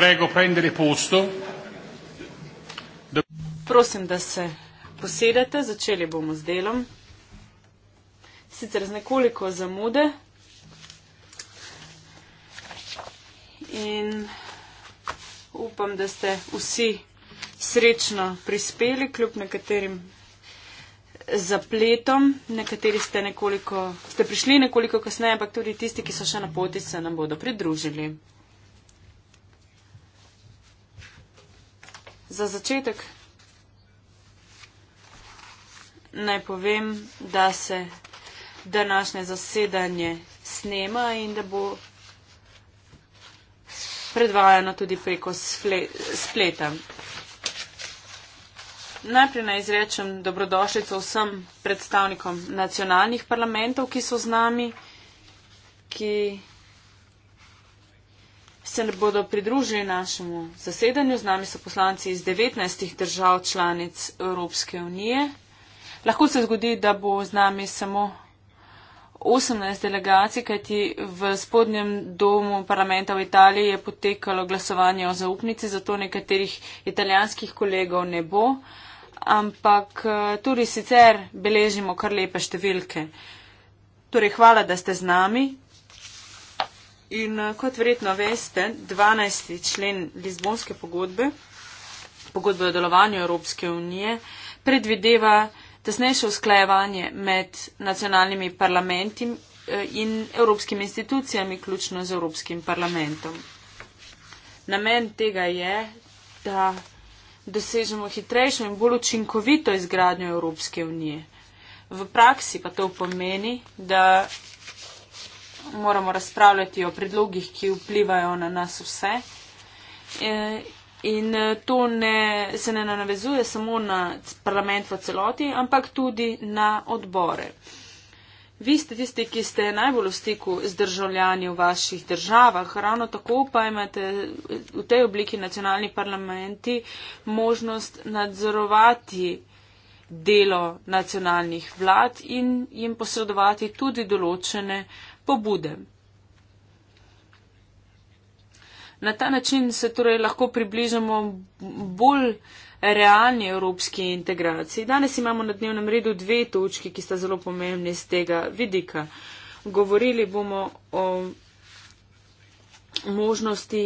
prego prendere posto. Do... Prosim, da se posedete, začeli bomo z delom. Sicer z nekoliko zamude. In upam, da ste vsi srečno prispeli, kljub nekaterim zapletom. Nekateri ste, nekoliko, ste prišli nekoliko kasneje, ampak tudi tisti, ki so še na poti, se nam bodo pridružili. Za začetek naj povem, da se današnje zasedanje snema in da bo predvajano tudi preko spleta. Najprej naj izrečem dobrodošljico vsem predstavnikom nacionalnih parlamentov, ki so z nami, ki se ne bodo pridružili našemu zasedanju. Z nami so poslanci iz 19 držav članic Evropske unije. Lahko se zgodi, da bo z nami samo 18 delegacij, kajti v spodnjem domu parlamenta v Italiji je potekalo glasovanje o zaupnici, zato nekaterih italijanskih kolegov ne bo. Ampak eh, tudi sicer beležimo kar lepe številke. Torej, hvala, da ste z nami. In eh, kot verjetno veste, 12. člen Lizbonske pogodbe, pogodbe o delovanju Evropske unije, predvideva tesnejše usklajevanje med nacionalnimi parlamenti eh, in evropskimi institucijami, ključno z Evropskim parlamentom. Namen tega je, da dosežemo hitrejšo in bolj učinkovito izgradnjo Evropske unije. V praksi pa to pomeni, da moramo razpravljati o predlogih, ki vplivajo na nas vse. E, in e, to ne, se ne navezuje samo na parlament v celoti, ampak tudi na odbore. Vi ste tisti, ki ste najbolj v stiku z državljani v vaših državah, ravno tako pa imate v tej obliki nacionalni parlamenti možnost nadzorovati delo nacionalnih vlad in jim posredovati tudi določene eh, pobude. Na ta način se torej lahko približamo bolj realni evropski integraciji. Danes imamo na dnevnem redu dve točki, ki sta zelo pomembni z tega vidika. Govorili bomo o možnosti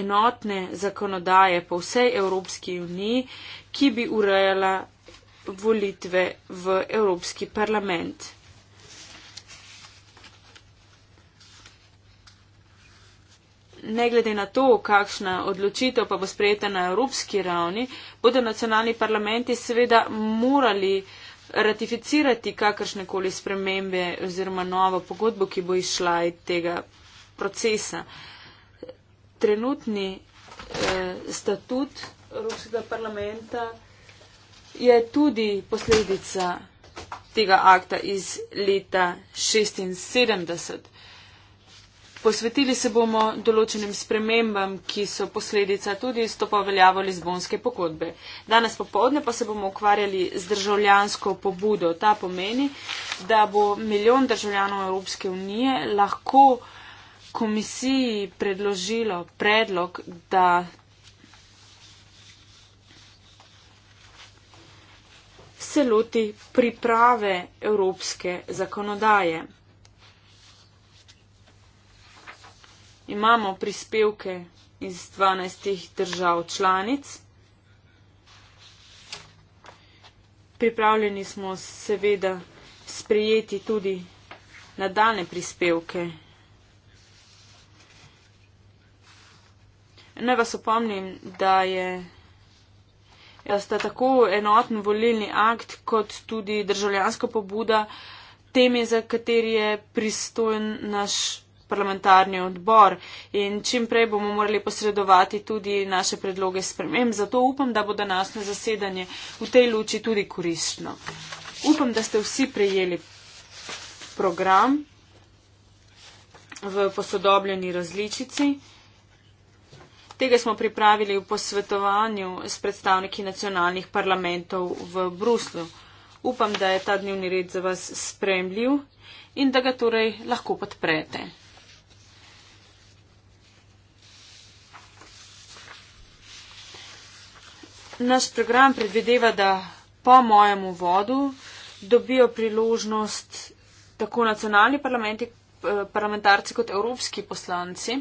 enotne zakonodaje po vsej Evropski uniji, ki bi urejala volitve v Evropski parlament. ne glede na to, kakšna odločitev pa bo sprejeta na evropski ravni, bodo nacionalni parlamenti seveda morali ratificirati kakršnekoli spremembe oziroma novo pogodbo, ki bo išla iz tega procesa. Trenutni eh, statut Evropskega parlamenta je tudi posledica tega akta iz leta 1976. Posvetili se bomo določenim spremembam, ki so posledica tudi stopa veljavo Lizbonske pogodbe. Danes popovdne pa se bomo ukvarjali z državljansko pobudo. Ta pomeni, da bo milijon državljanov Evropske unije lahko komisiji predložilo predlog, da. se loti priprave evropske zakonodaje. imamo prispevke iz 12 držav članic. Pripravljeni smo seveda sprejeti tudi nadaljne prispevke. Naj vas opomnim, da je ja, sta tako enoten volilni akt, kot tudi državljanska pobuda, teme, za kateri je pristojen naš parlamentarni odbor in čim prej bomo morali posredovati tudi naše predloge sprememb. Zato upam, da bo današnje zasedanje v tej luči tudi koristno. Upam, da ste vsi prejeli program v posodobljeni različici. Tega smo pripravili v posvetovanju s predstavniki nacionalnih parlamentov v Bruslu. Upam, da je ta dnevni red za vas spremljiv in da ga torej lahko podprete. naš program predvideva, da po mojem uvodu dobijo priložnost tako nacionalni parlamenti, eh, parlamentarci kot evropski poslanci.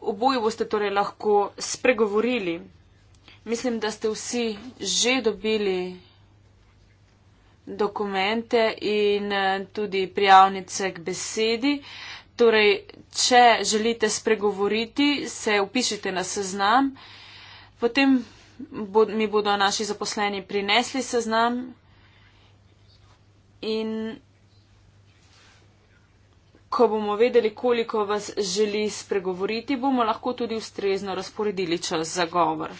Oboji boste torej lahko spregovorili. Mislim, da ste vsi že dobili dokumente in eh, tudi prijavnice k besedi. Torej, če želite spregovoriti, se upišite na seznam. Potem bo, mi bodo naši zaposleni prinesli seznam in ko bomo vedeli, koliko vas želi spregovoriti, bomo lahko tudi ustrezno razporedili čas za govor.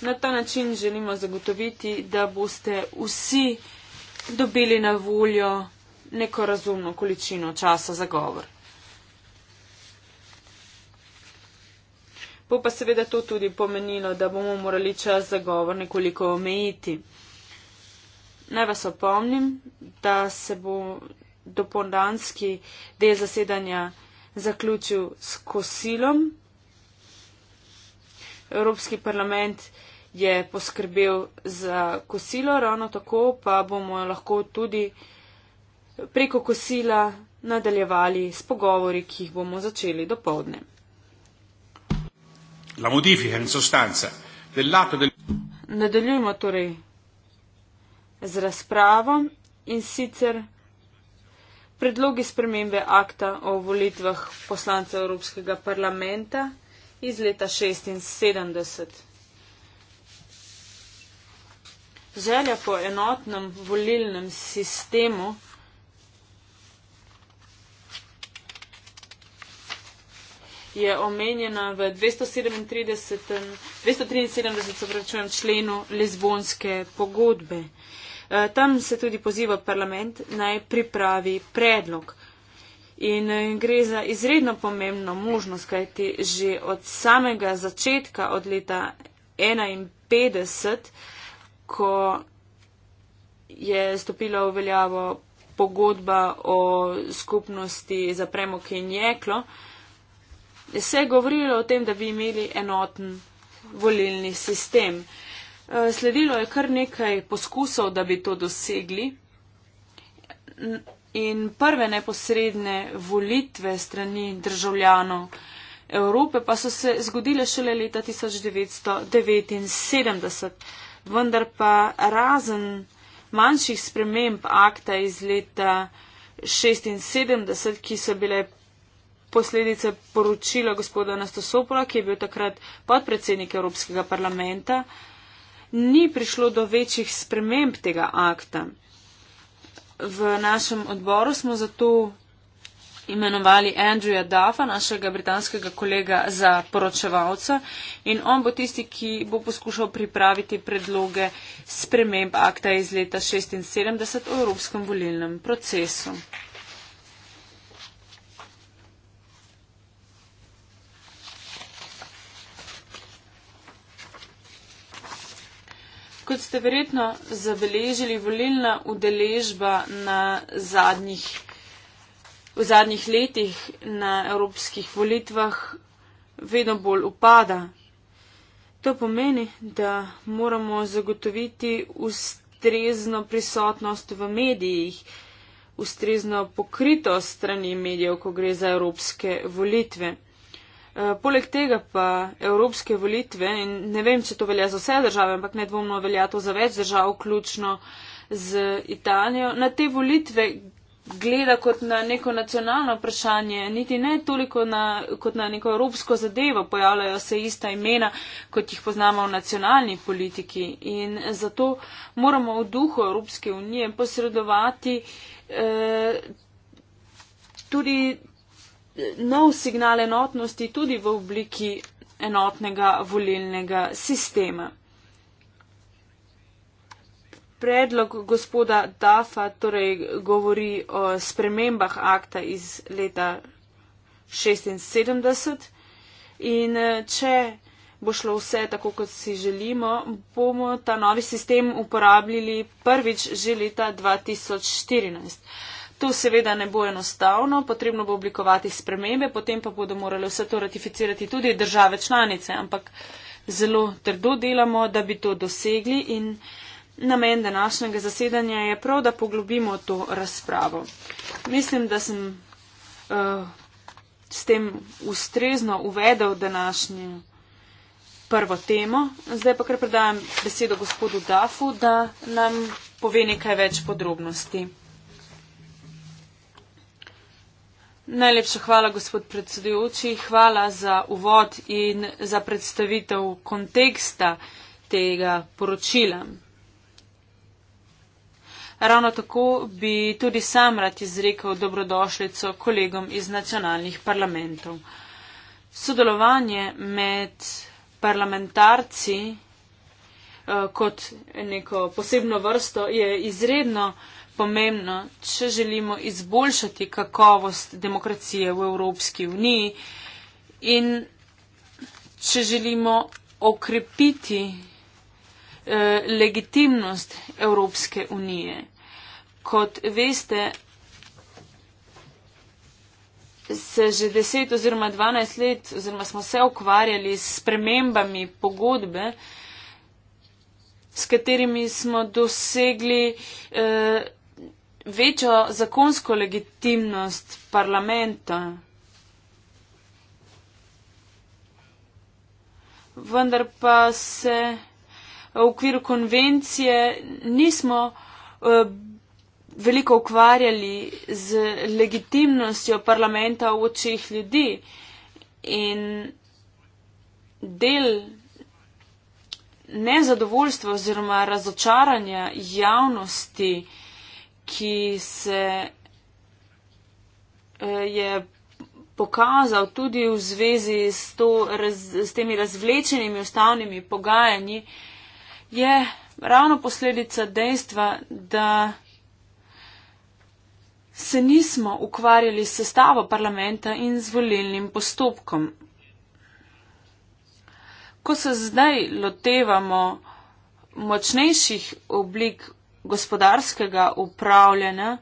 Na ta način želimo zagotoviti, da boste vsi dobili na voljo neko razumno količino časa za govor. Bo pa seveda to tudi pomenilo, da bomo morali čas za govor nekoliko omejiti. Naj vas opomnim, da se bo dopoldanski del zasedanja zaključil s kosilom. Evropski parlament je poskrbel za kosilo, ravno tako pa bomo lahko tudi preko kosila nadaljevali s pogovori, ki jih bomo začeli do povdne la modifica in sostanza dell'atto del. Nadaljujmo torej z razpravo in sicer predlogi spremembe akta o volitvah poslancev Evropskega parlamenta iz leta 76. Želja po enotnem volilnem sistemu je omenjena v 273. členu Lizbonske pogodbe. E, tam se tudi poziva parlament naj pripravi predlog. In e, gre za izredno pomembno možnost, kajti že od samega začetka, od leta 51, ko je stopila v veljavo pogodba o skupnosti za premog in jeklo, uh, se je govorilo o tem, da bi imeli enoten volilni sistem. Eh, sledilo je kar nekaj poskusov, da bi to dosegli. In prve neposredne volitve strani državljanov Evrope pa so se zgodile šele leta 1979. Vendar pa razen manjših sprememb akta iz leta 1976, ki so bile posledice poročila gospoda Nastasopola, ki je bil takrat podpredsednik Evropskega parlamenta, ni prišlo do večjih sprememb tega akta. V našem odboru smo zato imenovali Andrewa Duffa, našega britanskega kolega za poročevalca in on bo tisti, ki bo poskušal pripraviti predloge sprememb akta iz leta 76 v Evropskem volilnem procesu. Kot ste verjetno zabeležili, volilna udeležba zadnjih, v zadnjih letih na evropskih volitvah vedno bolj upada. To pomeni, da moramo zagotoviti ustrezno prisotnost v medijih, ustrezno pokritost strani medijev, ko gre za evropske volitve. Eh, poleg tega pa evropske volitve in ne vem, če to velja za vse države, ampak nedvomno velja to za več držav, vključno z Italijo, na te volitve gleda kot na neko nacionalno vprašanje, niti ne toliko na, kot na neko evropsko zadevo, pojavljajo se ista imena, kot jih poznamo v nacionalni politiki in zato moramo v duhu Evropske unije posredovati eh, tudi nov signal enotnosti tudi v obliki enotnega volilnega sistema. Predlog gospoda Dafa torej govori o spremembah akta iz leta 76 in če bo šlo vse tako, kot si želimo, bomo ta novi sistem uporabljali prvič že leta 2014. To seveda ne bo enostavno, potrebno bo oblikovati spremembe, potem pa bodo morali vse to ratificirati tudi države članice, ampak zelo trdo delamo, da bi to dosegli in namen današnjega zasedanja je prav, da poglobimo to razpravo. Mislim, da sem uh, s tem ustrezno uvedel današnjo prvo temo. Zdaj pa kar predajam besedo gospodu Dafu, da nam pove nekaj več podrobnosti. Najlepša hvala, gospod predsedujoči. Hvala za uvod in za predstavitev konteksta tega poročila. Ravno tako bi tudi sam rad izrekel dobrodošljico kolegom iz nacionalnih parlamentov. Sodelovanje med parlamentarci eh, kot neko posebno vrsto je izredno pomembno, če želimo izboljšati kakovost demokracije v Evropski uniji in če želimo okrepiti eh, legitimnost Evropske unije. Kot veste, se že 10 oziroma 12 let oziroma smo se ukvarjali s premembami pogodbe, s katerimi smo dosegli eh, večjo zakonsko legitimnost parlamenta. Vendar pa se v okviru konvencije nismo uh, veliko ukvarjali z legitimnostjo parlamenta v očih ljudi. In del nezadovoljstva oziroma razočaranja javnosti uh, ki se eh, je pokazal tudi v zvezi s, to, raz, s temi razvlečenimi ustavnimi pogajanji, je ravno posledica dejstva, da se nismo ukvarjali s sestavo parlamenta in z volilnim postopkom. Ko se zdaj lotevamo močnejših oblik gospodarskega upravljanja,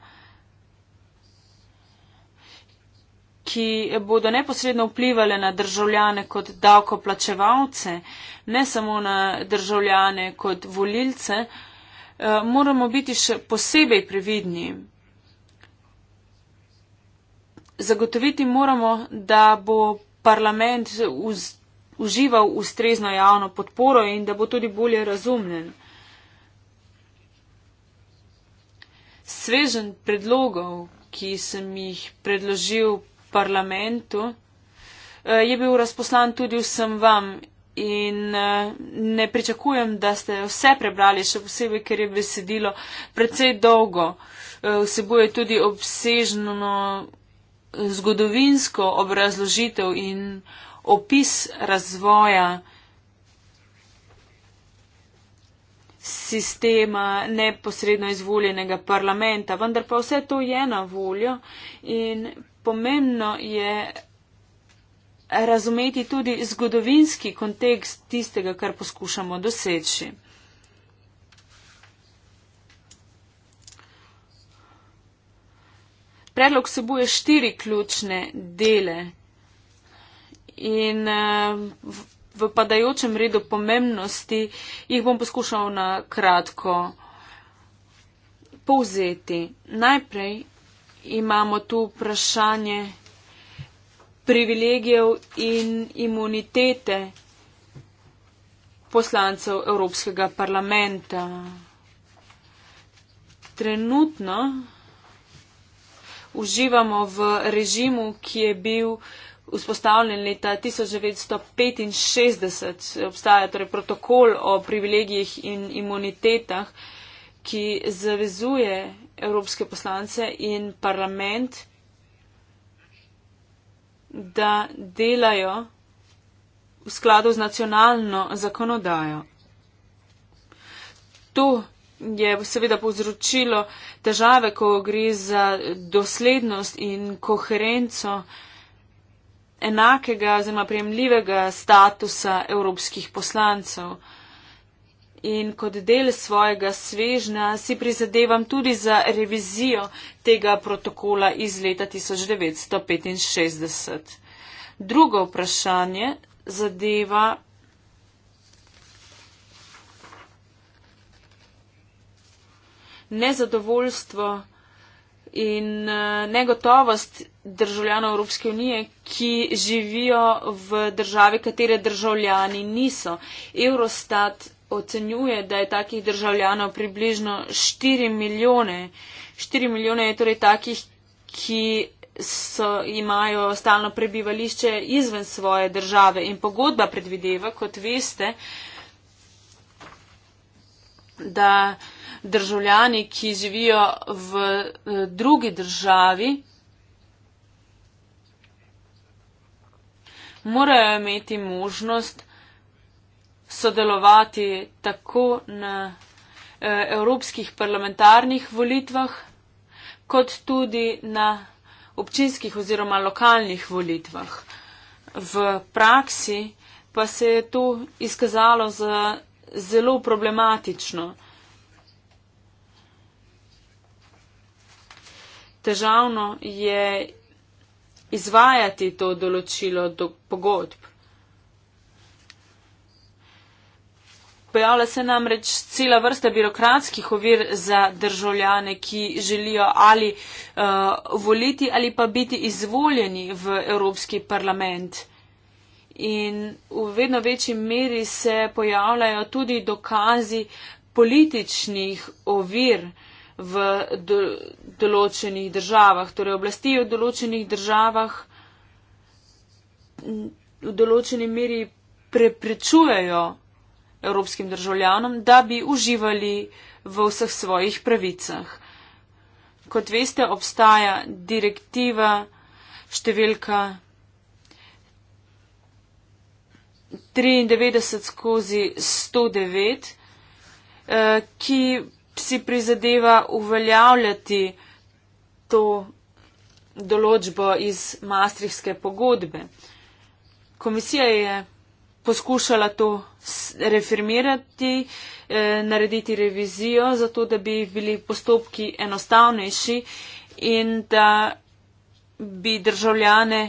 ki bodo neposredno vplivali na državljane kot davkoplačevalce, ne samo na državljane kot volilce, eh, moramo biti še posebej previdni. Zagotoviti moramo, da bo parlament uz, užival ustrezno javno podporo in da bo tudi bolje razumljen. svežen predlogov, ki sem jih predložil parlamentu, eh, je bil razposlan tudi vsem vam in eh, ne pričakujem, da ste vse prebrali, še posebej, ker je besedilo precej dolgo. Eh, vsebuje tudi obsežno zgodovinsko obrazložitev in opis razvoja sistema neposredno izvoljenega parlamenta, vendar pa vse to je na voljo in pomembno je razumeti tudi zgodovinski kontekst tistega, kar poskušamo doseči. Predlog vsebuje štiri ključne dele in uh, v padajočem redu pomembnosti, jih bom poskušal na kratko povzeti. Najprej imamo tu vprašanje privilegijev in imunitete poslancev Evropskega parlamenta. Trenutno uživamo v režimu, ki je bil vzpostavljen leta 1965, obstaja torej protokol o privilegijih in imunitetah, ki zavezuje evropske poslance in parlament, da delajo v skladu z nacionalno zakonodajo. To je seveda povzročilo težave, ko gre za doslednost in koherenco enakega oziroma prijemljivega statusa evropskih poslancev. In kot del svojega svežna si prizadevam tudi za revizijo tega protokola iz leta 1965. Drugo vprašanje zadeva nezadovoljstvo in eh, negotovost državljanov Evropske unije, ki živijo v državi, katere državljani niso. Eurostat ocenjuje, da je takih državljanov približno 4 milijone. 4 milijone je torej takih, ki so, imajo stalno prebivališče izven svoje države in pogodba predvideva, kot veste, da državljani, ki živijo v eh, drugi državi, morajo imeti možnost sodelovati tako na eh, evropskih parlamentarnih volitvah, kot tudi na občinskih oziroma lokalnih volitvah. V praksi pa se je to izkazalo za zelo problematično. težavno je izvajati to določilo do pogodb. Pojavlja se namreč cela vrsta birokratskih ovir za državljane, ki želijo ali uh, voliti ali pa biti izvoljeni v Evropski parlament. In v vedno večji meri se pojavljajo tudi dokazi političnih ovir v do, določenih državah. Torej, oblasti v določenih državah v določeni meri preprečujejo evropskim državljanom, da bi uživali v vseh svojih pravicah. Kot veste, obstaja direktiva številka 93 skozi 109, eh, ki si prizadeva uveljavljati to določbo iz Maastrichtske pogodbe. Komisija je poskušala to reformirati, eh, narediti revizijo, zato da bi bili postopki enostavnejši in da bi državljane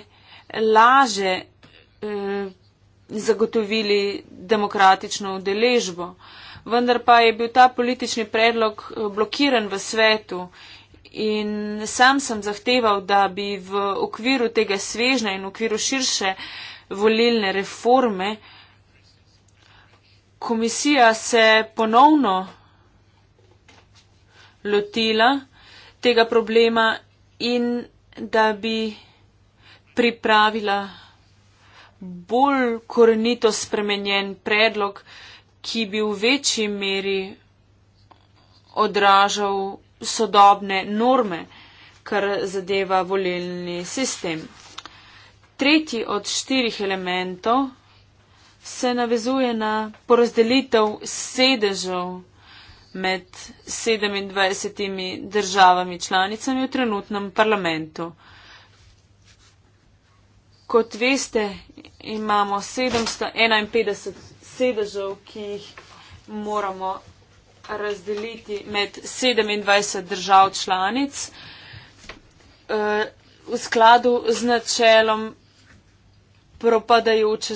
laže eh, zagotovili demokratično udeležbo. Eh, vendar pa je bil ta politični predlog eh, blokiran v svetu. In sam sem zahteval, da bi v okviru tega svežna in v okviru širše volilne reforme komisija se ponovno lotila tega problema in da bi pripravila bolj korenito spremenjen predlog, ki bi v večji meri odražal sodobne norme, kar zadeva volilni sistem. Tretji od štirih elementov se navezuje na porazdelitev sedežev med 27 državami članicami v trenutnem parlamentu. Kot veste, imamo 751 sedežev, ki jih moramo razdeliti med 27 držav članic eh, v skladu z načelom propadajoče,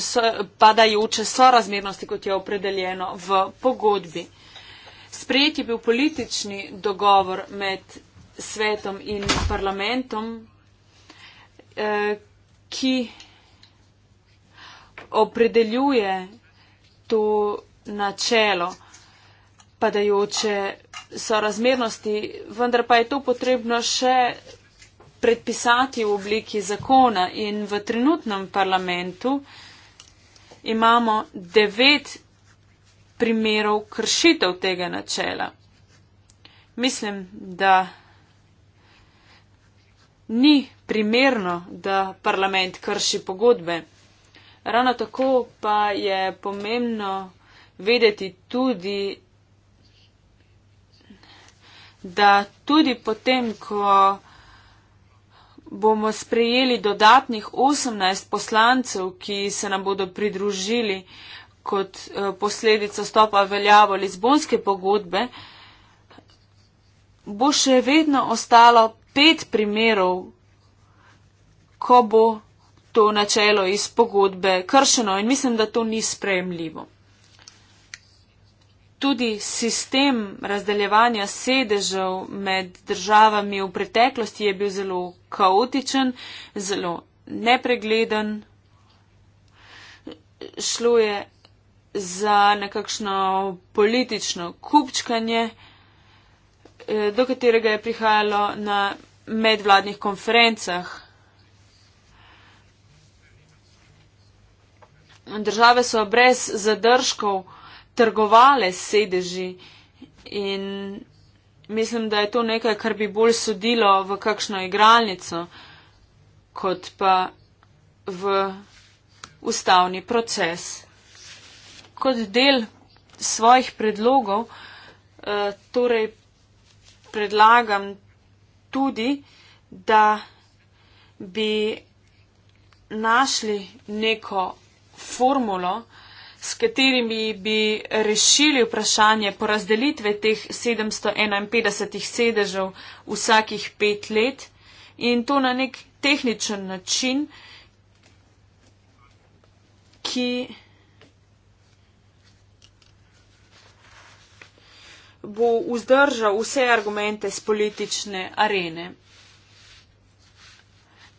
padajoče sorazmernosti, kot je opredeljeno v pogodbi. Sprejet je bil politični dogovor med svetom in parlamentom, eh, ki opredeljuje to načelo padajoče sorazmernosti, vendar pa je to potrebno še predpisati v obliki zakona in v trenutnem parlamentu imamo devet primerov kršitev tega načela. Mislim, da ni primerno, da parlament krši pogodbe. Ravno tako pa je pomembno vedeti tudi, da tudi potem, ko bomo sprejeli dodatnih 18 poslancev, ki se nam bodo pridružili kot eh, posledica stopa veljavo Lizbonske pogodbe, bo še vedno ostalo pet primerov, ko bo to načelo iz pogodbe kršeno in mislim, da to ni sprejemljivo. Tudi sistem razdeljevanja sedežev med državami v preteklosti je bil zelo kaotičen, zelo nepregleden. Šlo je za nekakšno politično kupčkanje, eh, do katerega je prihajalo na medvladnih konferencah. države so brez zadržkov trgovale sedeži in mislim, da je to nekaj, kar bi bolj sodilo v kakšno igralnico, kot pa v ustavni proces. Kot del svojih predlogov eh, torej predlagam tudi, da bi našli neko formulo, s katerimi bi rešili vprašanje porazdelitve teh 751 sedežev vsakih pet let in to na nek tehničen način, ki bo vzdržal vse argumente z politične arene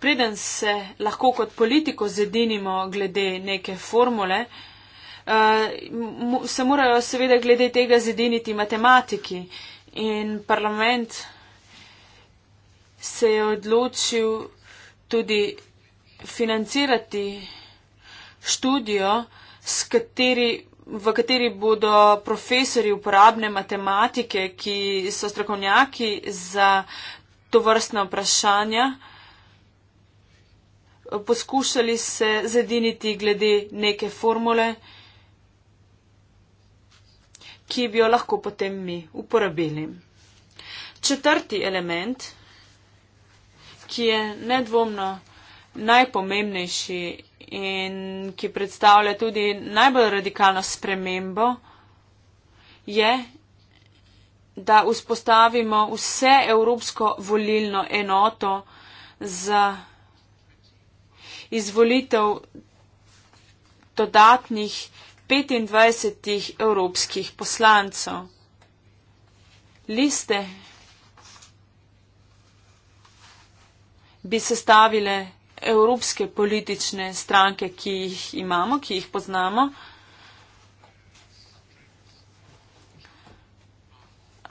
preden se lahko kot politiko zedinimo glede neke formule, eh, se morajo seveda glede tega zediniti matematiki. In parlament se je odločil tudi financirati študijo, kateri, v kateri bodo profesori uporabne matematike, ki so strokovnjaki za to vrstne vprašanja poskušali se zediniti glede neke formule, ki bi jo lahko potem mi uporabili. Četrti element, ki je nedvomno najpomembnejši in ki predstavlja tudi najbolj radikalno spremembo, je, da vzpostavimo vse evropsko volilno enoto za izvolitev dodatnih 25 evropskih poslancev. Liste bi sestavile evropske politične stranke, ki jih imamo, ki jih poznamo.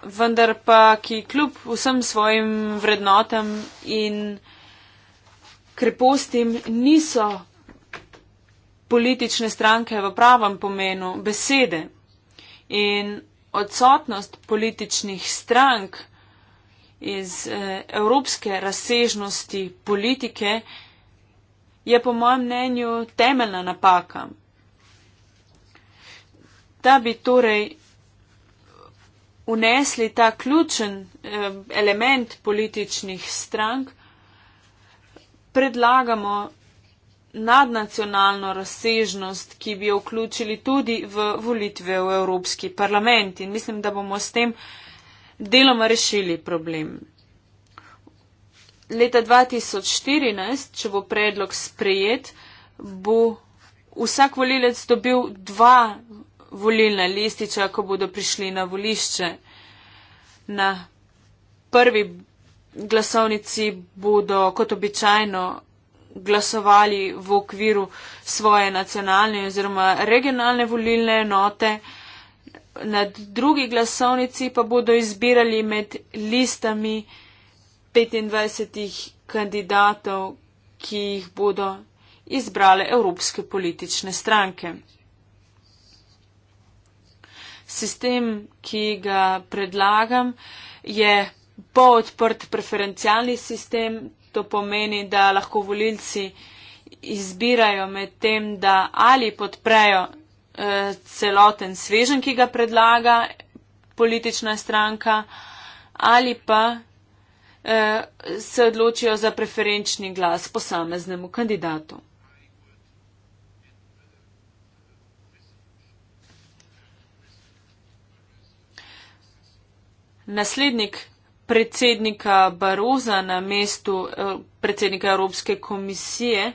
Vendar pa, ki kljub vsem svojim vrednotam in krepostim niso politične stranke v pravem pomenu besede. In odsotnost političnih strank iz eh, evropske razsežnosti politike je po mojem mnenju temeljna napaka. Da bi torej unesli ta ključen eh, element političnih strank, predlagamo nadnacionalno razsežnost, ki bi jo vključili tudi v volitve v Evropski parlament in mislim, da bomo s tem deloma rešili problem. Leta 2014, če bo predlog sprejet, bo vsak volilec dobil dva volilna lističa, ko bodo prišli na volišče. Na prvi glasovnici bodo kot običajno glasovali v okviru svoje nacionalne oziroma regionalne volilne enote. Na drugi glasovnici pa bodo izbirali med listami 25 kandidatov, ki jih bodo izbrale evropske politične stranke. Sistem, ki ga predlagam, je polodprt preferencialni sistem, to pomeni, da lahko volilci izbirajo med tem, da ali podprejo eh, celoten svežen, ki ga predlaga politična stranka, ali pa eh, se odločijo za preferenčni glas posameznemu kandidatu. Naslednik predsednika Baroza na mestu eh, predsednika Evropske komisije.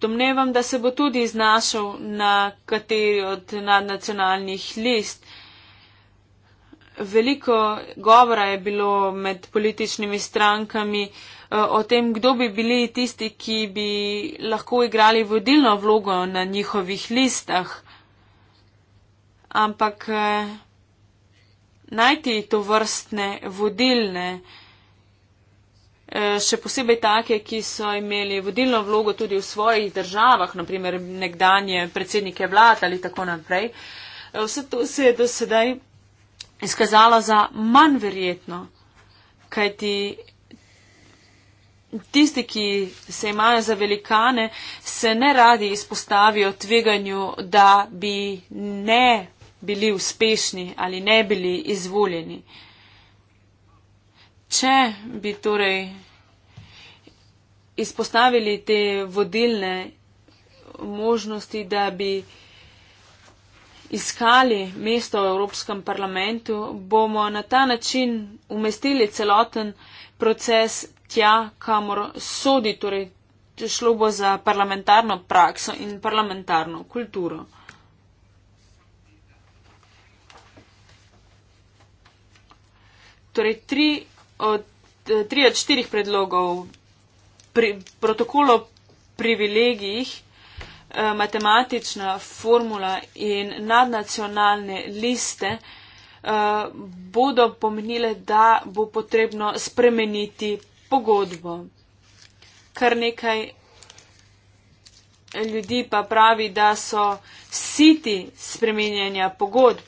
Domnevam, da se bo tudi znašel na kateri od nadnacionalnih list. Veliko govora je bilo med političnimi strankami eh, o tem, kdo bi bili tisti, ki bi lahko igrali vodilno vlogo na njihovih listah. Ampak eh, najti to vrstne vodilne, eh, še posebej take, ki so imeli vodilno vlogo tudi v svojih državah, naprimer nekdanje predsednike vlad ali tako naprej. Eh, vse to se je do sedaj izkazalo za manj verjetno, kajti tisti, ki se imajo za velikane, se ne radi izpostavijo tveganju, da bi ne bili uspešni ali ne bili izvoljeni. Če bi torej izpostavili te vodilne možnosti, da bi iskali mesto v Evropskem parlamentu, bomo na ta način umestili celoten proces tja, kamor sodi, torej šlo bo za parlamentarno prakso in parlamentarno kulturo. torej tri od, tri od štirih predlogov pri, protokolo privilegijih, eh, matematična formula in nadnacionalne liste eh, bodo pomenile, da bo potrebno spremeniti pogodbo. Kar nekaj ljudi pa pravi, da so siti spremenjanja pogodb.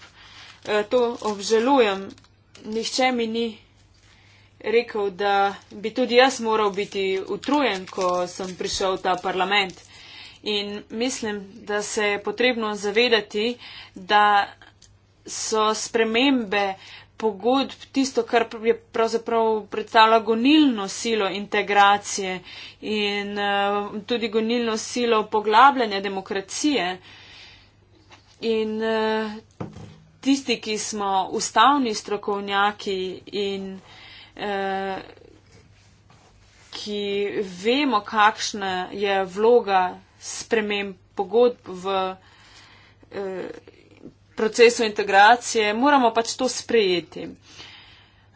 Eh, to obžalujem, nihče mi ni rekel, da bi tudi jaz moral biti utrujen, ko sem prišel v ta parlament. In mislim, da se je potrebno zavedati, da so spremembe pogodb tisto, kar je pravzaprav predstavlja gonilno silo integracije in uh, tudi gonilno silo poglabljanja demokracije. In uh, tisti, ki smo ustavni strokovnjaki in eh, ki vemo, kakšna je vloga sprememb pogodb v eh, procesu integracije, moramo pač to sprejeti.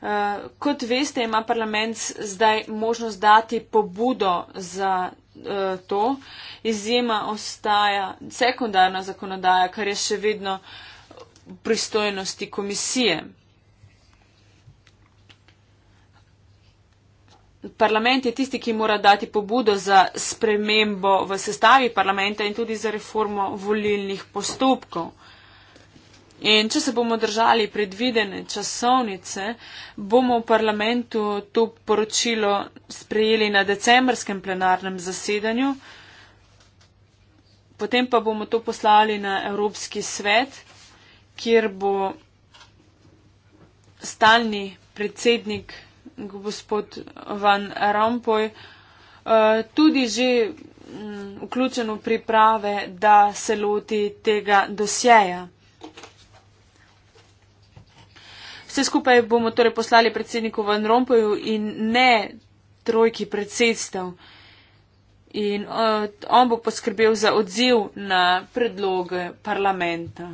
Uh, kot veste, ima parlament zdaj možnost dati pobudo za uh, to. Izjema ostaja sekundarna zakonodaja, kar je še vedno uh, pristojnosti komisije. Parlament je tisti, ki mora dati pobudo za spremembo v sestavi parlamenta in tudi za reformo volilnih postopkov. In če se bomo držali predvidene časovnice, bomo v parlamentu to poročilo sprejeli na decembrskem plenarnem zasedanju, potem pa bomo to poslali na Evropski svet kjer bo stalni predsednik, gospod Van Rompuy, eh, tudi že mm, vključen v priprave, da se loti tega dosjeja. Vse skupaj bomo torej poslali predsedniku Van Rompuyu in ne trojki predsedstev. In eh, on bo poskrbel za odziv na predloge parlamenta.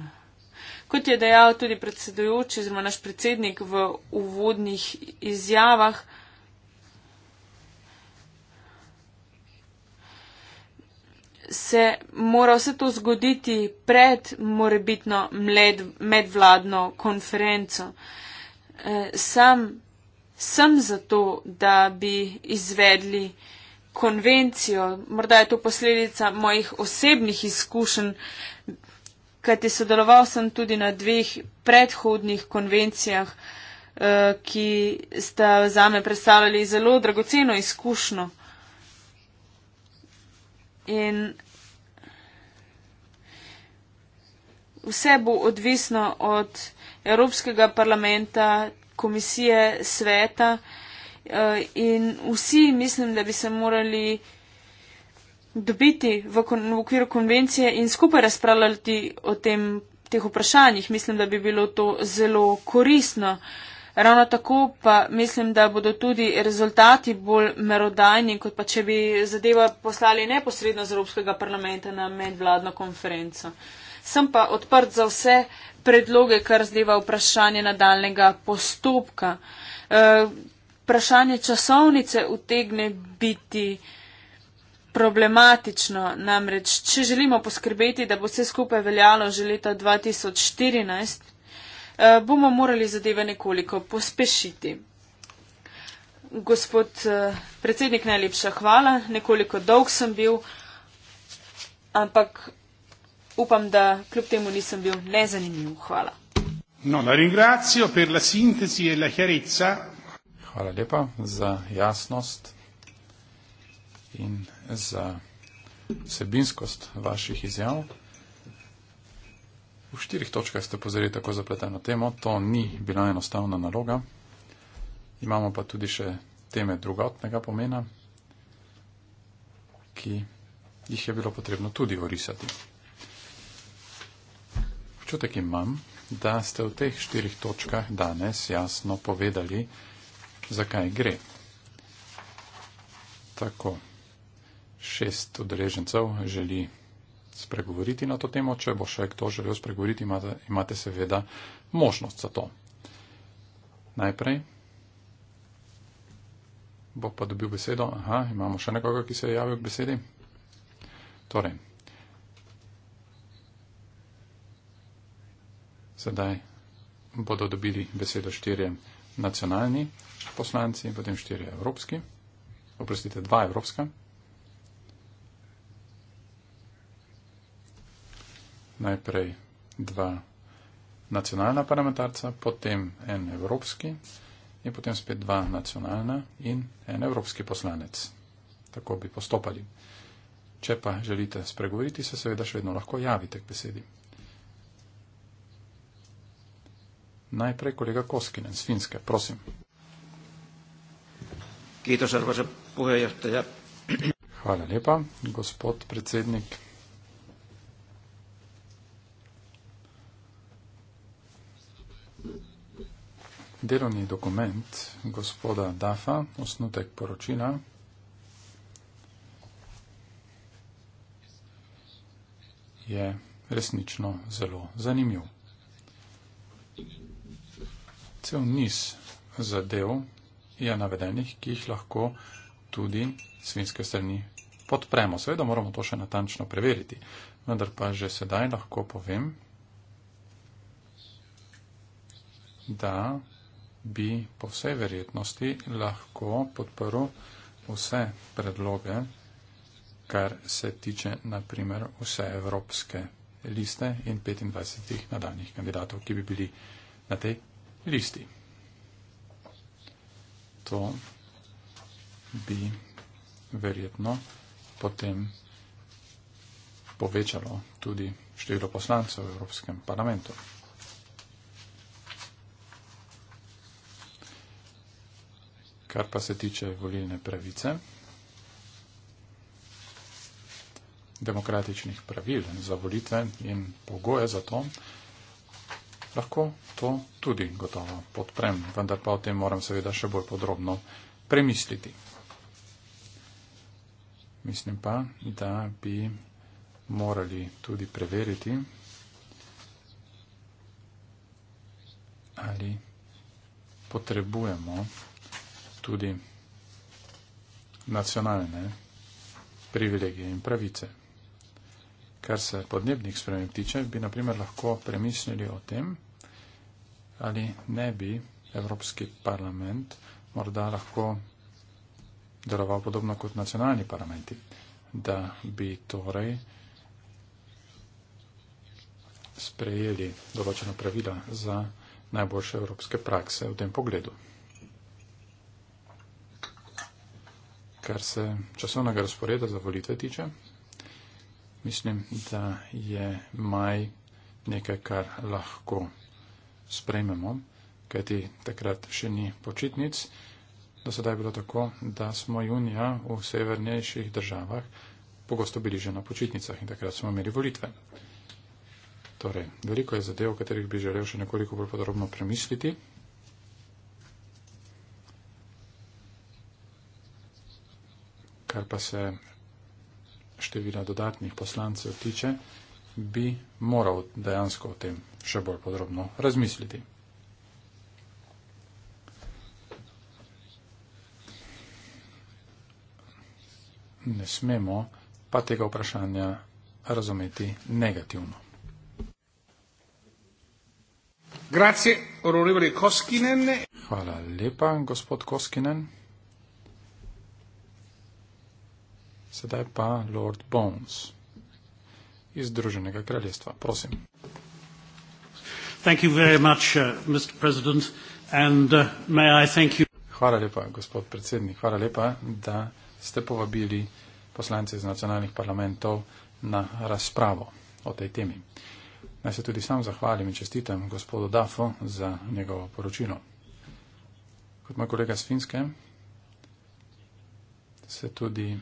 Kot je dejal tudi predsedujoči, oziroma naš predsednik v uvodnih izjavah, se mora vse to zgoditi pred morebitno mled, medvladno konferenco. E, sam sem zato, da bi izvedli konvencijo. Morda je to posledica mojih osebnih izkušenj, kajti sodeloval sem tudi na dveh predhodnih konvencijah, eh, ki sta zame predstavljali zelo dragoceno izkušnjo. In vse bo odvisno od Evropskega parlamenta, komisije, sveta eh, in vsi mislim, da bi se morali dobiti v, kon, v okviru konvencije in skupaj razpravljati o tem, teh vprašanjih. Mislim, da bi bilo to zelo koristno. Ravno tako pa mislim, da bodo tudi rezultati bolj merodajni, kot pa če bi zadeva poslali neposredno z Evropskega parlamenta na medvladno konferenco. Sem pa odprt za vse predloge, kar zadeva vprašanje nadaljnega postopka. E, vprašanje časovnice utegne biti problematično. Namreč, če želimo poskrbeti, da bo vse skupaj veljalo že leta 2014, eh, bomo morali zadeve nekoliko pospešiti. Gospod eh, predsednik, najlepša hvala. Nekoliko dolg sem bil, ampak upam, da kljub temu nisem bil nezanimiv. Hvala. No, la la e hvala lepa za jasnost in za vsebinskost vaših izjav. V štirih točkah ste pozreli tako zapleteno temo, to ni bila enostavna naloga. Imamo pa tudi še teme drugotnega pomena, ki jih je bilo potrebno tudi orisati. Občutek imam, da ste v teh štirih točkah danes jasno povedali, zakaj gre. Tako šest udeležencev želi spregovoriti na to temo. Če bo še kdo želel spregovoriti, imate, imate seveda možnost za to. Najprej bo pa dobil besedo. Aha, imamo še nekoga, ki se je javil k besedi. Torej, sedaj bodo dobili besedo štirje nacionalni poslanci in potem štirje evropski. Oprostite, dva evropska. najprej dva nacionalna parlamentarca, potem en evropski in potem spet dva nacionalna in en evropski poslanec. Tako bi postopali. Če pa želite spregovoriti, se seveda še vedno lahko javite k besedi. Najprej kolega Koskinen, Svinske, prosim. Hvala lepa, gospod predsednik delovni dokument gospoda Dafa, osnutek poročila. je resnično zelo zanimiv. Cel niz zadev je navedenih, ki jih lahko tudi svinske strani podpremo. Seveda moramo to še natančno preveriti, vendar pa že sedaj lahko povem, da bi po vsej verjetnosti lahko podprl vse predloge, kar se tiče naprimer vse evropske liste in 25 nadaljnih kandidatov, ki bi bili na tej listi. To bi verjetno potem povečalo tudi število poslancev v Evropskem parlamentu. kar pa se tiče volilne pravice, demokratičnih pravil za volitve in pogoje za to, lahko to tudi gotovo podprem, vendar pa o tem moram seveda še bolj podrobno premisliti. Mislim pa, da bi morali tudi preveriti, ali potrebujemo tudi nacionalne privilegije in pravice. Kar se podnebnih sprememb tiče, bi naprimer lahko premislili o tem, ali ne bi Evropski parlament morda lahko deloval podobno kot nacionalni parlamenti, da bi torej sprejeli določena pravila za najboljše evropske prakse v tem pogledu. kar se časovnega razporeda za volitve tiče. Mislim, da je maj nekaj, kar lahko sprejmemo, kajti takrat še ni počitnic. Do sedaj je bilo tako, da smo junija v severnejših državah pogosto bili že na počitnicah in takrat smo imeli volitve. Torej, veliko je zadev, o katerih bi želel še nekoliko bolj podrobno premisliti. kar pa se števila dodatnih poslancev tiče, bi moral dejansko o tem še bolj podrobno razmisliti. Ne smemo pa tega vprašanja razumeti negativno. Grazie, Hvala lepa, gospod Koskinen. Sedaj pa Lord Bones iz Združenega kraljestva. Prosim. Uh, uh, Hvala lepa, gospod predsednik. Hvala lepa, da ste povabili poslance iz nacionalnih parlamentov na razpravo o tej temi. Naj se tudi sam zahvalim in čestitam gospodu Dafo za njegovo poročilo. Kot moj kolega z Finske, se tudi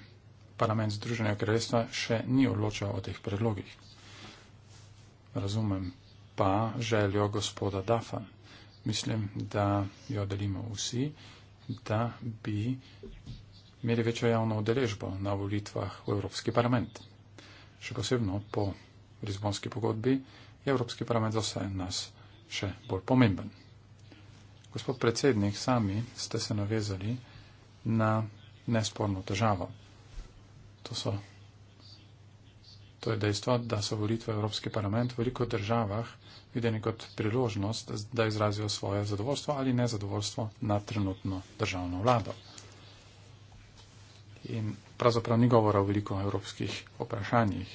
parlament Združenega kraljestva še ni odločal o teh predlogih. Razumem pa željo gospoda Dafa. Mislim, da jo delimo vsi, da bi imeli večjo javno udeležbo na volitvah v Evropski parlament. Še posebno po Lizbonski pogodbi je Evropski parlament za vse nas še bolj pomemben. Gospod predsednik, sami ste se navezali na nesporno državo. To, so, to je dejstvo, da so volitve v Evropski parlament v veliko državah videni kot priložnost, da izrazijo svoje zadovoljstvo ali nezadovoljstvo na trenutno državno vlado. In pravzaprav ni govora o veliko evropskih vprašanjih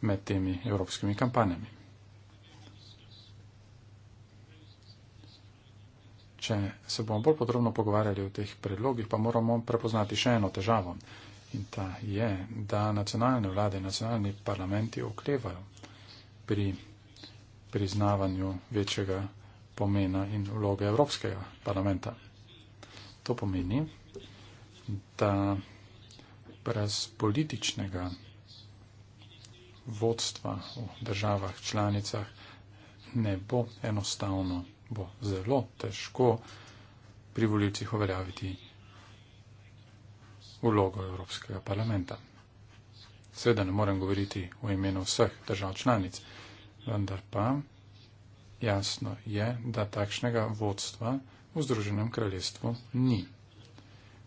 med temi evropskimi kampanjami. Če se bomo bolj podrobno pogovarjali o teh predlogih, pa moramo prepoznati še eno težavo in ta je, da nacionalne vlade, nacionalni parlamenti oklevajo pri priznavanju večjega pomena in vloge Evropskega parlamenta. To pomeni, da brez političnega vodstva v državah članicah ne bo enostavno, bo zelo težko pri volivcih uveljaviti vlogo Evropskega parlamenta. Seveda ne morem govoriti v imenu vseh držav članic, vendar pa jasno je, da takšnega vodstva v Združenem kraljestvu ni.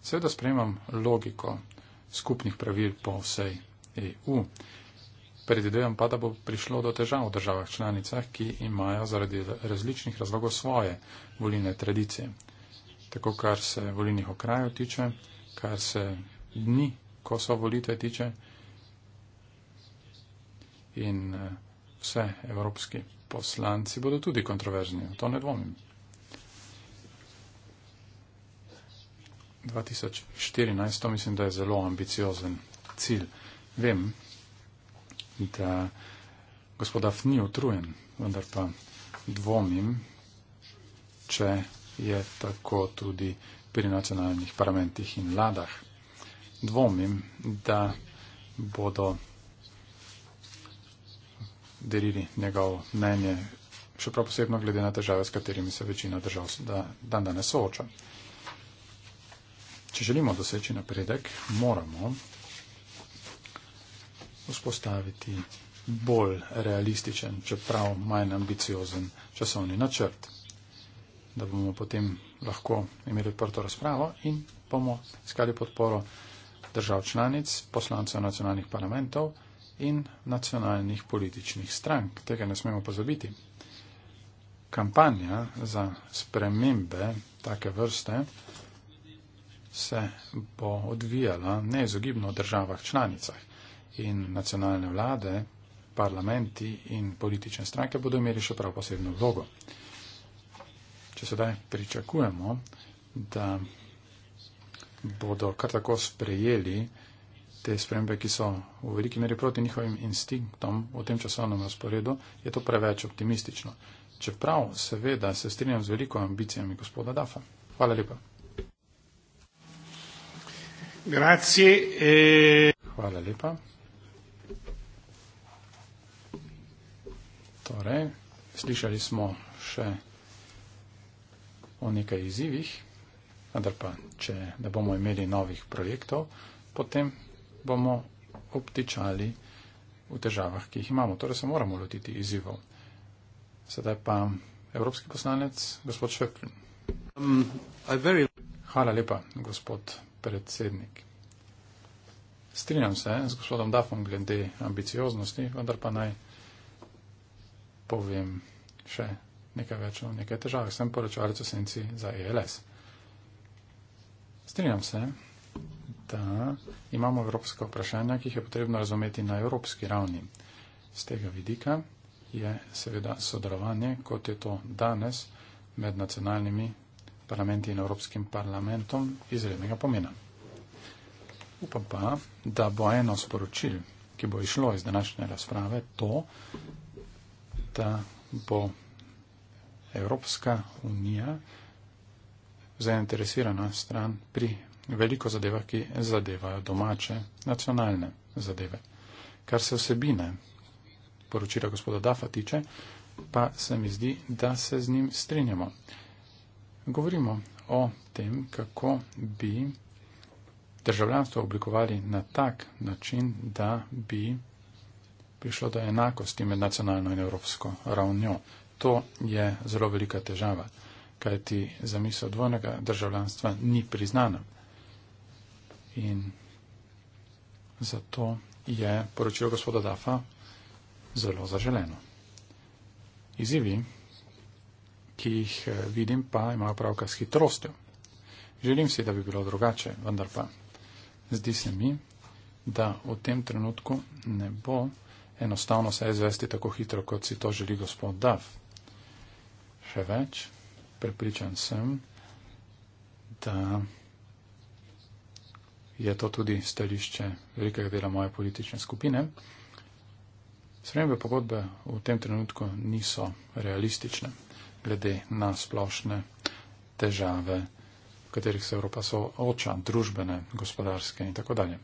Seveda sprejemam logiko skupnih pravil po vsej EU. Predvidevam pa, da bo prišlo do težav v državah članicah, ki imajo zaradi različnih razlogov svoje volilne tradicije. Tako kar se volilnih okrajev tiče, kar se dni, ko so volitve tiče in eh, vse evropski poslanci bodo tudi kontroverzni, to ne dvomim. 2014, to mislim, da je zelo ambiciozen cilj. Vem, da gospodav ni utrujen, vendar pa dvomim, če je tako tudi pri nacionalnih parlamentih in vladah. Dvomim, da bodo delili njegovo mnenje, še prav posebno glede na težave, s katerimi se večina držav da, dan danes sooča. Če želimo doseči napredek, moramo vzpostaviti bolj realističen, čeprav manj ambiciozen časovni načrt da bomo potem lahko imeli odprto razpravo in bomo iskali podporo držav članic, poslancev nacionalnih parlamentov in nacionalnih političnih strank. Tega ne smemo pozabiti. Kampanja za spremembe take vrste se bo odvijala neizogibno v državah članicah in nacionalne vlade, parlamenti in politične stranke bodo imeli še prav posebno vlogo če sedaj pričakujemo, da bodo kar tako sprejeli te spremembe, ki so v veliki meri proti njihovim instinktom v tem časovnem razporedu, je to preveč optimistično. Čeprav seveda se strinjam z veliko ambicijami gospoda Dafa. Hvala lepa. Grazie, e... Hvala lepa. Torej, slišali smo še o nekaj izzivih, ali pa če ne bomo imeli novih projektov, potem bomo obtičali v težavah, ki jih imamo. Torej se moramo lotiti izzivov. Sedaj pa evropski poslanec, gospod Šeplin. Um, very... Hvala lepa, gospod predsednik. Strinjam se z gospodom Dafom glede ambicioznosti, vendar pa naj povem še nekaj več o no, nekaj težavah. Sem poročevalec v senci za ELS. Strinjam se, da imamo evropska vprašanja, ki jih je potrebno razumeti na evropski ravni. Z tega vidika je seveda sodelovanje, kot je to danes, med nacionalnimi parlamenti in evropskim parlamentom izrednega pomena. Upam pa, da bo eno sporočil, ki bo išlo iz današnje razprave, to, da bo Evropska unija zainteresirana stran pri veliko zadevah, ki zadevajo domače nacionalne zadeve. Kar se vsebine poročila gospoda Dafa tiče, pa se mi zdi, da se z njim strinjamo. Govorimo o tem, kako bi državljanstvo oblikovali na tak način, da bi prišlo do enakosti med nacionalno in evropsko ravnjo to je zelo velika težava, kajti zamisel dvojnega državljanstva ni priznana. In zato je poročilo gospoda Dafa zelo zaželeno. Izivi, ki jih eh, vidim, pa imajo pravka s hitrostjo. Želim si, da bi bilo drugače, vendar pa zdi se mi, da v tem trenutku ne bo enostavno se izvesti tako hitro, kot si to želi gospod Daf še več. Prepričan sem, da je to tudi stališče velikega dela moje politične skupine. Sremembe pogodbe v tem trenutku niso realistične glede na splošne težave, v katerih se Evropa sooča, družbene, gospodarske in tako dalje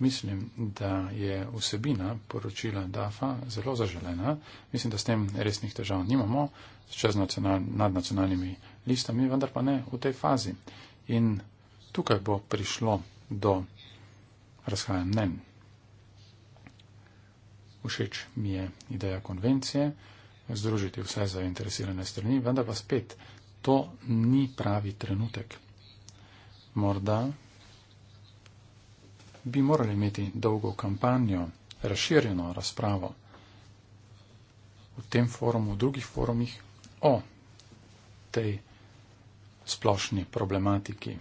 mislim, da je vsebina poročila DAFA zelo zaželena. Mislim, da s tem resnih težav nimamo, s čez nacional, nadnacionalnimi listami, vendar pa ne v tej fazi. In tukaj bo prišlo do razhajanj mnen. Všeč mi je ideja konvencije, združiti vse zainteresirane strani, vendar pa spet, to ni pravi trenutek. Morda bi morali imeti dolgo kampanjo, razširjeno razpravo v tem forumu, v drugih forumih o tej splošni problematiki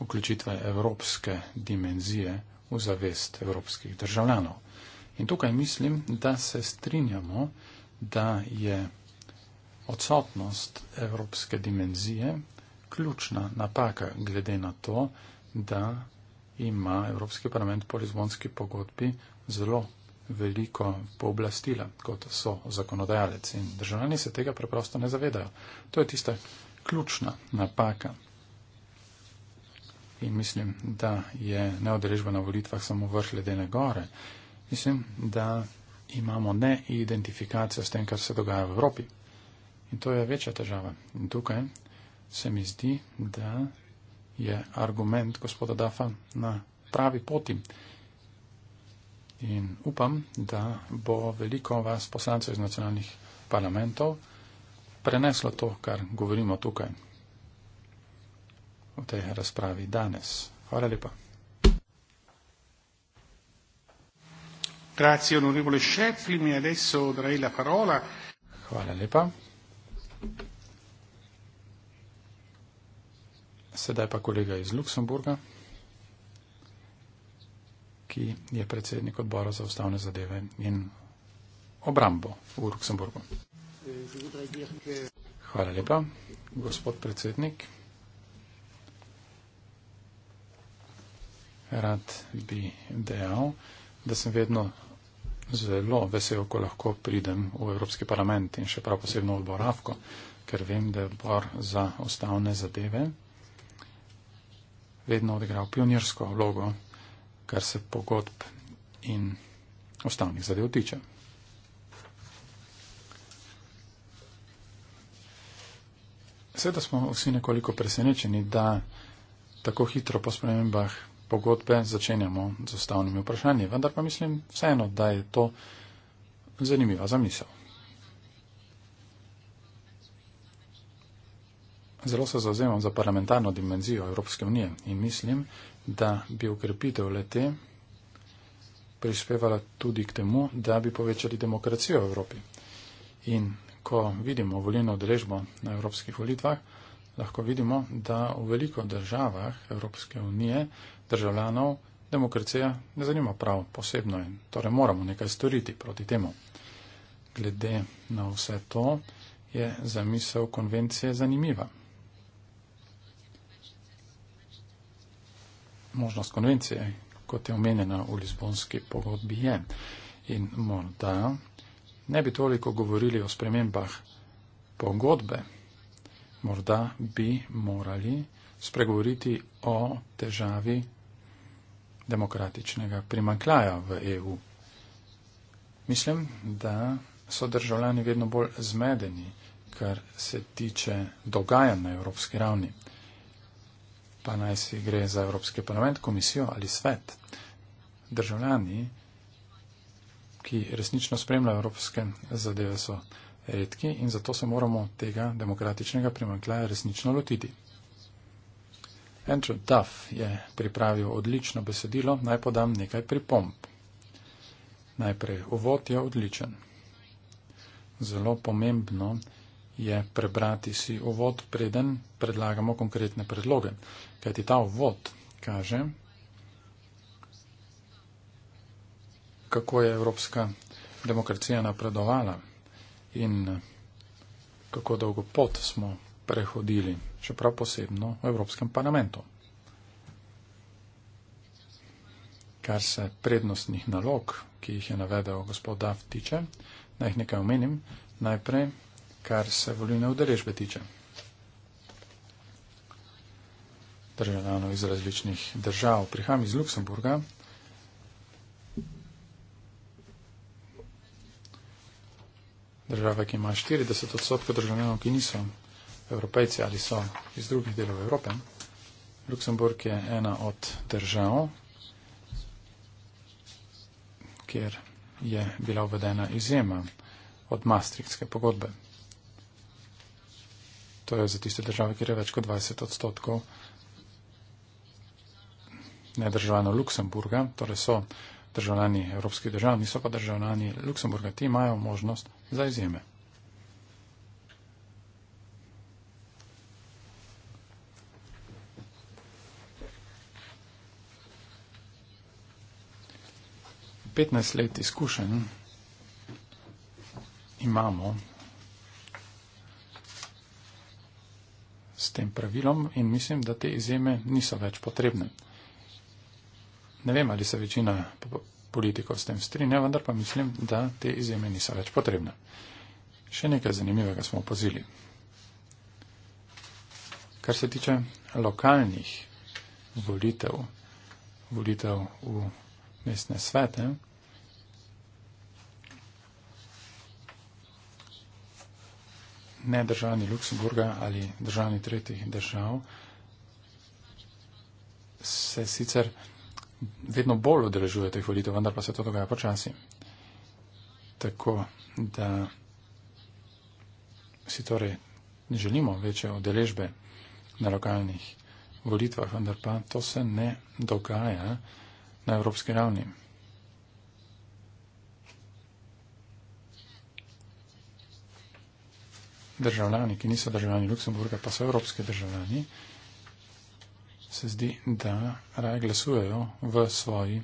vključitve evropske dimenzije v zavest evropskih državljanov. In tukaj mislim, da se strinjamo, da je odsotnost evropske dimenzije ključna napaka glede na to, da ima Evropski parlament po Lizbonski pogodbi zelo veliko pooblastila, kot so zakonodajalec in državljani se tega preprosto ne zavedajo. To je tista ključna napaka. In mislim, da je neodrežba na volitvah samo vrh ledene gore. Mislim, da imamo neidentifikacijo s tem, kar se dogaja v Evropi. In to je večja težava. In tukaj se mi zdi, da je argument gospoda Dafa na pravi poti. In upam, da bo veliko vas poslancev iz nacionalnih parlamentov preneslo to, kar govorimo tukaj v tej razpravi danes. Hvala lepa. Grazie, onorevole Šef, mi je adesso darei la parola. Hvala lepa. Sedaj pa kolega iz Luksemburga, ki je predsednik odbora za ustavne zadeve in obrambo v Luksemburgu. Hvala lepa, gospod predsednik. Rad bi dejal, da sem vedno zelo vesel, ko lahko pridem v Evropski parlament in še prav posebno v odbor AFKO, ker vem, da je odbor za ustavne zadeve vedno odigral pionirsko vlogo, kar se pogodb in ostalih zadev tiče. Sveda smo vsi nekoliko presenečeni, da tako hitro po spremembah pogodbe začenjamo z ustavnimi vprašanji, vendar pa mislim vseeno, da je to zanimiva zamisel. Zelo se zauzemam za parlamentarno dimenzijo Evropske unije in mislim, da bi ukrepitev lete prispevala tudi k temu, da bi povečali demokracijo v Evropi. In ko vidimo volilno odrežbo na evropskih volitvah, lahko vidimo, da v veliko državah Evropske unije državljanov demokracija ne zanima prav posebno in torej moramo nekaj storiti proti temu. Glede na vse to je zamisel konvencije zanimiva. možnost konvencije, kot je omenjena v Lizbonski pogodbi, je. In morda ne bi toliko govorili o spremembah pogodbe, morda bi morali spregovoriti o težavi demokratičnega primankljaja v EU. Mislim, da so državljani vedno bolj zmedeni, kar se tiče dogajanja na evropski ravni pa naj si gre za Evropski parlament, komisijo ali svet. Državljani, ki resnično spremljajo evropske zadeve, so redki in zato se moramo tega demokratičnega primankljaja resnično lotiti. Andrew Duff je pripravil odlično besedilo, naj podam nekaj pripomp. Najprej, uvod je odličen. Zelo pomembno je, je prebrati si uvod, preden predlagamo konkretne predloge. Kajti ta uvod kaže, kako je evropska demokracija napredovala in kako dolgo pot smo prehodili, čeprav posebno v Evropskem parlamentu. Kar se prednostnih nalog, ki jih je navedel gospod Daft, tiče, naj jih nekaj omenim. Najprej kar se volilne udeležbe tiče. Državljanov iz različnih držav. Priham iz Luksemburga. Država, ki ima 40 odstotkov državljanov, ki niso evropejci ali so iz drugih delov Evrope. Luksemburg je ena od držav, kjer je bila uvedena izjema od Maastrichtske pogodbe. To je za tiste države, kjer je več kot 20 odstotkov nedržavno Luksemburga, torej so državljani evropskih držav, niso pa državljani Luksemburga, ti imajo možnost za izjeme. Petnajst let izkušenj imamo s tem pravilom in mislim, da te izjeme niso več potrebne. Ne vem, ali se večina politikov s tem strinja, vendar pa mislim, da te izjeme niso več potrebne. Še nekaj zanimivega smo opozili. Kar se tiče lokalnih volitev, volitev v mestne svete, ne državni Luksemburga ali državni tretjih držav, se sicer vedno bolj odrežuje teh volitev, vendar pa se to dogaja počasi. Tako da si torej ne želimo večje odeležbe na lokalnih volitvah, vendar pa to se ne dogaja na evropski ravni. državljani, ki niso državljani Luksemburga, pa so evropski državljani, se zdi, da raje glasujejo v svoji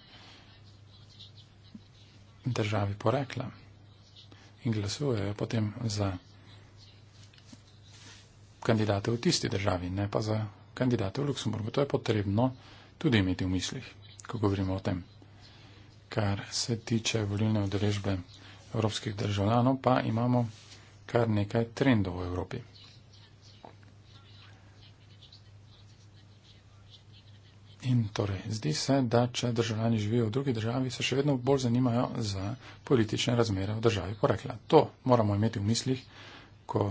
državi porekla in glasujejo potem za kandidate v tisti državi, ne pa za kandidate v Luksemburgu. To je potrebno tudi imeti v mislih, ko govorimo o tem. Kar se tiče volilne udeležbe evropskih državljanov, pa imamo kar nekaj trendov v Evropi. In torej, zdi se, da če državljani živijo v drugi državi, se še vedno bolj zanimajo za politične razmere v državi porekla. To moramo imeti v mislih, ko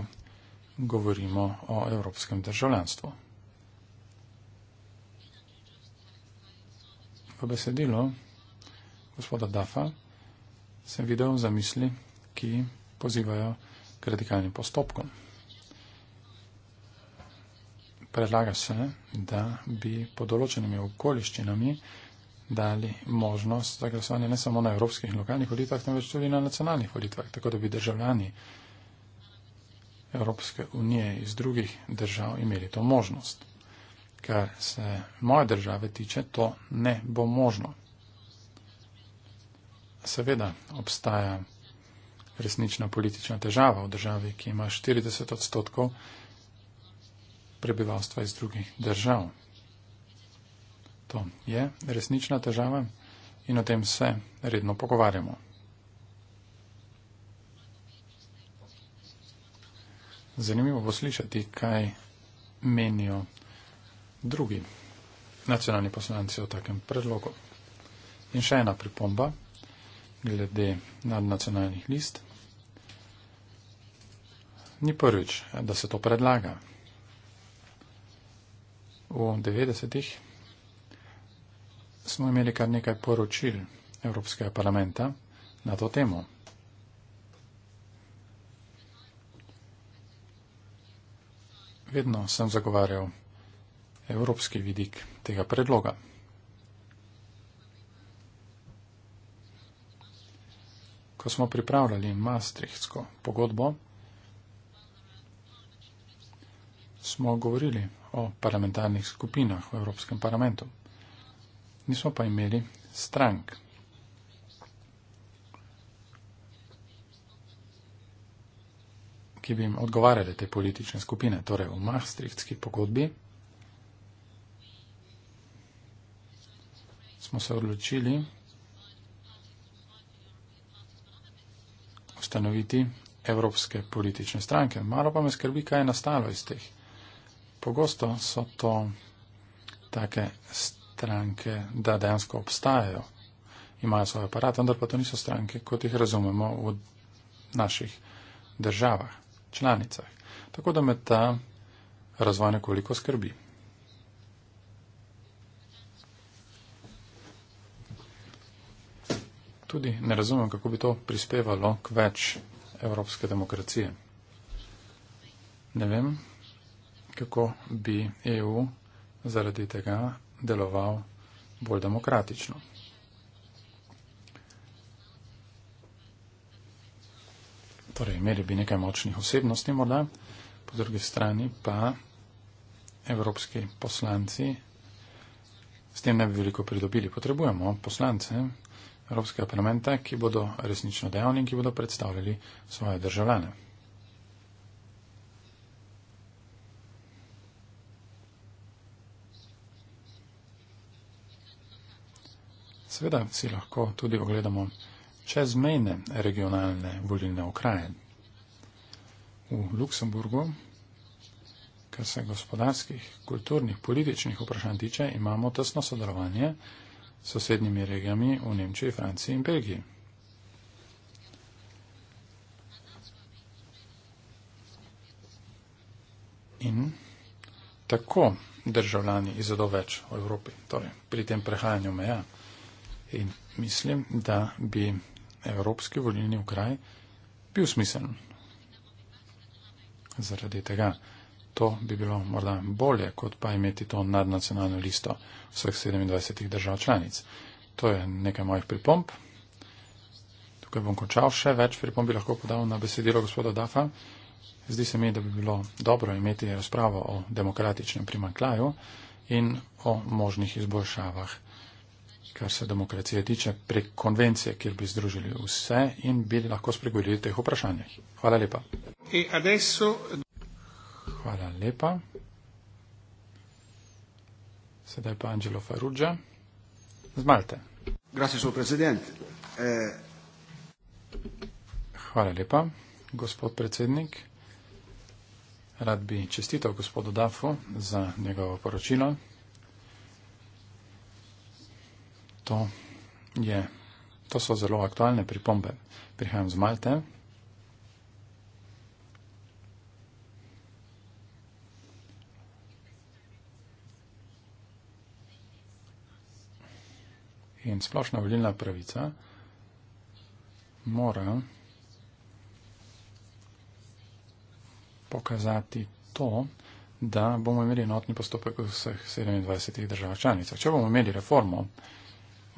govorimo o evropskem državljanstvu. V besedilo gospoda Dafa sem videl zamisli, ki pozivajo k radikalnim postopkom. Predlaga se, da bi pod določenimi okoliščinami dali možnost za glasovanje ne samo na evropskih in lokalnih volitvah, temveč tudi na nacionalnih volitvah, tako da bi državljani Evropske unije iz drugih držav imeli to možnost. Kar se moje države tiče, to ne bo možno. Seveda obstaja resnična politična težava v državi, ki ima 40 odstotkov prebivalstva iz drugih držav. To je resnična težava in o tem se redno pogovarjamo. Zanimivo bo slišati, kaj menijo drugi nacionalni poslanci o takem predlogu. In še ena pripomba glede nadnacionalnih list ni prvič, da se to predlaga. V 90-ih smo imeli kar nekaj poročil Evropskega parlamenta na to temo. Vedno sem zagovarjal evropski vidik tega predloga. Ko smo pripravljali Maastrichtsko pogodbo, smo govorili o parlamentarnih skupinah v Evropskem parlamentu. Nismo pa imeli strank. ki bi jim odgovarjale te politične skupine, torej v Maastrichtski pogodbi, smo se odločili ustanoviti evropske politične stranke. Malo pa me skrbi, kaj je nastalo iz teh pogosto so to take stranke, da dejansko obstajajo, imajo svoj aparat, vendar pa to niso stranke, kot jih razumemo v naših državah, članicah. Tako da me ta razvoj nekoliko skrbi. Tudi ne razumem, kako bi to prispevalo k več evropske demokracije. Ne vem kako bi EU zaradi tega deloval bolj demokratično. Torej, imeli bi nekaj močnih osebnosti morda, po drugi strani pa evropski poslanci s tem ne bi veliko pridobili. Potrebujemo poslance Evropskega parlamenta, ki bodo resnično dejavni in ki bodo predstavljali svoje državljane. seveda si lahko tudi ogledamo čezmejne regionalne volilne okraje. V Luksemburgu, kar se gospodarskih, kulturnih, političnih vprašanj tiče, imamo tesno sodelovanje s sosednjimi regijami v Nemčiji, Franciji in Belgiji. In tako državljani izvedo več o Evropi, torej pri tem prehajanju meja. In mislim, da bi Evropski volilni okraj bil smiseln. Zaradi tega to bi bilo morda bolje, kot pa imeti to nadnacionalno listo vseh 27 držav članic. To je nekaj mojih pripomp. Tukaj bom končal še več pripomp, bi lahko podal na besedilo gospoda Dafa. Zdi se mi, da bi bilo dobro imeti razpravo o demokratičnem primanklaju in o možnih izboljšavah kar se demokracije tiče, prek konvencije, kjer bi združili vse in bili lahko spregovorili o teh vprašanjih. Hvala lepa. E adesso... Hvala lepa. Sedaj pa Angelo Faruđa. Zmalte. Eh, Hvala lepa, gospod predsednik. Rad bi čestital gospodu Dafu za njegovo poročilo. To, je, to so zelo aktualne pripombe. Prihajam z Malte. In splošna volilna pravica mora pokazati to, da bomo imeli enotni postopek v vseh 27 državah članicah. Če bomo imeli reformo,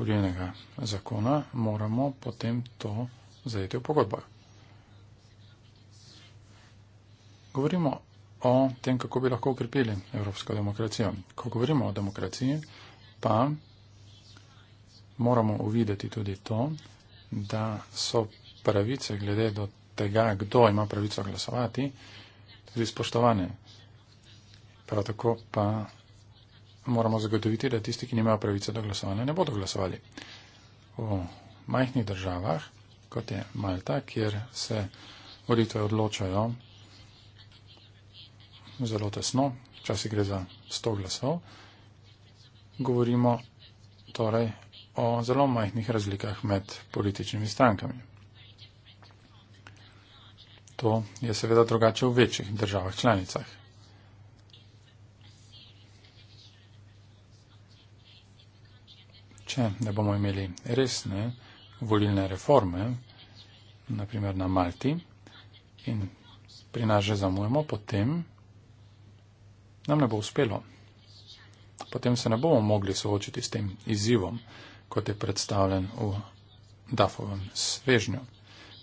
voljenega zakona, moramo potem to zajeti v pogodbah. Govorimo o tem, kako bi lahko ukrepili evropsko demokracijo. Ko govorimo o demokraciji, pa moramo uvideti tudi to, da so pravice glede do tega, kdo ima pravico glasovati, tudi spoštovane. Prav tako pa moramo zagotoviti, da tisti, ki nimajo pravice do glasovanja, ne bodo glasovali. V majhnih državah, kot je Malta, kjer se volitve odločajo zelo tesno, včasih gre za 100 glasov, govorimo torej o zelo majhnih razlikah med političnimi strankami. To je seveda drugače v večjih državah članicah. če ne bomo imeli resne volilne reforme, naprimer na Malti, in pri nas že zamujemo, potem nam ne bo uspelo. Potem se ne bomo mogli soočiti s tem izzivom, kot je predstavljen v Dafovem svežnju.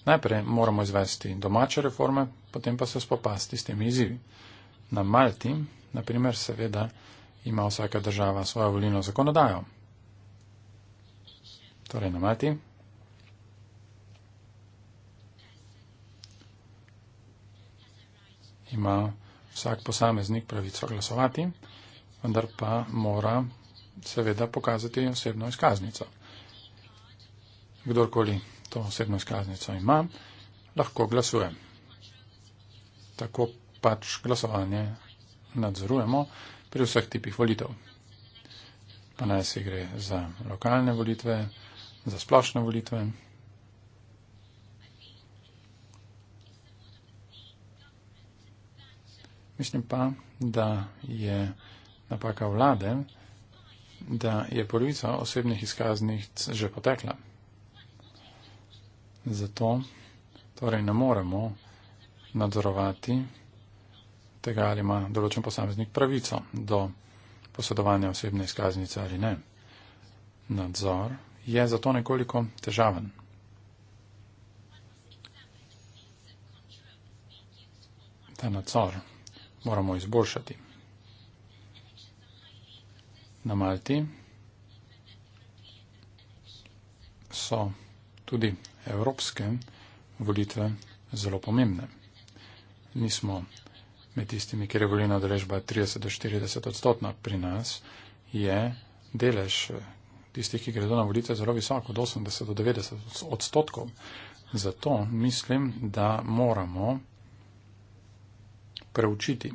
Najprej moramo izvesti domače reforme, potem pa se spopasti s temi izzivi. Na Malti, naprimer, seveda ima vsaka država svojo volilno zakonodajo. Torej na mati. Ima vsak posameznik pravico glasovati, vendar pa mora seveda pokazati osebno izkaznico. Kdorkoli to osebno izkaznico ima, lahko glasuje. Tako pač glasovanje nadzorujemo pri vseh tipih volitev. Pa naj se gre za lokalne volitve, za splošne volitve. Mislim pa, da je napaka vlade, da je polovica osebnih izkaznih že potekla. Zato torej ne moremo nadzorovati tega, ali ima določen posameznik pravico do posedovanja osebne izkaznice ali ne. Nadzor je zato nekoliko težaven. Ta nadzor moramo izboljšati. Na Malti so tudi evropske volitve zelo pomembne. Nismo med tistimi, kjer je volilna deležba 30-40 odstotna. Pri nas je delež, tistih, ki gredo na volitve, zelo visok, od 80 do 90 odstotkov. Zato mislim, da moramo preučiti,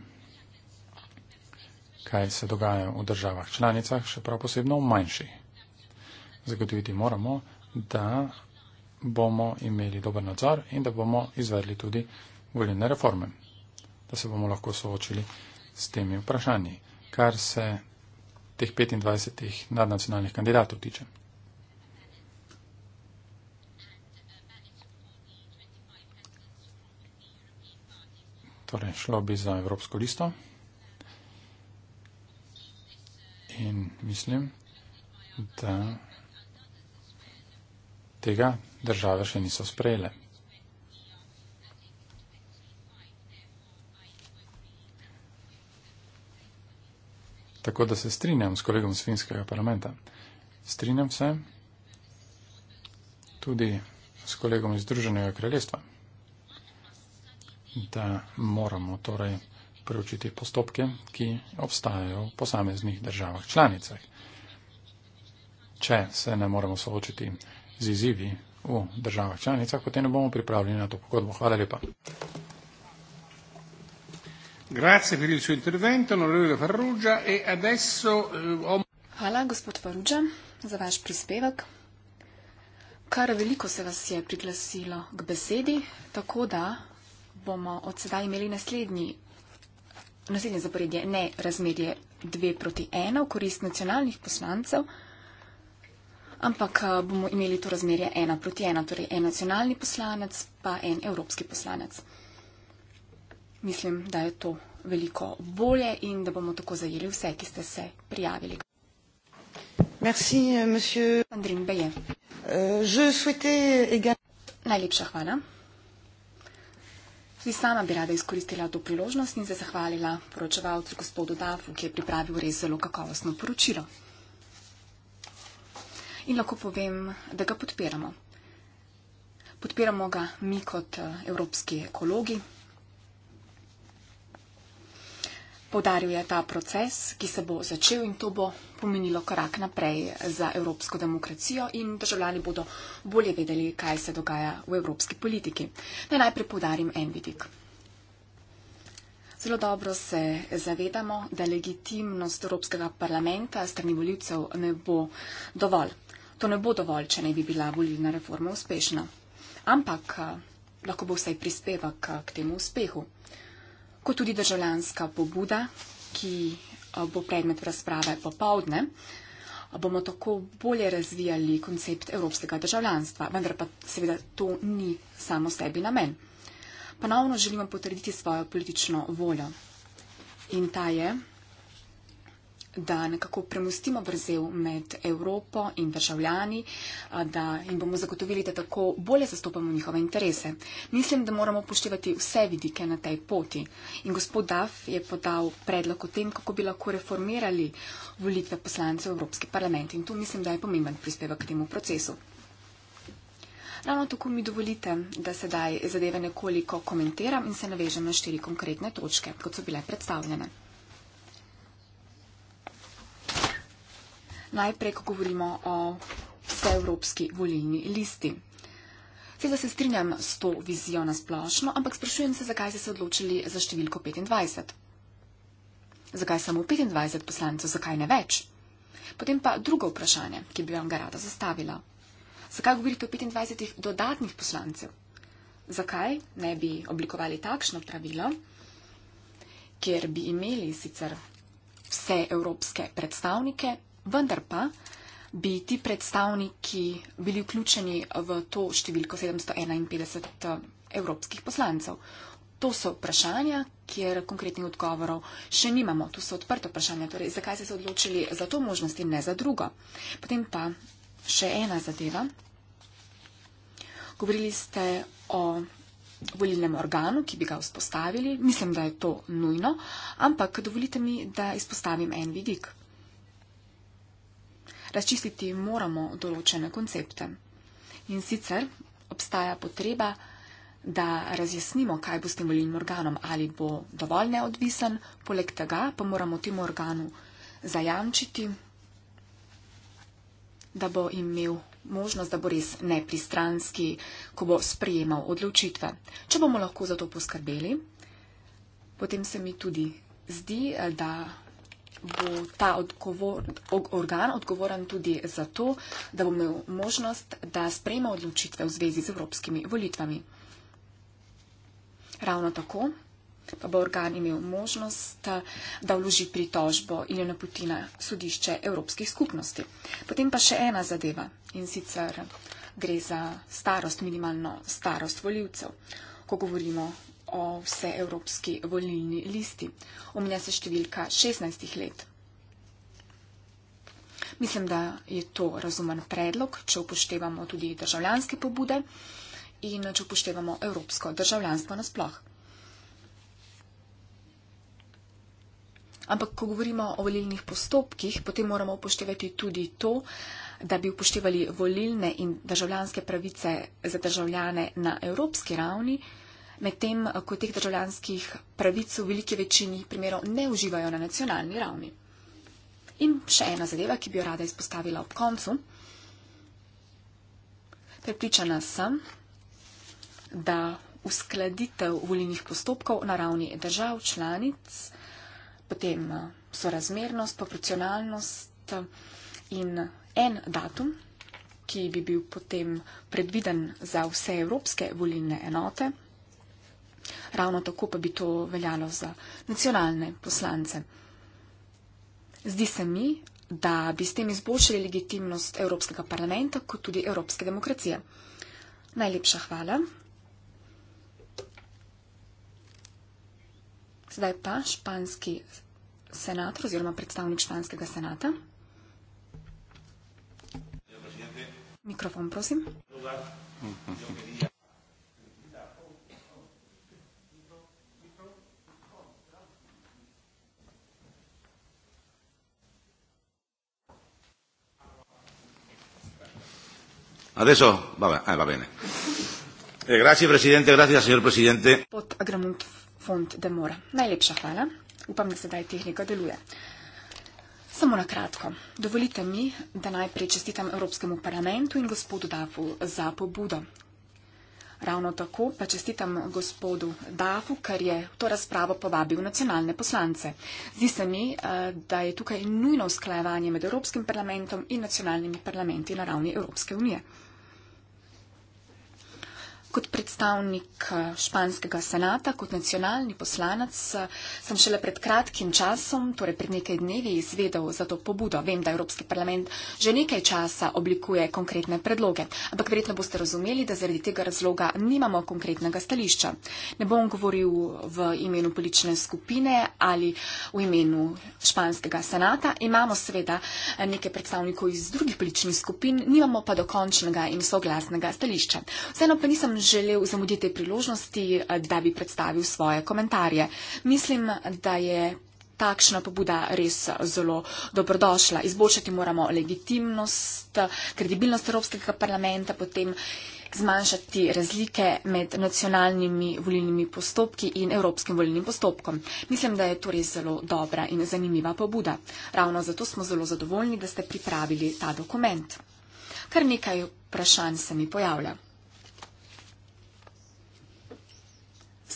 kaj se dogaja v državah članicah, še prav posebno v manjših. Zagotoviti moramo, da bomo imeli dober nadzor in da bomo izvedli tudi volilne reforme, da se bomo lahko soočili s temi vprašanji. Kar se teh 25 nadnacionalnih kandidatov tiče. Torej, šlo bi za Evropsko listo in mislim, da tega države še niso sprejele. Tako da se strinjam s kolegom z finskega parlamenta. Strinjam se tudi s kolegom iz Združenega kraljestva, da moramo torej preučiti postopke, ki obstajajo v posameznih državah članicah. Če se ne moremo soočiti z izzivi v državah članicah, potem ne bomo pripravljeni na to pogodbo. Hvala lepa. Grazie per il suo intervento, onorevole Farrugia. E adesso, eh, om... Hvala, gospod Farrugia, za vaš prispevek. Kar veliko se vas je priglasilo k besedi, tako da bomo od sedaj imeli naslednji, naslednje zaporedje, ne razmerje 2 proti 1 v korist nacionalnih poslancev, ampak eh, bomo imeli to razmerje 1 proti 1, torej en nacionalni poslanec pa en evropski poslanec. Mislim, da je to veliko bolje in da bomo tako zajeli vse, ki ste se prijavili. Merci, monsieur... Euh, Najlepša hvala. Tudi sama bi rada izkoristila to priložnost in se zahvalila poročevalcu gospodu Dafu, ki je pripravil res zelo kakovostno poročilo. In lahko povem, da ga podpiramo. Podpiramo ga mi kot eh, evropski ekologi. Podaril je ta proces, ki se bo začel in to bo pomenilo korak naprej za evropsko demokracijo in državljani bodo bolje vedeli, kaj se dogaja v evropski politiki. Naj najprej podarim en vidik. Zelo dobro se zavedamo, da legitimnost Evropskega parlamenta strani voljivcev ne bo dovolj. To ne bo dovolj, če ne bi bila volilna reforma uspešna. Ampak eh, lahko bo vsaj prispevek eh, k temu uspehu kot tudi državljanska pobuda, ki eh, bo predmet razprave popovdne, bomo tako bolje razvijali koncept evropskega državljanstva, vendar pa seveda to ni samo sebi namen. Ponovno želimo potrditi svojo politično voljo. In ta je, da nekako premustimo vrzel med Evropo in državljani, da jim bomo zagotovili, da tako bolje zastopamo njihove interese. Mislim, da moramo poštevati vse vidike na tej poti. In gospod Daf je podal predlog o tem, kako bi lahko reformirali volitve poslancev Evropski parlament. In tu mislim, da je pomemben prispevek k temu procesu. Ravno tako mi dovolite, da sedaj zadeve nekoliko komentiram in se navežem na štiri konkretne točke, kot so bile predstavljene. Najprej, ko govorimo o vseevropski volilni listi. Seveda se strinjam s to vizijo na splošno, ampak sprašujem se, zakaj ste se odločili za številko 25. Zakaj samo 25 poslancev, zakaj ne več? Potem pa drugo vprašanje, ki bi vam ga rada zastavila. Zakaj govorite o 25 dodatnih poslancev? Zakaj ne bi oblikovali takšno pravilo, kjer bi imeli sicer vse evropske predstavnike, Vendar pa bi ti predstavniki bili vključeni v to številko 751 eh, evropskih poslancev. To so vprašanja, kjer konkretnih odgovorov še nimamo. Tu so odprta vprašanja, torej zakaj ste se odločili za to možnost in ne za drugo. Potem pa še ena zadeva. Govorili ste o volilnem organu, ki bi ga vzpostavili. Mislim, da je to nujno, ampak dovolite mi, da izpostavim en vidik razčistiti moramo določene koncepte. In sicer obstaja potreba, da razjasnimo, kaj bo s tem volilnim organom, ali bo dovolj neodvisen, poleg tega pa moramo temu organu zajamčiti, da bo imel možnost, da bo res nepristranski, ko bo sprejemal odločitve. Če bomo lahko za to poskrbeli, potem se mi tudi zdi, da bo ta odgovor, organ odgovoren tudi zato, da bo imel možnost, da sprejme odločitve v zvezi z evropskimi volitvami. Ravno tako pa bo organ imel možnost, da vloži pritožbo in jo napoti na sodišče Evropskih skupnosti. Potem pa še ena zadeva in sicer gre za starost, minimalno starost voljivcev. Ko govorimo o vseevropski volilni listi. Omenja se številka 16 let. Mislim, da je to razumen predlog, če upoštevamo tudi državljanske pobude in če upoštevamo evropsko državljanstvo nasploh. Ampak, ko govorimo o volilnih postopkih, potem moramo upoštevati tudi to, da bi upoštevali volilne in državljanske pravice za državljane na evropski ravni, medtem eh, ko teh državljanskih pravic v veliki večini primerov ne uživajo na nacionalni ravni. In še ena zadeva, ki bi jo rada izpostavila ob koncu. Prepričana sem, da uskladitev volilnih postopkov na ravni držav, članic, potem eh, sorazmernost, proporcionalnost eh, in en datum, ki bi bil potem predviden za vse evropske volilne enote, Ravno tako pa bi to veljalo za nacionalne poslance. Zdi se mi, da bi s tem izboljšali legitimnost Evropskega parlamenta, kot tudi Evropske demokracije. Najlepša hvala. Sedaj pa španski senator oziroma predstavnik španskega senata. Mikrofon, prosim. Mm -hmm. Adesso va bene. Eh, va bene. Eh, grazie Presidente, grazie signor Presidente. Pod Agramunt Font de Mora. Najlepša hvala. Upam, da sedaj tehnika deluje. Samo na kratko. Dovolite mi, da najprej čestitam Evropskemu parlamentu in gospodu Dafu za pobudo. Ravno tako pa čestitam gospodu Dafu, ker je v to razpravo povabil nacionalne poslance. Zdi se mi, eh, da je tukaj nujno usklajevanje med Evropskim parlamentom in nacionalnimi parlamenti na ravni Evropske unije. Kot predstavnik eh, španskega senata, kot nacionalni poslanec, eh, sem šele pred kratkim časom, torej pred nekaj dnevi, izvedel za to pobudo. Vem, da Evropski parlament že nekaj časa oblikuje konkretne predloge, ampak verjetno boste razumeli, da zaradi tega razloga nimamo konkretnega stališča. Ne bom govoril v imenu politične skupine ali v imenu španskega senata. Imamo seveda eh, nekaj predstavnikov iz drugih političnih skupin, nimamo pa dokončnega in soglasnega stališča. Vseeno pa nisem želel zamuditi priložnosti, da bi predstavil svoje komentarje. Mislim, da je takšna pobuda res zelo dobrodošla. Izboljšati moramo legitimnost, kredibilnost Evropskega parlamenta, potem zmanjšati razlike med nacionalnimi volilnimi postopki in evropskim volilnim postopkom. Mislim, da je to res zelo dobra in zanimiva pobuda. Ravno zato smo zelo zadovoljni, da ste pripravili ta dokument. Kar nekaj vprašanj se mi pojavlja.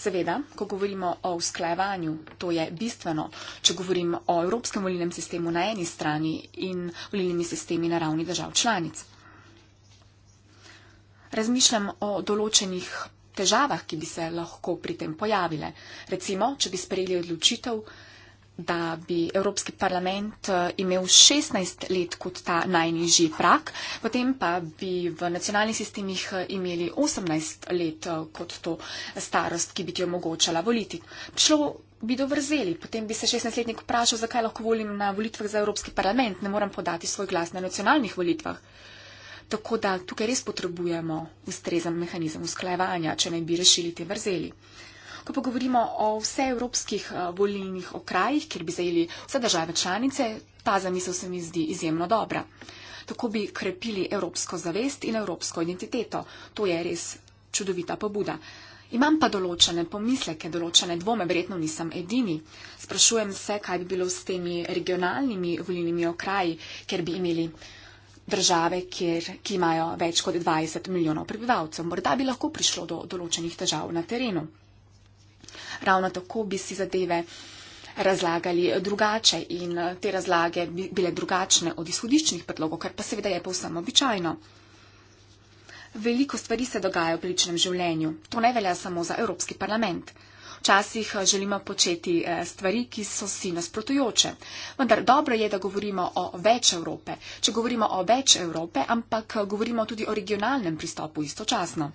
Seveda, ko govorimo o usklajevanju, to je bistveno. Če govorim o evropskem volilnem sistemu na eni strani in volilnimi sistemi na ravni držav članic. Razmišljam o določenih težavah, ki bi se lahko pri tem pojavile. Recimo, če bi sprejeli odločitev, da bi Evropski parlament eh, imel 16 let kot ta najnižji prak, potem pa bi v nacionalnih sistemih eh, imeli 18 let eh, kot to starost, ki bi ti omogočala voliti. Šlo bi do vrzeli, potem bi se 16-letnik vprašal, zakaj lahko volim na volitvah za Evropski parlament, ne moram podati svoj glas na nacionalnih volitvah. Tako da tukaj res potrebujemo ustrezen mehanizem usklajevanja, če ne bi rešili te vrzeli. Ko pa govorimo o vseevropskih eh, volilnih okrajih, kjer bi zajeli vse države članice, ta zamisel se mi zdi izjemno dobra. Tako bi krepili evropsko zavest in evropsko identiteto. To je res čudovita pobuda. Imam pa določene pomisleke, določene dvome, verjetno nisem edini. Sprašujem se, kaj bi bilo s temi regionalnimi volilnimi okraji, ker bi imeli države, kjer, ki imajo več kot 20 milijonov prebivalcev. Morda bi lahko prišlo do določenih težav na terenu ravno tako bi si zadeve razlagali drugače in eh, te razlage bi bile drugačne od izhodiščnih predlogov, kar pa seveda je povsem običajno. Veliko stvari se dogaja v priličnem življenju. To ne velja samo za Evropski parlament. Včasih eh, želimo početi eh, stvari, ki so si nasprotujoče. Vendar dobro je, da govorimo o več Evrope. Če govorimo o več Evrope, ampak govorimo tudi o regionalnem pristopu istočasno.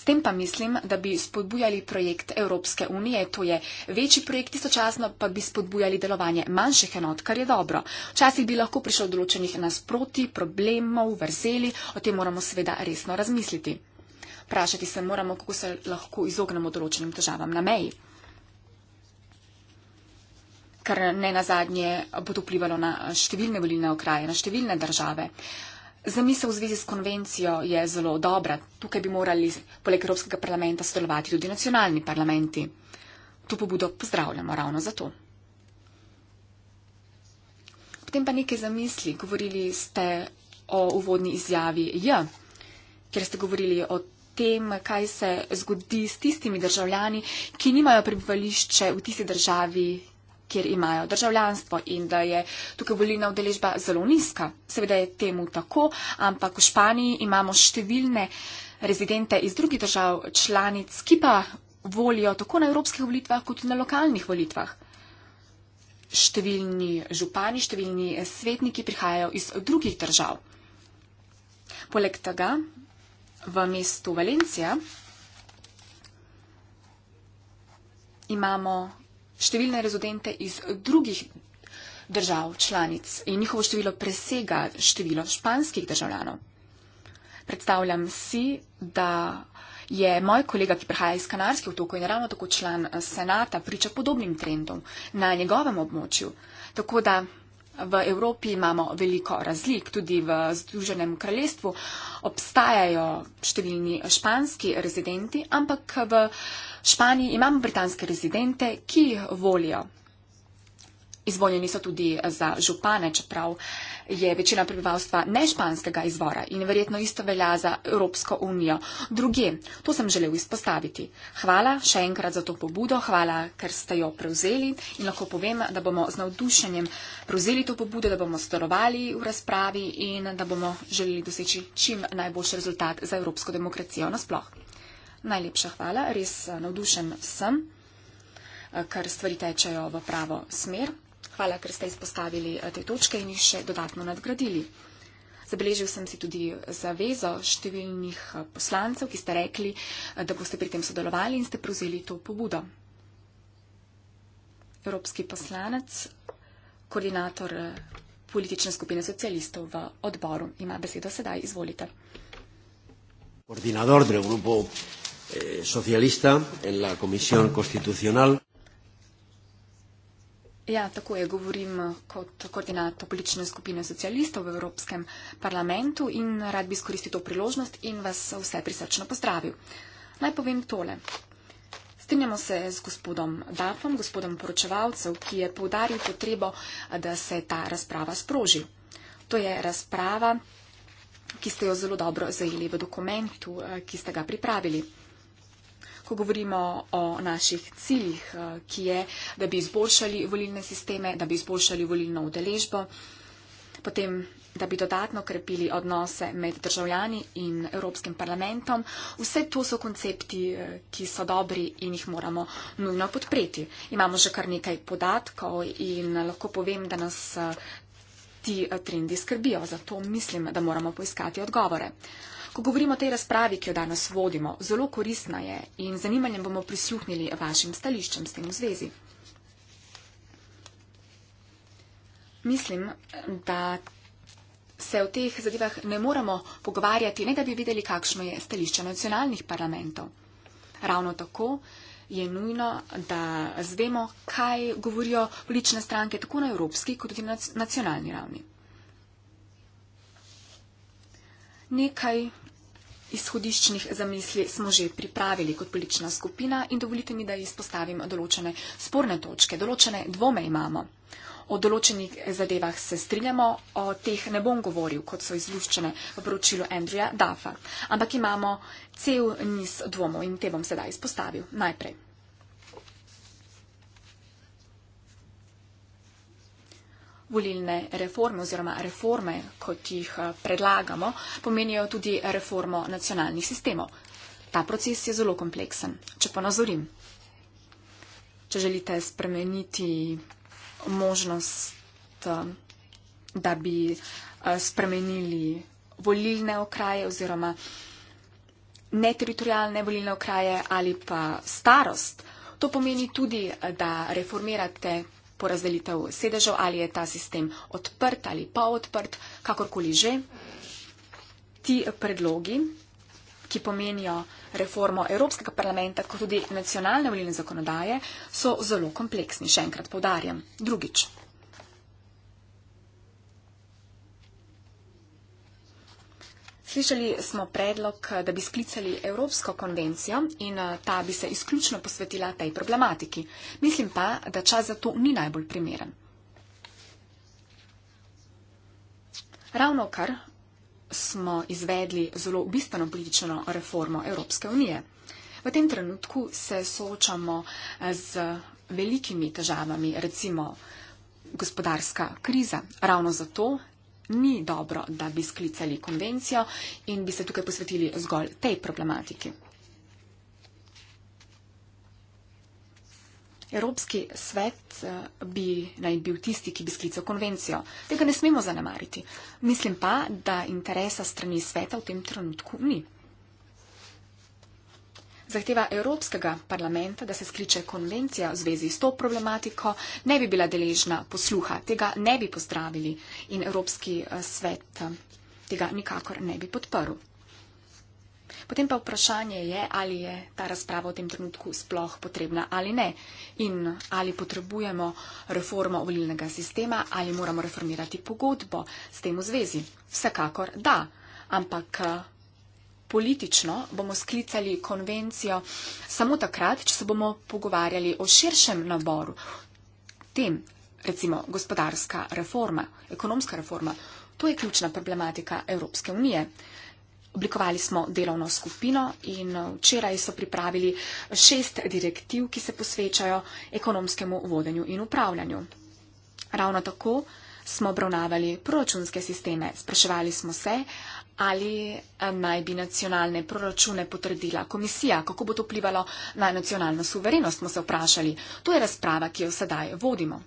S tem pa mislim, da bi spodbujali projekt Evropske unije, to je večji projekt, istočasno pa bi spodbujali delovanje manjših enot, kar je dobro. Včasih bi lahko prišel določenih nasproti, problemov, vrzeli, o tem moramo seveda resno razmisliti. Prašati se moramo, kako se lahko izognemo določenim težavam na meji. Kar ne na zadnje bo to vplivalo na številne volilne okraje, na številne države. Uh, Zamisel v zvezi s konvencijo je zelo dobra. Tukaj bi morali poleg Evropskega parlamenta sodelovati tudi nacionalni parlamenti. To pobudo pozdravljamo ravno zato. Potem pa nekaj zamisli. Govorili ste o uvodni izjavi J, kjer ste govorili o tem, kaj se zgodi s tistimi državljani, ki nimajo prebivališče v tisti državi, kjer imajo državljanstvo in da je tukaj volilna udeležba zelo nizka. Seveda je temu tako, ampak v Španiji imamo številne rezidente iz drugih držav članic, ki pa volijo tako na evropskih volitvah kot na lokalnih volitvah. Številni župani, številni svetniki prihajajo iz drugih držav. Poleg tega v mestu Valencija imamo številne rezidente iz drugih držav članic in njihovo število presega število španskih državljanov. Predstavljam si, da je moj kolega, ki prihaja iz Kanarskih otokov in ravno tako član senata, priča podobnim trendom na njegovem območju. Tako da V Evropi imamo veliko razlik, tudi v Združenem kraljestvu obstajajo številni španski rezidenti, ampak v Španiji imamo britanske rezidente, ki volijo Izvoljeni so tudi za župane, čeprav je večina prebivalstva nešpanskega izvora in verjetno isto velja za Evropsko unijo. Druge, to sem želel izpostaviti. Hvala še enkrat za to pobudo, hvala, ker ste jo prevzeli in lahko povem, da bomo z navdušenjem prevzeli to pobudo, da bomo sodelovali v razpravi in da bomo želeli doseči čim najboljši rezultat za evropsko demokracijo nasploh. Najlepša hvala, res navdušen sem, ker stvari tečejo v pravo smer. Hvala, ker ste izpostavili eh, te točke in jih še dodatno nadgradili. Zabeležil sem si tudi zavezo številnih eh, poslancev, ki ste rekli, eh, da boste pri tem sodelovali in ste prevzeli to pobudo. Evropski poslanec, koordinator politične skupine socialistov v odboru, ima besedo sedaj, izvolite. Koordinator del grupo socialista en la komisjon konstitucional. Ja, tako je, govorim eh, kot koordinator politične skupine socialistov v Evropskem parlamentu in rad bi skoristil to priložnost in vas vse prisrčno pozdravil. Naj povem tole. Strinjamo se z gospodom Dafom, gospodom poročevalcev, ki je poudaril potrebo, da se ta razprava sproži. To je razprava, ki ste jo zelo dobro zajeli v dokumentu, eh, ki ste ga pripravili ko govorimo o naših ciljih, eh, ki je, da bi izboljšali volilne sisteme, da bi izboljšali volilno udeležbo, potem da bi dodatno krepili odnose med državljani in Evropskim parlamentom. Vse to so koncepti, eh, ki so dobri in jih moramo nujno podpreti. Imamo že kar nekaj podatkov in lahko povem, da nas eh, ti trendi skrbijo. Zato mislim, da moramo poiskati odgovore. Ko govorimo o tej razpravi, ki jo danes vodimo, zelo koristna je in zanimanjem bomo prisluhnili vašim stališčem s tem v zvezi. Mislim, da se o teh zadevah ne moramo pogovarjati, ne da bi videli, kakšno je stališče nacionalnih parlamentov. Ravno tako je nujno, da zvemo, kaj govorijo politične stranke tako na evropski kot tudi na nacionalni ravni. Nekaj izhodiščnih zamisli smo že pripravili kot politična skupina in dovolite mi, da izpostavim določene sporne točke, določene dvome imamo. O določenih zadevah se strinjamo, o teh ne bom govoril, kot so izluščene v poročilu Andrija Dafa, ampak imamo cel niz dvomov in te bom sedaj izpostavil. Najprej. volilne reforme oziroma reforme, kot jih eh, predlagamo, pomenijo tudi reformo nacionalnih sistemov. Ta proces je zelo kompleksen. Če pa nazorim, če želite spremeniti možnost, eh, da bi eh, spremenili volilne okraje oziroma neteritorijalne volilne okraje ali pa starost, to pomeni tudi, da reformirate porazdelitev sedežev, ali je ta sistem odprt ali pa odprt, kakorkoli že. Ti predlogi, ki pomenijo reformo Evropskega parlamenta, kot tudi nacionalne volilne zakonodaje, so zelo kompleksni, še enkrat povdarjam. Drugič. Slišali smo predlog, da bi sklicali Evropsko konvencijo in eh, ta bi se izključno posvetila tej problematiki. Mislim pa, da čas za to ni najbolj primeren. Ravno kar smo izvedli zelo bistveno politično reformo Evropske unije. V tem trenutku se soočamo eh, z velikimi težavami, recimo gospodarska kriza. Ravno zato ni dobro, da bi sklicali konvencijo in bi se tukaj posvetili zgolj tej problematiki. Evropski svet eh, bi naj bil tisti, ki bi sklical konvencijo. Tega ne smemo zanemariti. Mislim pa, da interesa strani sveta v tem trenutku ni. Zahteva Evropskega parlamenta, da se skliče konvencija v zvezi s to problematiko, ne bi bila deležna posluha, tega ne bi pozdravili in Evropski eh, svet eh, tega nikakor ne bi podprl. Potem pa vprašanje je, ali je ta razprava v tem trenutku sploh potrebna ali ne in ali potrebujemo reformo volilnega sistema ali moramo reformirati pogodbo s tem v zvezi. Vsekakor da, ampak eh, politično bomo sklicali konvencijo samo takrat, če se bomo pogovarjali o širšem naboru tem, recimo gospodarska reforma, ekonomska reforma. To je ključna problematika Evropske unije. Oblikovali smo delovno skupino in uh, včeraj so pripravili šest direktiv, ki se posvečajo ekonomskemu vodenju in upravljanju. Ravno tako smo obravnavali proračunske sisteme. Spraševali smo se, ali eh, naj bi nacionalne proračune potrdila komisija, kako bo to vplivalo na nacionalno suverenost, smo se vprašali. To je razprava, ki jo sedaj vodimo.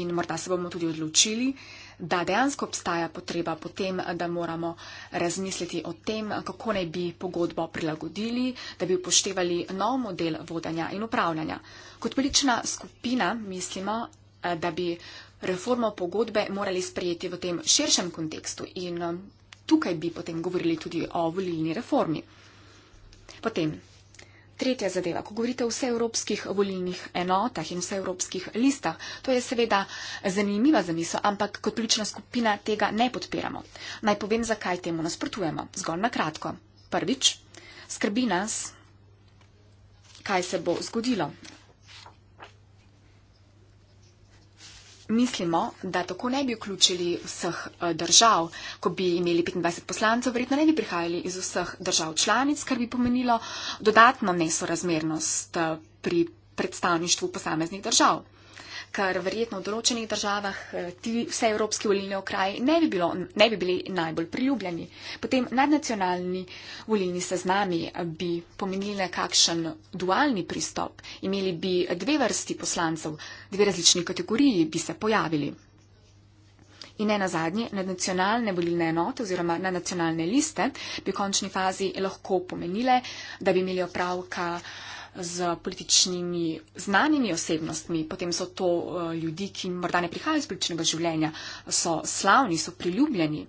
In morda se bomo tudi odločili, da dejansko obstaja potreba potem, da moramo razmisliti o tem, kako naj bi pogodbo prilagodili, da bi upoštevali nov model vodanja in upravljanja. Kot politična skupina mislimo, eh, da bi reformo pogodbe morali sprejeti v tem širšem kontekstu in eh, tukaj bi potem govorili tudi o volilni reformi. Potem, tretja zadeva, ko govorite o vseevropskih volilnih enotah in vseevropskih listah, to je seveda zanimiva zamisel, ampak kot politična skupina tega ne podpiramo. Naj povem, zakaj temu nasprotujemo. Zgolj na kratko. Prvič, skrbi nas, kaj se bo zgodilo mislimo, da tako ne bi vključili vseh eh, držav. Ko bi imeli 25 poslancev, verjetno ne bi prihajali iz vseh držav članic, kar bi pomenilo dodatno nesorazmernost eh, pri predstavništvu posameznih držav kar verjetno v določenih državah eh, ti vse evropski volilni okraji ne bi, bilo, ne bi bili najbolj priljubljeni. Potem nadnacionalni volilni seznami eh, bi pomenili kakšen dualni pristop. Imeli bi eh, dve vrsti poslancev, dve različni kategoriji bi se pojavili. In ne nazadnje, nadnacionalne volilne enote oziroma nadnacionalne liste bi v končni fazi lahko pomenile, da bi imeli opravka z političnimi znanimi osebnostmi, potem so to eh, ljudi, ki morda ne prihajajo iz političnega življenja, so slavni, so priljubljeni.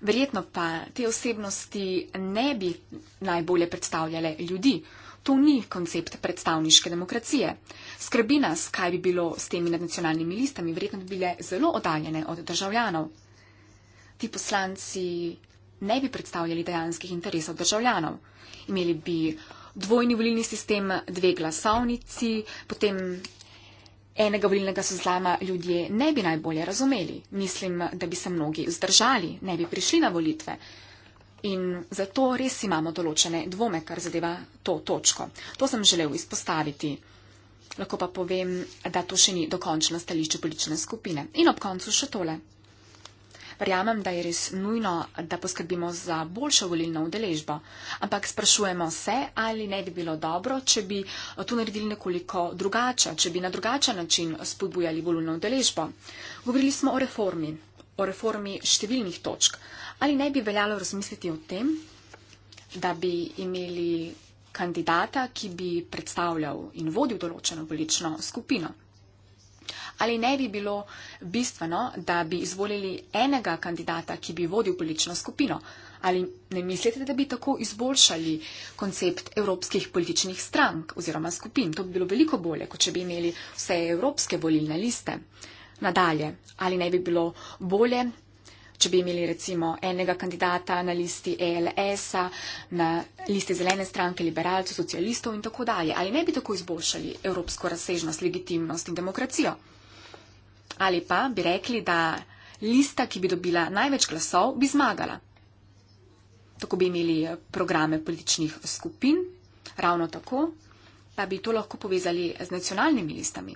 Verjetno pa te osebnosti ne bi najbolje predstavljale ljudi. To ni koncept predstavniške demokracije. Skrbi nas, kaj bi bilo s temi nadnacionalnimi listami, verjetno bi bile zelo odaljene od državljanov. Ti poslanci ne bi predstavljali dejanskih interesov državljanov. Imeli bi dvojni volilni sistem, dve glasovnici, potem enega volilnega sozlama ljudje ne bi najbolje razumeli. Mislim, da bi se mnogi zdržali, ne bi prišli na volitve. In zato res imamo določene dvome, kar zadeva to točko. To sem želel izpostaviti. Lahko pa povem, da to še ni dokončno stališče politične skupine. In ob koncu še tole. Verjamem, da je res nujno, da poskrbimo za boljšo volilno udeležbo. Ampak sprašujemo se, ali ne bi bilo dobro, če bi to naredili nekoliko drugače, če bi na drugačen način spodbujali volilno udeležbo. Govorili smo o reformi, o reformi številnih točk. Ali ne bi veljalo razmisliti o tem, da bi imeli kandidata, ki bi predstavljal in vodil določeno volično skupino ali ne bi bilo bistveno, da bi izvolili enega kandidata, ki bi vodil politično skupino? Ali ne mislite, da bi tako izboljšali koncept evropskih političnih strank oziroma skupin? To bi bilo veliko bolje, kot če bi imeli vse evropske volilne liste. Nadalje, ali ne bi bilo bolje, če bi imeli recimo enega kandidata na listi ELS-a, na listi zelene stranke, liberalcev, socialistov in tako dalje? Ali ne bi tako izboljšali evropsko razsežnost, legitimnost in demokracijo? ali pa bi rekli, da lista, ki bi dobila največ glasov, bi zmagala. Tako bi imeli eh, programe političnih skupin, ravno tako pa bi to lahko povezali z nacionalnimi listami.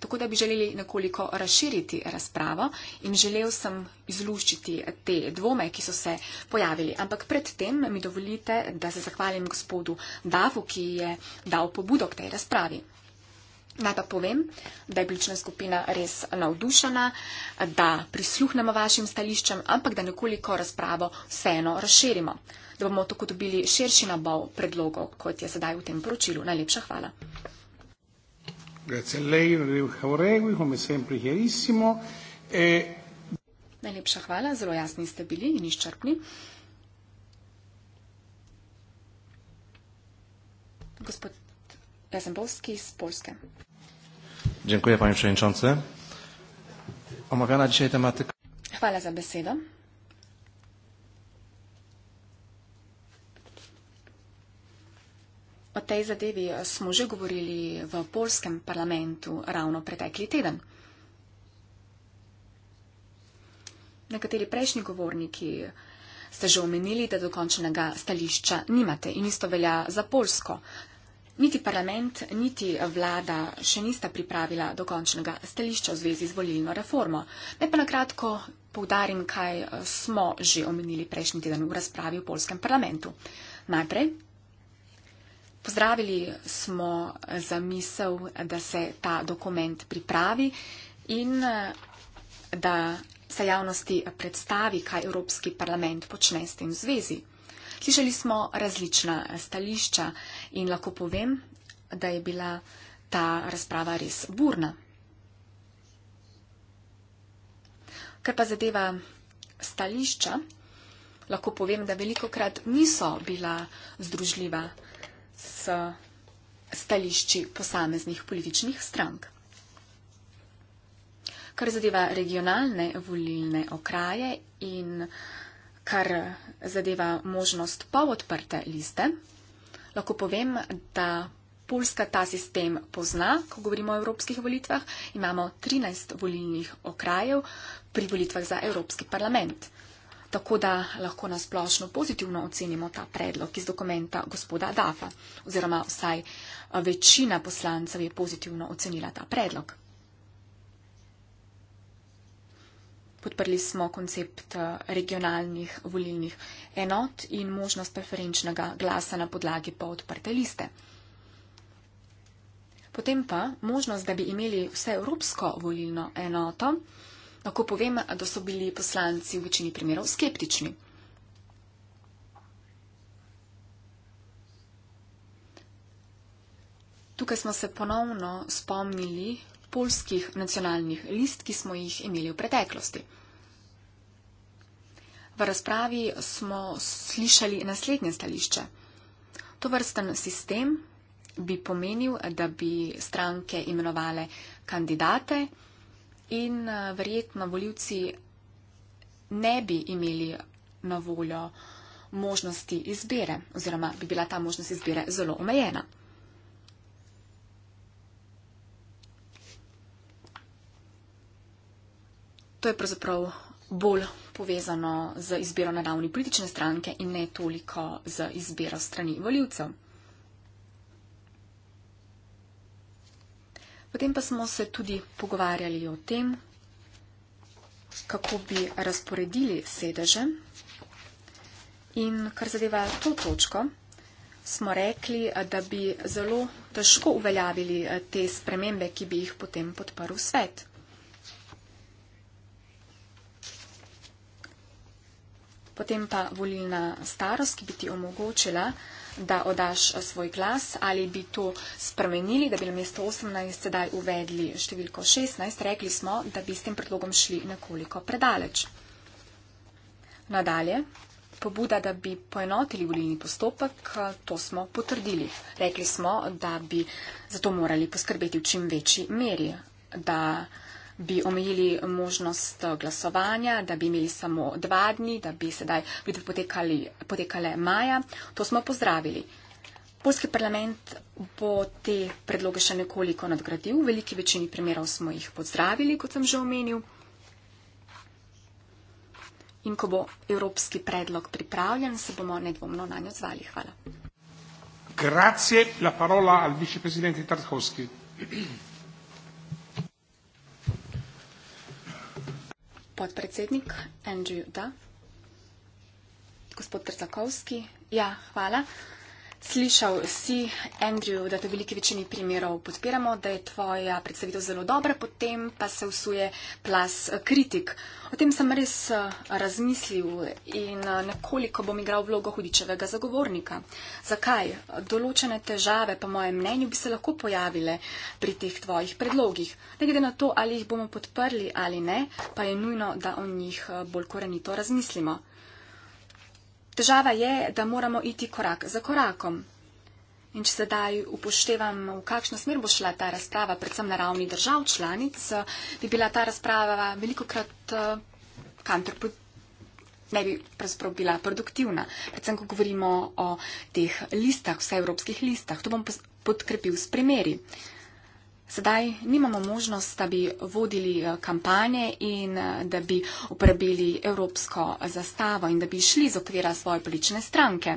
Tako da bi želeli nekoliko razširiti razpravo in želel sem izluščiti te dvome, ki so se pojavili. Ampak predtem mi dovolite, da se zahvalim gospodu Davu, ki je dal pobudo k tej razpravi. Naj pa povem, da je blična skupina res navdušena, da prisluhnemo vašim stališčem, ampak da nekoliko razpravo vseeno razširimo, da bomo tako dobili širši nabav predlogov, kot je sedaj v tem poročilu. Najlepša hvala. E Najlepša hvala, zelo jasni ste bili in izčrpni. Gospod Jasembowski z Polski. Dziękuję panie przewodniczący. Omawiana dzisiaj tematyka. Chwala za besedę. O tej zadevi eh, smo že govorili v polskem parlamentu ravno pretekli teden. Nekateri prejšnji govorniki ste že omenili, da dokončnega stališča nimate in isto velja za Polsko. Niti parlament, niti vlada še nista pripravila dokončnega stališča v zvezi z volilno reformo. Naj pa na kratko poudarim, kaj eh, smo že omenili prejšnji teden v razpravi v polskem parlamentu. Najprej. Pozdravili smo eh, za misel, da se ta dokument pripravi in eh, da se javnosti predstavi, kaj Evropski parlament počne s tem zvezi. Slišali smo različna stališča in lahko povem, da je bila ta razprava res burna. Kar pa zadeva stališča, lahko povem, da veliko krat niso bila združljiva s stališči posameznih političnih strank. Kar zadeva regionalne volilne okraje in uh, kar zadeva možnost polodprte liste, lahko povem, da Poljska ta sistem pozna, ko govorimo o evropskih volitvah. Imamo 13 volilnih okrajev pri volitvah za Evropski parlament. Tako da lahko nasplošno pozitivno ocenimo ta predlog iz dokumenta gospoda Dafa, oziroma vsaj večina poslancev je pozitivno ocenila ta predlog. Podprli smo koncept eh, regionalnih volilnih enot in možnost preferenčnega glasa na podlagi po odprte liste. Potem pa možnost, da bi imeli vse evropsko volilno enoto, lahko povem, da so bili poslanci v večini primerov skeptični. Tukaj smo se ponovno spomnili polskih nacionalnih list, ki smo jih imeli v preteklosti. V razpravi smo slišali naslednje stališče. To vrsten sistem bi pomenil, da bi stranke imenovale kandidate in eh, verjetno voljivci ne bi imeli na voljo možnosti izbire oziroma bi bila ta možnost izbire zelo omejena. to je pravzaprav bolj povezano z izbiro na ravni politične stranke in ne toliko z izbiro strani voljivcev. Potem pa smo se tudi pogovarjali o tem, kako bi razporedili sedeže. In kar zadeva to točko, smo rekli, da bi zelo težko uveljavili te spremembe, ki bi jih potem podprl svet. potem pa volilna starost, ki bi ti omogočila, da odaš eh, svoj glas ali bi to spremenili, da bi na mesto 18 sedaj uvedli številko 16, rekli smo, da bi s tem predlogom šli nekoliko predaleč. Nadalje, pobuda, da bi poenotili volilni postopek, eh, to smo potrdili. Rekli smo, da bi zato morali poskrbeti v čim večji meri, da bi omejili možnost eh, glasovanja, da bi imeli samo dva dni, da bi sedaj volitve potekale maja. To smo pozdravili. Polski parlament bo te predloge še nekoliko nadgradil. V veliki večini primerov smo jih pozdravili, kot sem že omenil. In ko bo evropski predlog pripravljen, se bomo nedvomno na njo zvali. Hvala. Grazie, la parola al viceprezidente Tarkovski. podpredsednik Andrew, da. Gospod Trzakovski, ja, hvala. Slišal si, Andrew, da te v veliki večini primerov podpiramo, da je tvoja predstavitev zelo dobra, potem pa se usuje plas eh, kritik. O tem sem res eh, razmislil in eh, nekoliko bom igral vlogo hudičevega zagovornika. Zakaj? Določene težave, po mojem mnenju, bi se lahko pojavile pri teh tvojih predlogih. Ne glede na to, ali jih bomo podprli ali ne, pa je nujno, da o njih bolj korenito razmislimo. Težava je, da moramo iti korak za korakom. In če sedaj upoštevam, v kakšno smer bo šla ta razprava, predvsem na ravni držav članic, bi bila ta razprava veliko krat eh, ne bi pravzaprav bila produktivna. Predvsem, ko govorimo o teh listah, vseevropskih listah. To bom podkrepil s primeri. Uh, Sedaj nimamo možnost, da bi vodili eh, kampanje in eh, da bi uporabili evropsko eh, zastavo in da bi šli iz okvira svoje politične stranke.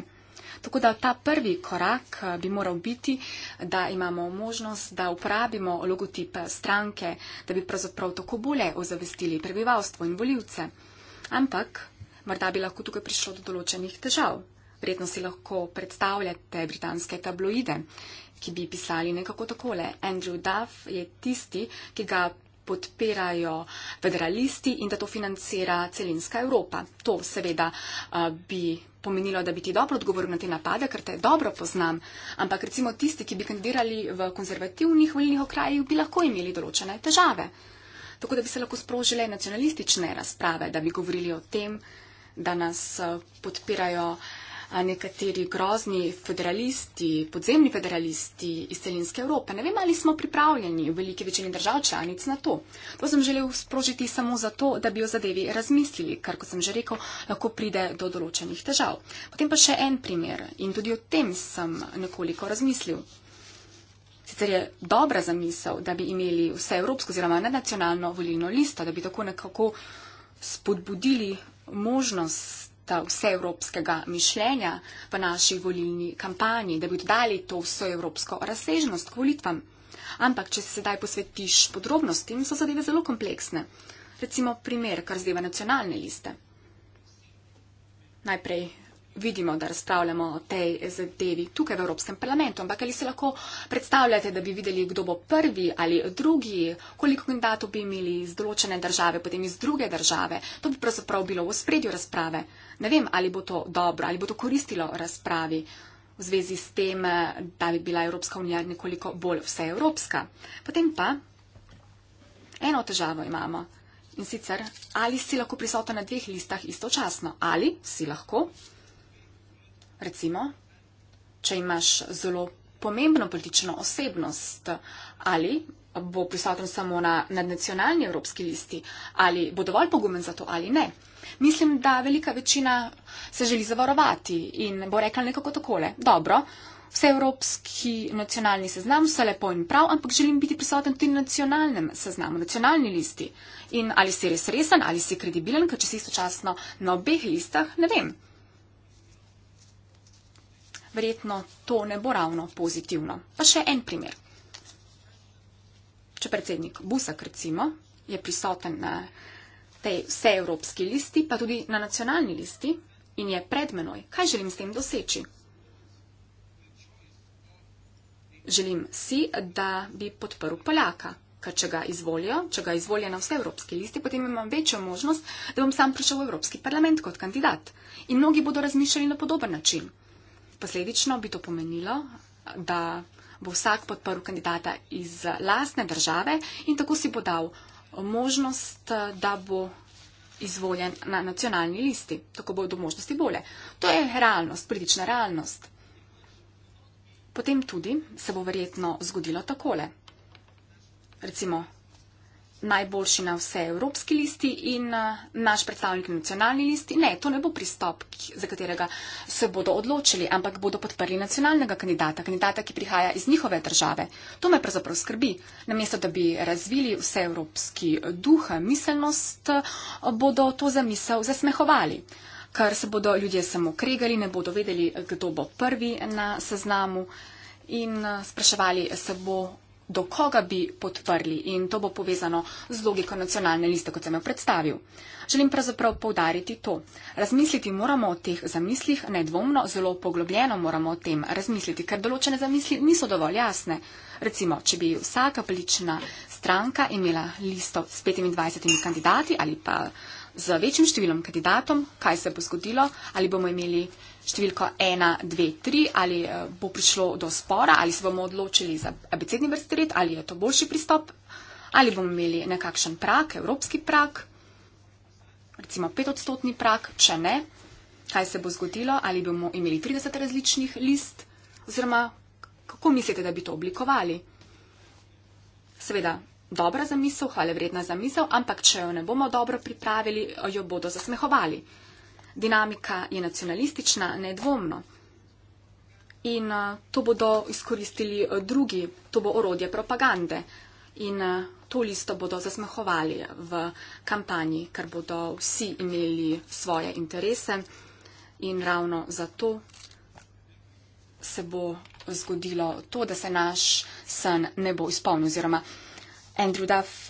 Tako da ta prvi korak bi moral biti, da imamo možnost, da uporabimo logotip stranke, da bi pravzaprav tako bolje ozavestili prebivalstvo in voljivce. Ampak morda bi lahko tukaj prišlo do določenih težav. Vredno si lahko predstavljate britanske tabloide, ki bi pisali nekako takole. Andrew Duff je tisti, ki ga podpirajo federalisti in da to financira celinska Evropa. To seveda uh, bi pomenilo, da bi ti dobro odgovoril na te napade, ker te dobro poznam, ampak recimo tisti, ki bi kandidirali v konzervativnih volilnih okrajih, bi lahko imeli določene težave. Tako da bi se lahko sprožile nacionalistične razprave, da bi govorili o tem, da nas podpirajo uh, nekateri grozni federalisti, podzemni federalisti iz celinske Evrope. Ne vem, ali smo pripravljeni v veliki večini držav članic na to. To sem želel sprožiti samo zato, da bi o zadevi razmislili, ker, kot sem že rekel, lahko pride do določenih težav. Potem pa še en primer in tudi o tem sem nekoliko razmislil. Sicer je dobra zamisel, da bi imeli vse evropsko oziroma nacionalno volilno listo, da bi tako nekako spodbudili možnost ta vseevropskega mišljenja v naši volilni kampanji, da bi dodali to vseevropsko razsežnost k volitvam. Ampak, če se sedaj posvetiš podrobnostim, so zadeve zelo kompleksne. Recimo primer, kar zdeva nacionalne liste. Najprej vidimo, da razpravljamo o tej zadevi tukaj v Evropskem parlamentu, ampak ali se lahko predstavljate, da bi videli, kdo bo prvi ali drugi, koliko kandidatov bi imeli iz določene države, potem iz druge države. To bi pravzaprav bilo v spredju razprave. Ne vem, ali bo to dobro, ali bo to koristilo razpravi v zvezi s tem, da bi bila Evropska unija nekoliko bolj vseevropska. Potem pa eno težavo imamo. In sicer, ali si lahko prisoten na dveh listah istočasno ali si lahko Recimo, če imaš zelo pomembno politično osebnost ali bo prisoten samo na nadnacionalni evropski listi, ali bo dovolj pogumen za to ali ne. Mislim, da velika večina se želi zavarovati in bo rekla nekako takole. Dobro, vse evropski nacionalni seznam, vse lepo in prav, ampak želim biti prisoten tudi na nacionalnem seznamu, nacionalni listi. In ali si res resen, ali si kredibilen, ker če si istočasno na obeh listah, ne vem verjetno to ne bo ravno pozitivno. Pa še en primer. Če predsednik Busak, recimo, je prisoten na tej vseevropski listi, pa tudi na nacionalni listi in je pred menoj, kaj želim s tem doseči? Želim si, da bi podprl Poljaka, ker če ga izvolijo, če ga izvolijo na vseevropski listi, potem imam večjo možnost, da bom sam prišel v Evropski parlament kot kandidat. In mnogi bodo razmišljali na podoben način posledično bi to pomenilo, da bo vsak podprl kandidata iz lastne države in tako si bo dal možnost, da bo izvoljen na nacionalni listi. Tako bodo možnosti bolje. To je realnost, politična realnost. Potem tudi se bo verjetno zgodilo takole. Recimo, najboljši na vse evropski listi in eh, naš predstavnik na nacionalni listi. Ne, to ne bo pristop, za katerega se bodo odločili, ampak bodo podprli nacionalnega kandidata, kandidata, ki prihaja iz njihove države. To me pravzaprav skrbi. Namesto, da bi razvili vse evropski duh, miselnost, bodo to zamisel zasmehovali. Ker se bodo ljudje samo kregali, ne bodo vedeli, kdo bo prvi na seznamu in eh, spraševali se bo do koga bi podprli in to bo povezano z logiko nacionalne liste, kot sem jo predstavil. Želim pravzaprav povdariti to. Razmisliti moramo o teh zamislih nedvomno, zelo poglobljeno moramo o tem razmisliti, ker določene zamisli niso dovolj jasne. Recimo, če bi vsaka politična stranka imela listo s 25 kandidati ali pa z večjim številom kandidatom, kaj se bo zgodilo, ali bomo imeli številko ena, dve, tri, ali eh, bo prišlo do spora, ali se bomo odločili za abecedni vrstored, ali je to boljši pristop, ali bomo imeli nekakšen prak, evropski prak, recimo petodstotni prak, če ne, kaj se bo zgodilo, ali bomo imeli 30 različnih list, oziroma kako mislite, da bi to oblikovali. Seveda, dobra zamisel, hvale vredna zamisel, ampak če jo ne bomo dobro pripravili, jo bodo zasmehovali dinamika je nacionalistična, nedvomno. In eh, to bodo izkoristili eh, drugi, to bo orodje propagande. In eh, to listo bodo zasmehovali v kampanji, ker bodo vsi imeli svoje interese. In ravno zato se bo zgodilo to, da se naš sen ne bo izpolnil. Oziroma, Andrew Duff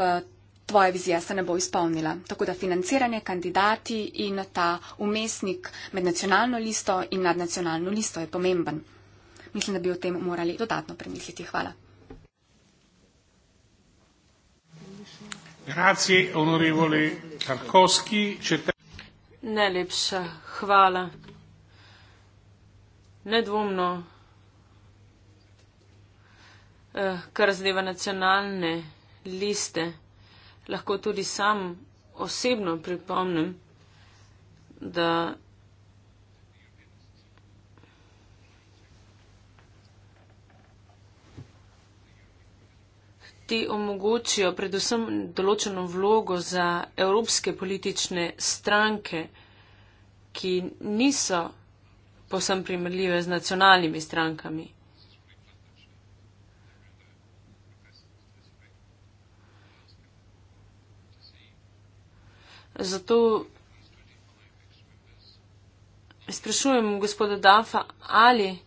tvoja vizija se ne bo izpolnila. Tako da financiranje, kandidati in ta umestnik med nacionalno listo in nadnacionalno listo je pomemben. Mislim, da bi o tem morali dodatno premisliti. Hvala. Grazie, onorevoli Karkovski. Najlepša hvala. Nedvomno, eh, kar zadeva nacionalne liste lahko tudi sam osebno pripomnim, da ti omogočijo predvsem določeno vlogo za evropske politične stranke, ki niso posem primerljive z nacionalnimi strankami. Zato sprašujem gospoda Dafa, ali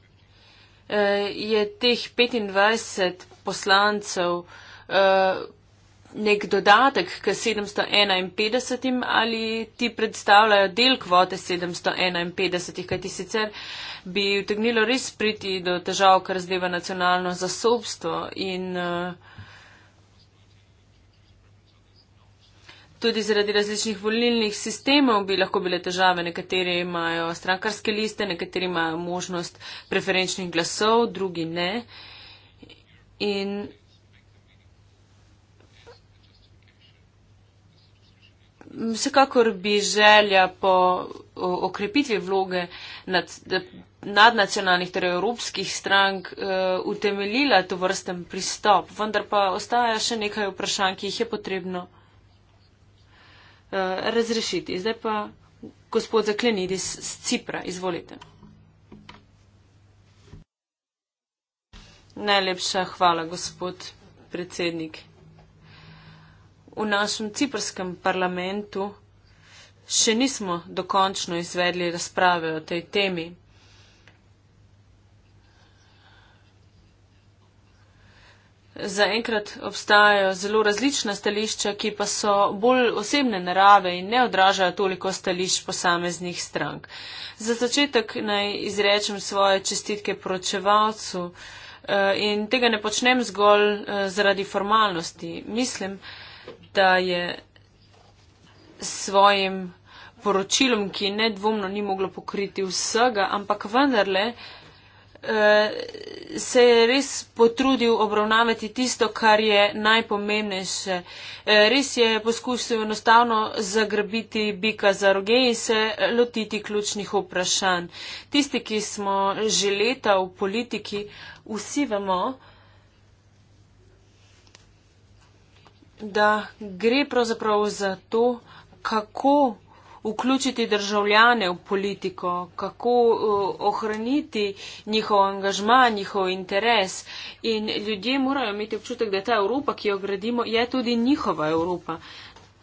eh, je teh 25 poslancev eh, nek dodatek k 751 ali ti predstavljajo del kvote 751, kajti sicer bi utegnilo res priti do težav, kar zdeva nacionalno zasobstvo in uh, Tudi zaradi različnih volilnih sistemov bi lahko bile težave. Nekateri imajo strankarske liste, nekateri imajo možnost preferenčnih glasov, drugi ne. In vsekakor bi želja po okrepitvi vloge nad, nadnacionalnih, torej evropskih strank, uh, utemeljila to vrsten pristop. Vendar pa ostaja še nekaj vprašanj, ki jih je potrebno. Eh, razrešiti. Zdaj pa gospod Zaklenidis z Cipra, izvolite. Najlepša hvala, gospod predsednik. V našem ciprskem parlamentu še nismo dokončno izvedli razprave o tej temi. zaenkrat obstajajo zelo različna stališča, ki pa so bolj osebne narave in ne odražajo toliko stališč posameznih strank. Za začetek naj izrečem svoje čestitke poročevalcu eh, in tega ne počnem zgolj eh, zaradi formalnosti. Mislim, da je svojim poročilom, ki nedvomno ni moglo pokriti vsega, ampak vendarle, Eh, se je res potrudil obravnavati tisto, kar je najpomembnejše. Eh, res je poskusil enostavno zagrabiti bika za roge in se lotiti ključnih vprašanj. Tisti, ki smo že leta v politiki, vsi vemo, da gre pravzaprav za to, kako vključiti državljane v politiko, kako eh, ohraniti njihov angažma, njihov interes. In ljudje morajo imeti občutek, da ta Evropa, ki jo gradimo, je tudi njihova Evropa.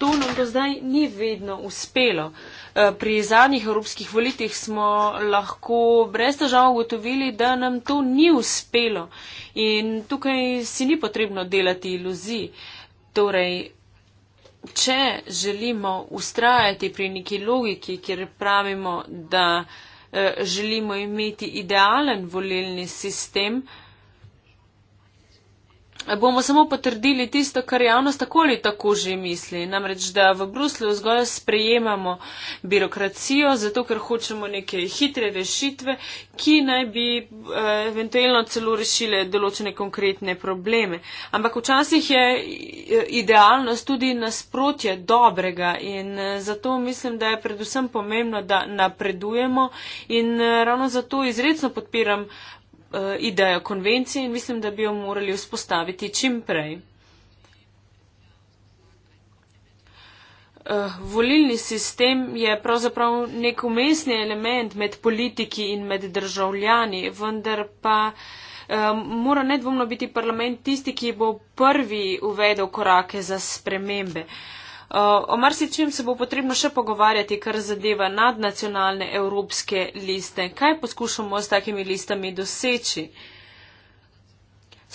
To nam do zdaj ni vedno uspelo. Eh, pri zadnjih evropskih volitih smo lahko brez težav ugotovili, da nam to ni uspelo. In tukaj si ni potrebno delati iluzij. Torej, če želimo ustrajati pri neki logiki, kjer pravimo, da eh, želimo imeti idealen volilni sistem, bomo samo potrdili tisto, kar javnost tako ali tako že misli. Namreč, da v Bruslju zgolj sprejemamo birokracijo, zato ker hočemo neke hitre rešitve, ki naj bi eh, eventualno celo rešile določene konkretne probleme. Ampak včasih je eh, idealnost tudi nasprotje dobrega in eh, zato mislim, da je predvsem pomembno, da napredujemo in ravno zato izredno podpiram uh, idejo konvencije in mislim, da bi jo morali vzpostaviti čim prej. Uh, volilni sistem je pravzaprav nek umestni element med politiki in med državljani, vendar pa eh, mora nedvomno biti parlament tisti, ki bo prvi uvedel korake za spremembe. Uh, Eh, o marsičem se bo potrebno še pogovarjati, kar zadeva nadnacionalne evropske liste. Kaj poskušamo s takimi listami doseči?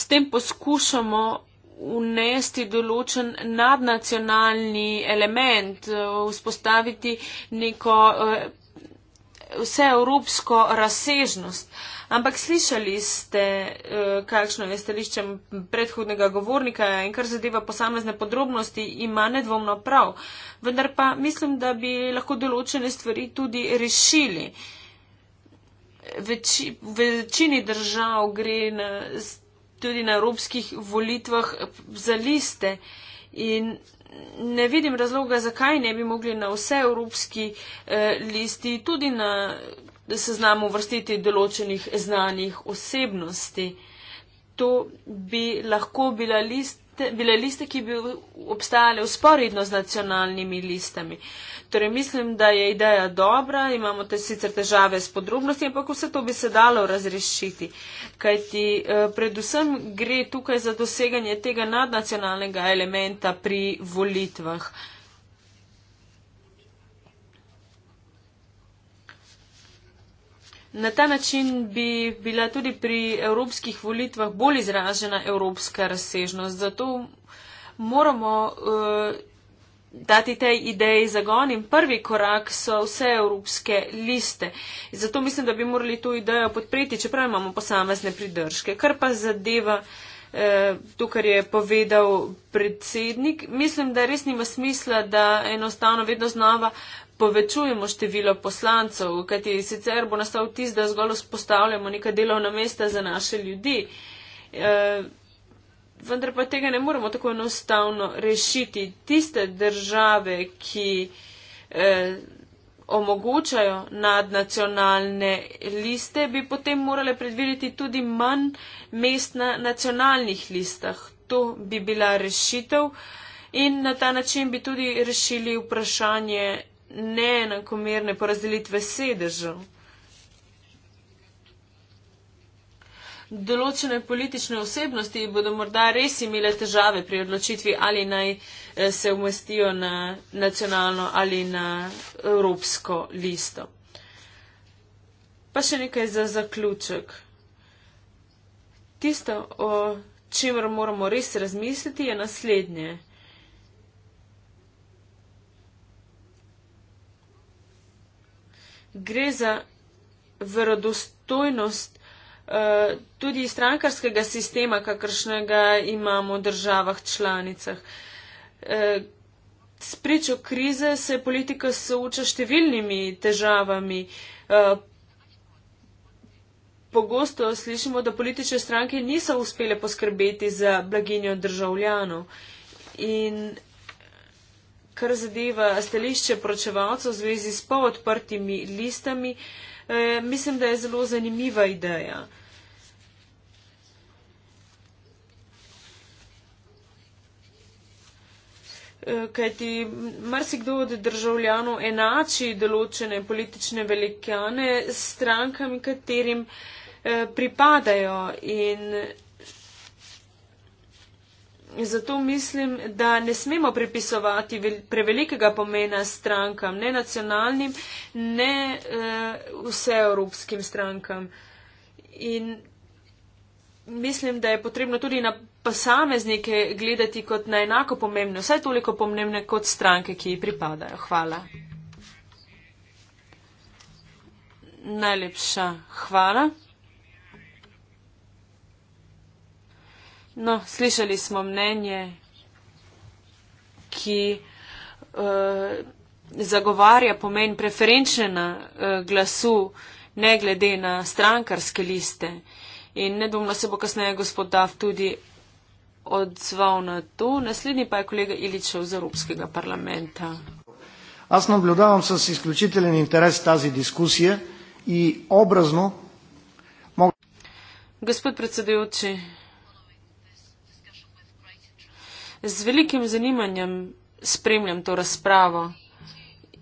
S tem poskušamo unesti določen nadnacionalni element, eh, vzpostaviti neko eh, vseevropsko razsežnost. Ampak slišali ste, eh, kakšno je stališče predhodnega govornika in kar zadeva posamezne podrobnosti, ima nedvomno prav. Vendar pa mislim, da bi lahko določene stvari tudi rešili. Veči, večini držav gre na, tudi na evropskih volitvah za liste in ne vidim razloga, zakaj ne bi mogli na vse evropski eh, listi tudi na seznamu vrstiti določenih znanih osebnosti. To bi lahko bila liste, bile liste, ki bi obstajale usporedno z nacionalnimi listami. Uh, Torej, mislim, da je ideja dobra, imamo te sicer težave s podrobnosti, ampak vse to bi se dalo razrešiti. Kajti eh, predvsem gre tukaj za doseganje tega nadnacionalnega elementa pri volitvah. Na ta način bi bila tudi pri evropskih volitvah bolj izražena evropska razsežnost. Zato moramo. Uh, dati tej ideji zagon in prvi korak so vse evropske liste. Zato mislim, da bi morali to idejo podpreti, čeprav imamo posamezne pridržke. Kar pa zadeva eh, to, kar je povedal predsednik, mislim, da res nima smisla, da enostavno vedno znova povečujemo število poslancev, kajti sicer bo nastal tist, da zgolj spostavljamo neka delovna mesta za naše ljudi. Uh, vendar pa tega ne moremo tako enostavno rešiti. Tiste države, ki eh, omogočajo nadnacionalne liste, bi potem morale predvideti tudi manj mest na nacionalnih listah. To bi bila rešitev in na ta način bi tudi rešili vprašanje neenakomerne porazdelitve sedežev. določene politične osebnosti bodo morda res imele težave pri odločitvi, ali naj eh, se umestijo na nacionalno ali na evropsko listo. Pa še nekaj za zaključek. Tisto, o čemer moramo res razmisliti, je naslednje. Gre za verodostojnost Eh, tudi strankarskega sistema, kakršnega imamo v državah članicah. Eh, s pričo krize se politika sooča številnimi težavami. Eh, pogosto slišimo, da politične stranke niso uspele poskrbeti za blaginjo državljanov. In kar zadeva stališče pročevalcev v zvezi s polodprtimi listami, mislim, da je zelo zanimiva ideja. kajti marsikdo od državljanov enači določene politične velikane s strankami, katerim eh, pripadajo. In zato mislim, da ne smemo pripisovati prevelikega pomena strankam, ne nacionalnim, ne eh, vseevropskim strankam. In mislim, da je potrebno tudi na posameznike gledati kot na enako pomembne, vsaj toliko pomembne kot stranke, ki ji pripadajo. Hvala. Najlepša hvala. No, slišali smo mnenje, ki uh, zagovarja pomen preferenčnega uh, eh, glasu, ne glede na strankarske liste. In nedvomno se bo kasneje gospod Dav tudi odzval na to. Naslednji pa je kolega Iličev z Evropskega parlamenta. Jaz nabljudavam se s izključiteljen interes tazi diskusije in obrazno. Mog... Gospod predsedujoči, z velikim zanimanjem spremljam to razpravo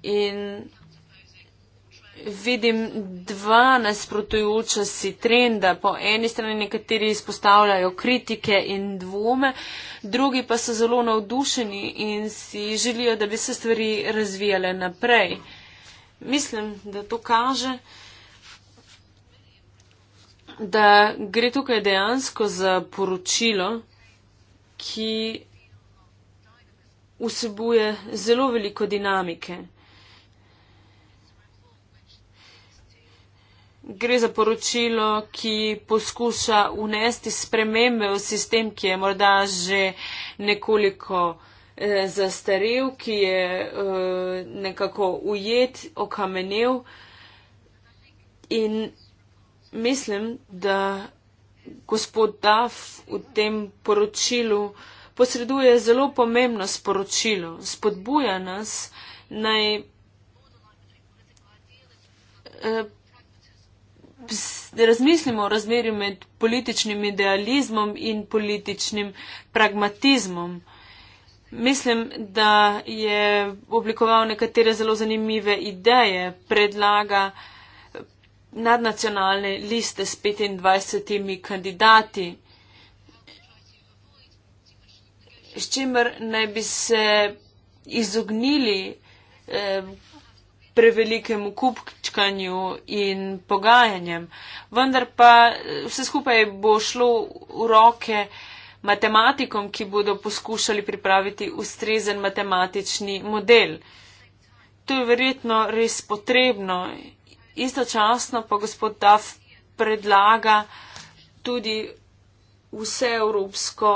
in vidim dva nasprotujoča si trenda. Po eni strani nekateri izpostavljajo kritike in dvome, drugi pa so zelo navdušeni in si želijo, da bi se stvari razvijale naprej. Mislim, da to kaže, da gre tukaj dejansko za poročilo, ki vsebuje zelo veliko dinamike. gre za poročilo, ki poskuša unesti spremembe v sistem, ki je morda že nekoliko eh, zastarev, ki je eh, nekako ujet, okamenev. In mislim, da gospod Daf v tem poročilu posreduje zelo pomembno sporočilo, spodbuja nas naj. Eh, razmislimo o razmerju med političnim idealizmom in političnim pragmatizmom. Mislim, da je oblikoval nekatere zelo zanimive ideje, predlaga nadnacionalne liste s 25 kandidati, s čimer naj bi se izognili eh, prevelikemu kup točkanju in pogajanjem. Vendar pa eh, vse skupaj bo šlo v roke matematikom, ki bodo poskušali pripraviti ustrezen matematični model. To je verjetno res potrebno. Istočasno pa gospod Duff predlaga tudi vseevropsko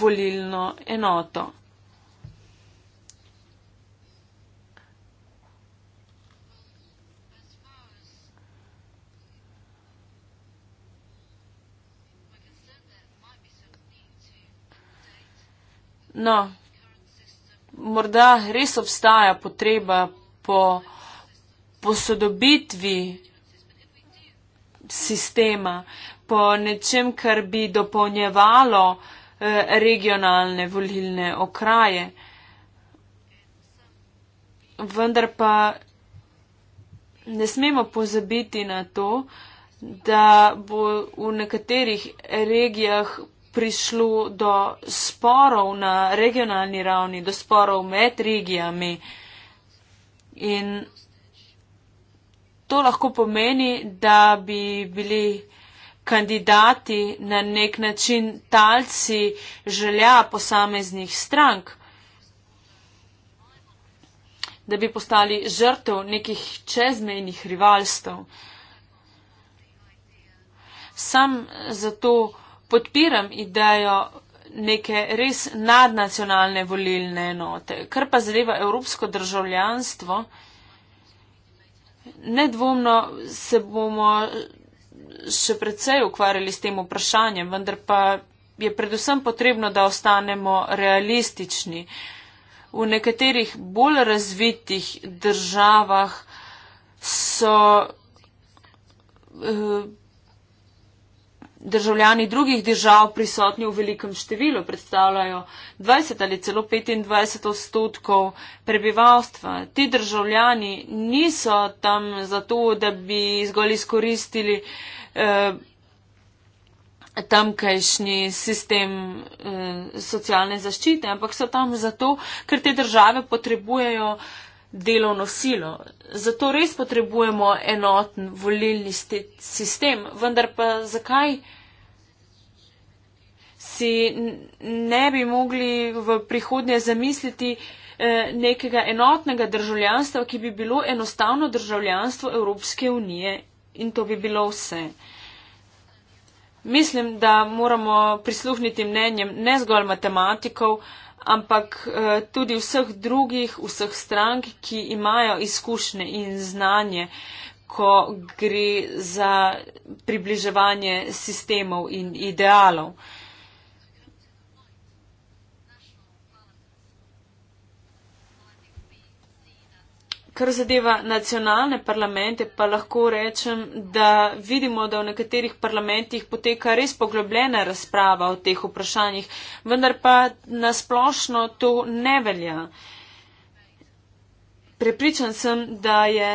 volilno enoto. No, morda res obstaja potreba po posodobitvi sistema, po nečem, kar bi dopolnjevalo eh, regionalne volilne okraje. Vendar pa ne smemo pozabiti na to, da bo v nekaterih regijah prišlo do sporov na regionalni ravni, do sporov med regijami. In to lahko pomeni, da bi bili kandidati na nek način talci želja posameznih strank, da bi postali žrtev nekih čezmejnih rivalstv. Sam zato podpiram idejo neke res nadnacionalne volilne enote. Kar pa zadeva evropsko državljanstvo, nedvomno se bomo še predvsej ukvarjali s tem vprašanjem, vendar pa je predvsem potrebno, da ostanemo realistični. V nekaterih bolj razvitih državah so. Uh, državljani drugih držav prisotni v velikem številu, predstavljajo 20 ali celo 25 odstotkov prebivalstva. Ti državljani niso tam zato, da bi zgolj izkoristili eh, tamkajšnji sistem eh, socialne zaščite, ampak so tam zato, ker te države potrebujejo eh, delovno silo. Zato res potrebujemo enoten volilni sistem. Vendar pa zakaj si ne bi mogli v prihodnje zamisliti eh, nekega enotnega državljanstva, ki bi bilo enostavno državljanstvo Evropske unije in to bi bilo vse. Mislim, da moramo prisluhniti mnenjem ne zgolj matematikov, ampak eh, tudi vseh drugih, vseh strank, ki imajo izkušnje in znanje, ko gre za približevanje sistemov in idealov. kar zadeva nacionalne parlamente, pa lahko rečem, da vidimo, da v nekaterih parlamentih poteka res poglobljena razprava o teh vprašanjih, vendar pa nasplošno to ne velja. Prepričan sem, da je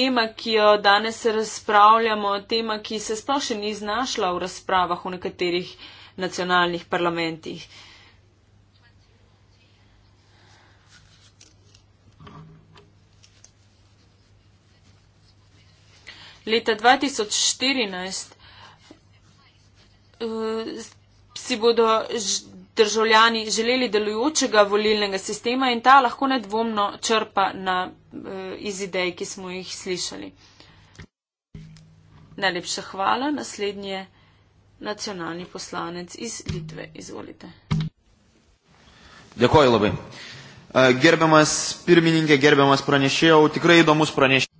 tema, ki jo danes razpravljamo, tema, ki se sploh še ni znašla v razpravah v nekaterih nacionalnih parlamentih. leta 2014 eh, si bodo državljani želeli delujočega volilnega sistema in ta lahko nedvomno črpa na, eh, iz idej, ki smo jih slišali. Najlepša hvala. Naslednji je nacionalni poslanec iz Litve. Izvolite. Dėkoju labai. Eh, gerbiamas pirmininkė, gerbiamas pranešėjau, tikrai įdomus pranešėjau.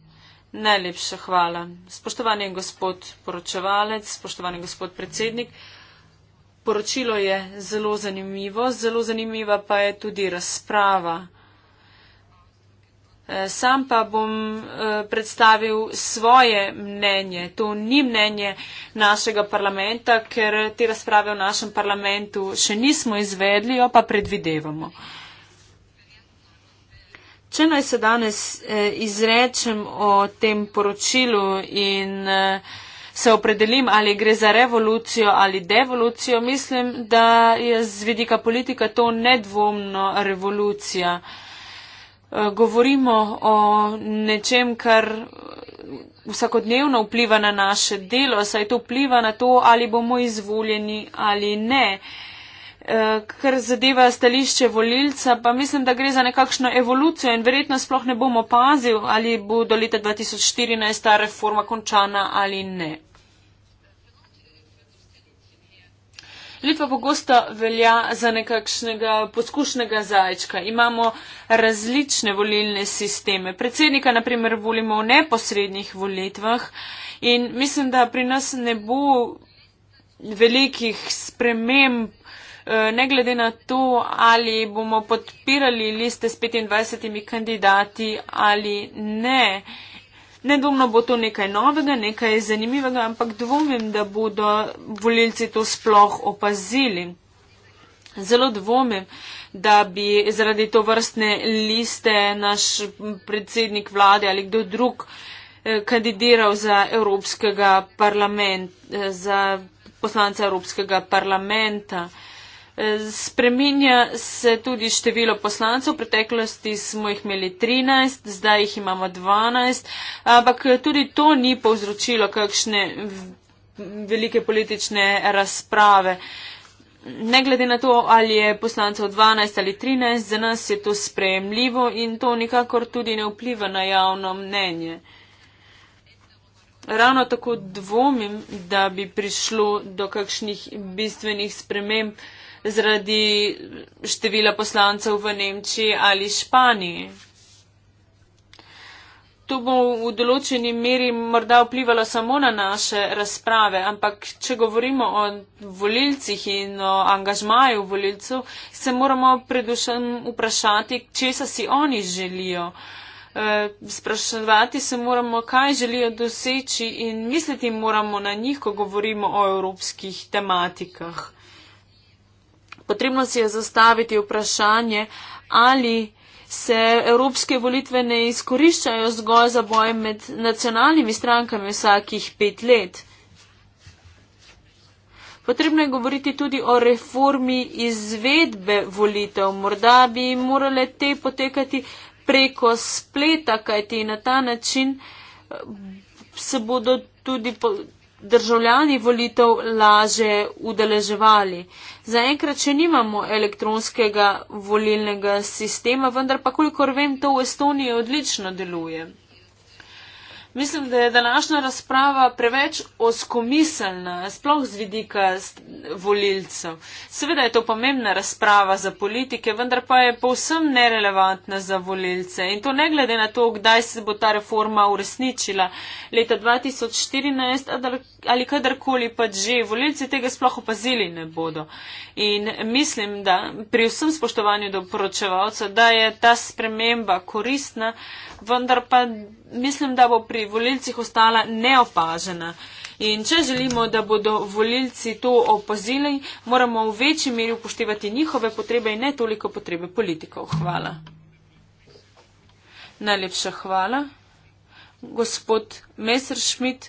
Najlepša hvala. Spoštovani gospod poročevalec, spoštovani gospod predsednik, poročilo je zelo zanimivo, zelo zanimiva pa je tudi razprava. E, sam pa bom e, predstavil svoje mnenje. To ni mnenje našega parlamenta, ker te razprave v našem parlamentu še nismo izvedli, jo pa predvidevamo. Če naj se danes eh, izrečem o tem poročilu in eh, se opredelim, ali gre za revolucijo ali devolucijo, mislim, da je z vidika politika to nedvomno revolucija. Eh, govorimo o nečem, kar eh, vsakodnevno vpliva na naše delo, saj to vpliva na to, ali bomo izvoljeni ali ne. Eh, Eh, kar zadeva stališče volilca, pa mislim, da gre za nekakšno evolucijo in verjetno sploh ne bomo pazil, ali bo do leta 2014 ta reforma končana ali ne. Litva pogosto velja za nekakšnega poskušnega zajčka. Imamo različne volilne sisteme. Predsednika, naprimer, volimo v neposrednjih volitvah in mislim, da pri nas ne bo velikih sprememb Eh, ne glede na to, ali bomo podpirali liste s 25 kandidati ali ne. Nedvomno bo to nekaj novega, nekaj zanimivega, ampak dvomim, da bodo volilci to sploh opazili. Zelo dvomim, da bi zaradi to vrstne liste naš predsednik vlade ali kdo drug eh, kandidiral za Evropskega parlamenta, eh, za poslance Evropskega parlamenta. Spreminja se tudi število poslancev. V preteklosti smo jih imeli 13, zdaj jih imamo 12, ampak tudi to ni povzročilo kakšne velike politične razprave. Ne glede na to, ali je poslancev 12 ali 13, za nas je to sprejemljivo in to nikakor tudi ne vpliva na javno mnenje. Ravno tako dvomim, da bi prišlo do kakšnih bistvenih sprememb zaradi števila poslancev v Nemčiji ali Španiji. To bo v določeni meri morda vplivalo samo na naše razprave, ampak če govorimo o volilcih in o angažmaju volilcev, se moramo predvsem vprašati, česa si oni želijo. Eh, spraševati se moramo, kaj želijo doseči in misliti moramo na njih, ko govorimo o evropskih tematikah. Potrebno si je zastaviti vprašanje, ali se evropske volitve ne izkoriščajo zgolj za boj med nacionalnimi strankami vsakih pet let. Potrebno je govoriti tudi o reformi izvedbe volitev. Morda bi morale te potekati preko spleta, kajti na ta način se bodo tudi državljani volitev laže udeleževali. Zaenkrat še nimamo elektronskega volilnega sistema, vendar pa kolikor vem, to v Estoniji odlično deluje. Mislim, da je današnja razprava preveč oskomiselna, sploh z vidika volilcev. Seveda je to pomembna razprava za politike, vendar pa je povsem nerelevantna za volilce. In to ne glede na to, kdaj se bo ta reforma uresničila, leta 2014 ali kadarkoli pač že. Volilci tega sploh opazili ne bodo. In mislim, da pri vsem spoštovanju do poročevalcev, da je ta sprememba koristna, vendar pa mislim, da bo pri volilcih ostala neopažena. In če želimo, da bodo volilci to opazili, moramo v večji meri upoštevati njihove potrebe in ne toliko potrebe politikov. Hvala. Najlepša hvala. Gospod Messerschmidt,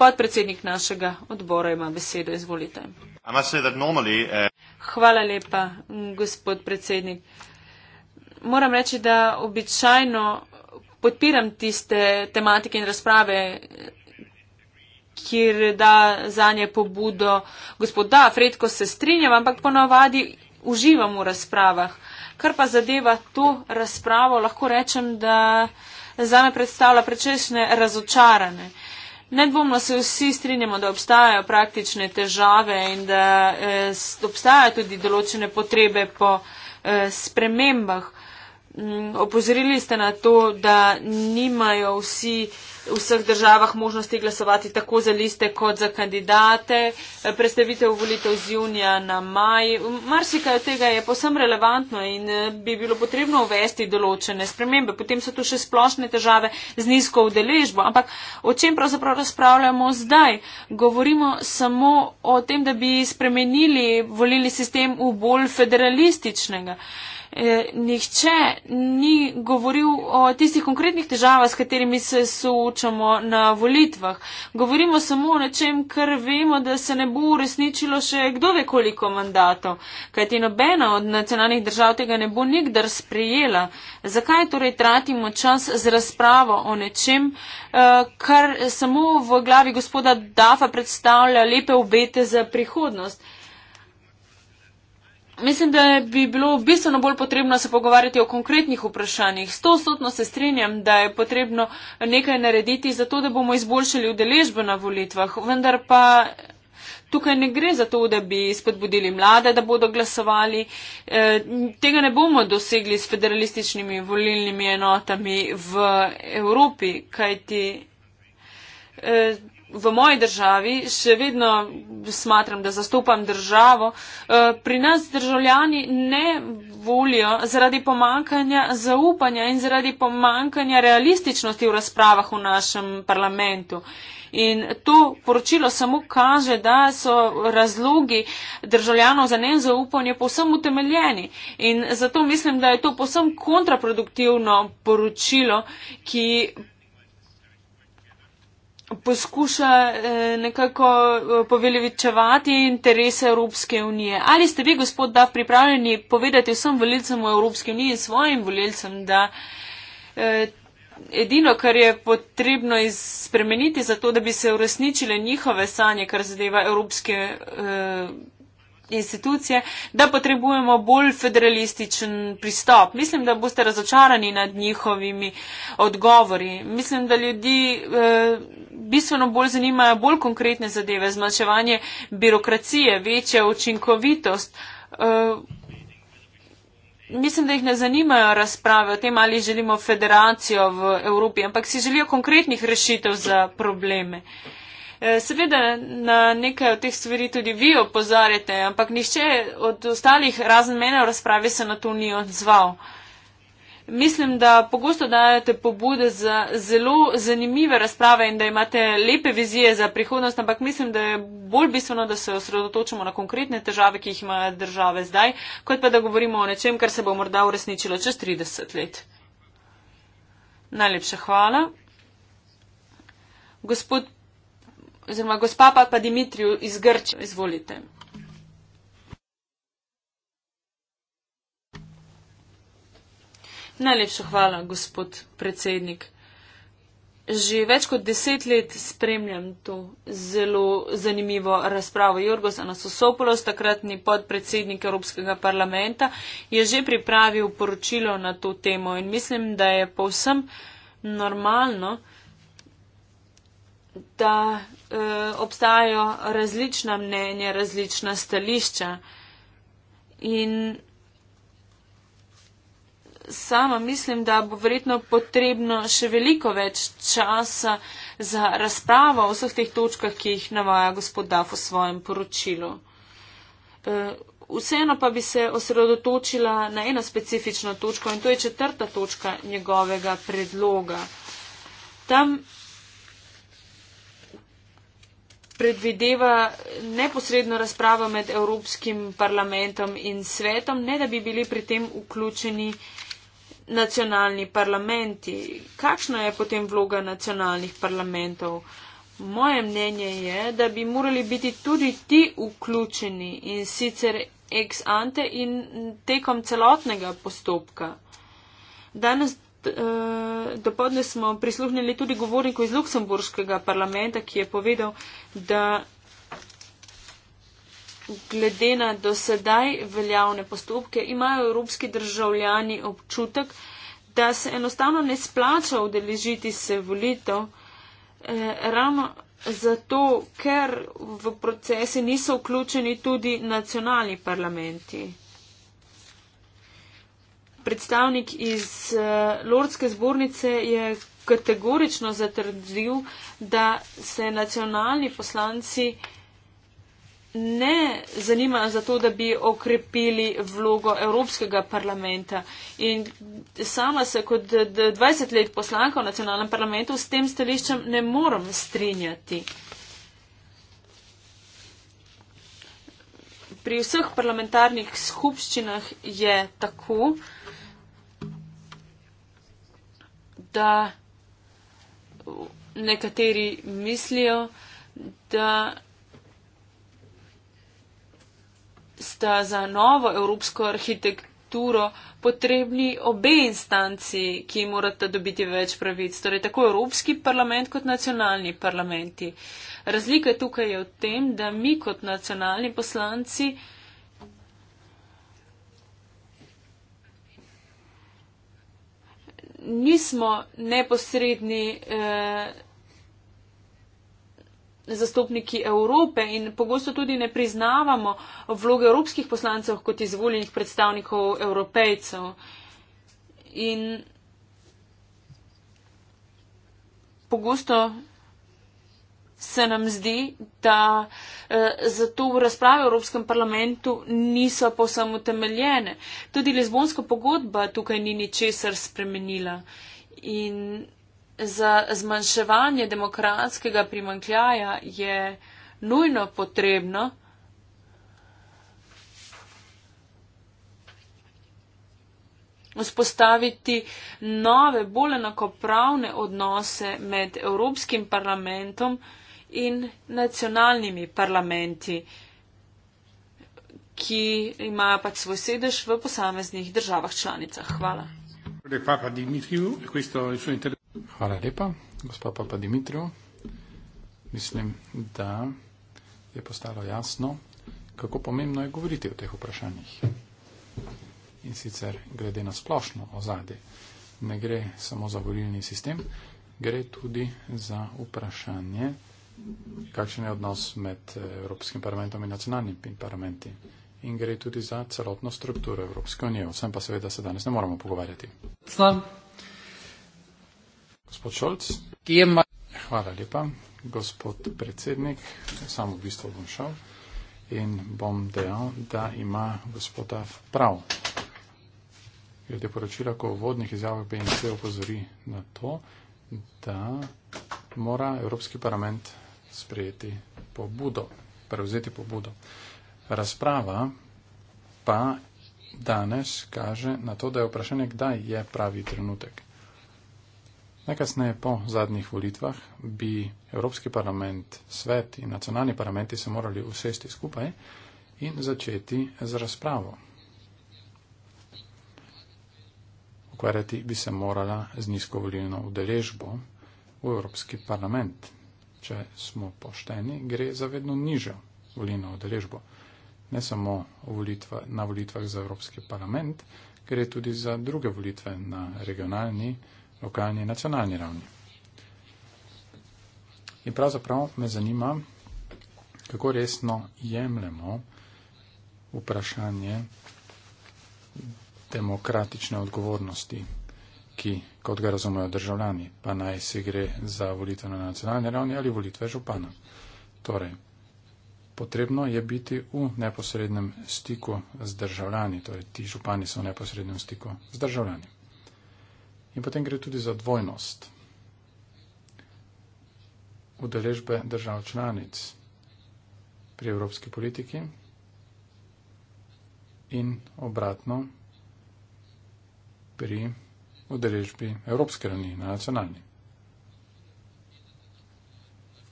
podpredsednik našega odbora, ima besedo. Izvolite. Uh, hvala lepa, gospod predsednik. Moram reči, da običajno podpiram tiste tematike in razprave, kjer da za nje pobudo gospod Da, Fredko se strinjam, ampak ponavadi uživam v razpravah. Kar pa zadeva to razpravo, lahko rečem, da za me predstavlja prečešne razočarane. Nedvomno se vsi strinjamo, da obstajajo praktične težave in da eh, obstajajo tudi določene potrebe po eh, spremembah. Mm, opozorili ste na to, da nimajo vsi v vseh državah možnosti glasovati tako za liste kot za kandidate. Predstavitev volitev z junija na maj. Marsikaj od tega je posem relevantno in eh, bi bilo potrebno uvesti določene spremembe. Potem so tu še splošne težave z nizko udeležbo. Ampak o čem pravzaprav razpravljamo zdaj? Govorimo samo o tem, da bi spremenili volilni sistem v bolj federalističnega. Uh, Eh, nihče ni govoril o tistih konkretnih težavah, s katerimi se soočamo na volitvah. Govorimo samo o nečem, kar vemo, da se ne bo uresničilo še kdo ve koliko mandatov, kajti nobena od nacionalnih držav tega ne bo nikdar sprejela. Zakaj torej tratimo čas z razpravo o nečem, eh, kar samo v glavi gospoda Dafa predstavlja lepe obete za prihodnost? mislim, da bi bilo bistveno bolj potrebno se pogovarjati o konkretnih vprašanjih. Sto sotno se strinjam, da je potrebno nekaj narediti za to, da bomo izboljšali udeležbo na volitvah, vendar pa. Tukaj ne gre za to, da bi spodbudili mlade, da bodo glasovali. E, tega ne bomo dosegli s federalističnimi volilnimi enotami v Evropi, kajti e, v moji državi še vedno smatram, da zastopam državo, eh, pri nas državljani ne volijo zaradi pomankanja zaupanja in zaradi pomankanja realističnosti v razpravah v našem parlamentu. In to poročilo samo kaže, da so razlogi državljanov za nezaupanje povsem utemeljeni. In zato mislim, da je to povsem kontraproduktivno poročilo, ki poskuša eh, nekako eh, poveljevičevati interese Evropske unije. Ali ste vi, gospod Dav, pripravljeni povedati vsem voljivcem v Evropski uniji in svojim voljivcem, da eh, edino, kar je potrebno spremeniti za to, da bi se uresničile njihove sanje, kar zadeva Evropske unije, institucije, da potrebujemo bolj federalističen pristop. Mislim, da boste razočarani nad njihovimi odgovori. Mislim, da ljudi eh, bistveno bolj zanimajo bolj konkretne zadeve, zmanjševanje birokracije, večja učinkovitost. Eh, Mislim, da jih ne zanimajo razprave o tem, ali želimo federacijo v Evropi, ampak si želijo konkretnih rešitev za probleme. Uh, Eh, seveda na nekaj od teh stvari tudi vi opozarjate, ampak nišče od ostalih razen mene v razpravi se na to ni odzval. Mislim, da pogosto dajete pobude za zelo zanimive razprave in da imate lepe vizije za prihodnost, ampak mislim, da je bolj bistveno, da se osredotočimo na konkretne težave, ki jih ima države zdaj, kot pa da govorimo o nečem, kar se bo morda uresničilo čez 30 let. Najlepša hvala. Gospod oziroma gospa pa, pa Dimitriju iz Grče. Izvolite. Najlepša hvala, gospod predsednik. Že več kot deset let spremljam to zelo zanimivo razpravo. Jorgos Anasosopolos, takratni podpredsednik Evropskega parlamenta, je že pripravil poročilo na to temo in mislim, da je povsem normalno, da Eh, obstajajo različna mnenja, različna stališča. In sama mislim, da bo verjetno potrebno še veliko več časa za razpravo o vseh teh točkah, ki jih navaja gospod Daf v svojem poročilu. Eh, vseeno pa bi se osredotočila na eno specifično točko in to je četrta točka njegovega predloga. Tam predvideva neposredno razpravo med Evropskim parlamentom in svetom, ne da bi bili pri tem vključeni nacionalni parlamenti. Kakšna je potem vloga nacionalnih parlamentov? Moje mnenje je, da bi morali biti tudi ti vključeni in sicer ex ante in tekom celotnega postopka. Danes Eh, do podne smo prisluhnili tudi govorniku iz Luksemburškega parlamenta, ki je povedal, da glede na dosedaj veljavne postopke imajo evropski državljani občutek, da se enostavno ne splača udeležiti se volitev, eh, ravno zato, ker v procese niso vključeni tudi nacionalni parlamenti predstavnik iz uh, Lordske zbornice je kategorično zatrdil, da se nacionalni poslanci ne zanimajo za to, da bi okrepili vlogo Evropskega parlamenta. In sama se kot 20 let poslanka v nacionalnem parlamentu s tem stališčem ne moram strinjati. Pri vseh parlamentarnih skupščinah je tako, da nekateri mislijo, da sta za novo evropsko arhitekturo potrebni obe instanci, ki morata dobiti več pravic, torej tako Evropski parlament kot nacionalni parlamenti. Razlika tukaj je v tem, da mi kot nacionalni poslanci nismo neposredni eh, zastopniki Evrope in pogosto tudi ne priznavamo vloge evropskih poslancev kot izvoljenih predstavnikov evropejcev. In pogosto se nam zdi, da eh, zato v razprave v Evropskem parlamentu niso posem utemeljene. Tudi Lizbonska pogodba tukaj ni ničesar spremenila. In za zmanjševanje demokratskega primankljaja je nujno potrebno, vzpostaviti nove, bolj enakopravne odnose med Evropskim parlamentom in in nacionalnimi parlamenti, ki imajo pač svoj sedež v posameznih državah članicah. Hvala. Hvala lepa, gospod Papa Dimitrijo. Mislim, da je postalo jasno, kako pomembno je govoriti o teh vprašanjih. In sicer glede na splošno ozadje, ne gre samo za volilni sistem, gre tudi za vprašanje kakšen je odnos med eh, Evropskim parlamentom in nacionalnimi parlamenti. In gre tudi za celotno strukturo Evropske unije. Vsem pa seveda se danes ne moramo pogovarjati. Slam. Gospod Šolc. Hvala lepa. Gospod predsednik, samo v bistvu bom šel in bom dejal, da ima gospoda prav. Glede poročila, ko v vodnih izjavah BNC opozori na to, da mora Evropski parlament sprejeti pobudo, prevzeti pobudo. Razprava pa danes kaže na to, da je vprašanje, kdaj je pravi trenutek. Najkasneje po zadnjih volitvah bi Evropski parlament, svet in nacionalni parlamenti se morali usesti skupaj in začeti z razpravo. Ukvarjati bi se morala z nizko volilno udeležbo v Evropski parlament če smo pošteni, gre za vedno nižjo volilno odeležbo. Ne samo volitva, na volitvah za Evropski parlament, gre tudi za druge volitve na regionalni, lokalni in nacionalni ravni. In pravzaprav me zanima, kako resno jemljemo vprašanje demokratične odgovornosti obliki, kot ga razumejo državljani, pa naj se gre za volitve na nacionalni ravni ali volitve župana. Torej, potrebno je biti v neposrednem stiku z državljani, torej ti župani so v neposrednem stiku z državljani. In potem gre tudi za dvojnost udeležbe držav članic pri evropski politiki in obratno pri udeležbi Evropske rani na nacionalni.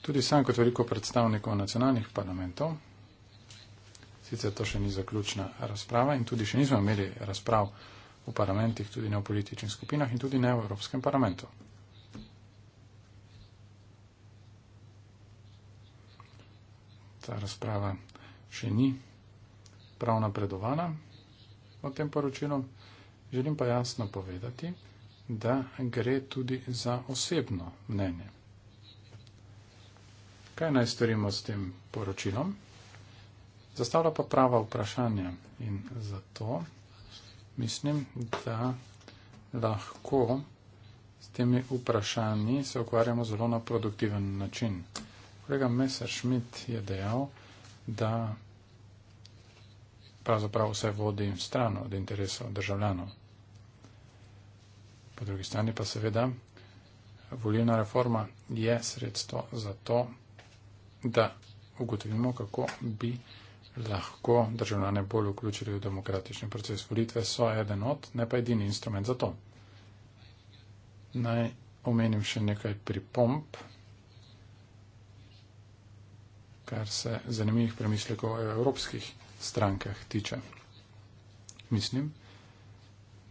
Tudi sam kot veliko predstavnikov nacionalnih parlamentov, sicer to še ni zaključna razprava in tudi še nismo imeli razprav v parlamentih, tudi ne v političnih skupinah in tudi ne v Evropskem parlamentu. Ta razprava še ni prav napredovana v tem poročilu. Želim pa jasno povedati, da gre tudi za osebno mnenje. Kaj naj storimo s tem poročilom? Zastavlja pa prava vprašanja in zato mislim, da lahko s temi vprašanji se ukvarjamo zelo na produktiven način. Kolega Messerschmidt je dejal, da pravzaprav vse vodi stran od interesov državljanov. Po drugi strani pa seveda volilna reforma je sredstvo za to, da ugotovimo, kako bi lahko državljane bolj vključili v demokratični proces. Volitve so eden od, ne pa edini instrument za to. Naj omenim še nekaj pripomp, kar se zanimivih premislekov o evropskih strankah tiče. Mislim,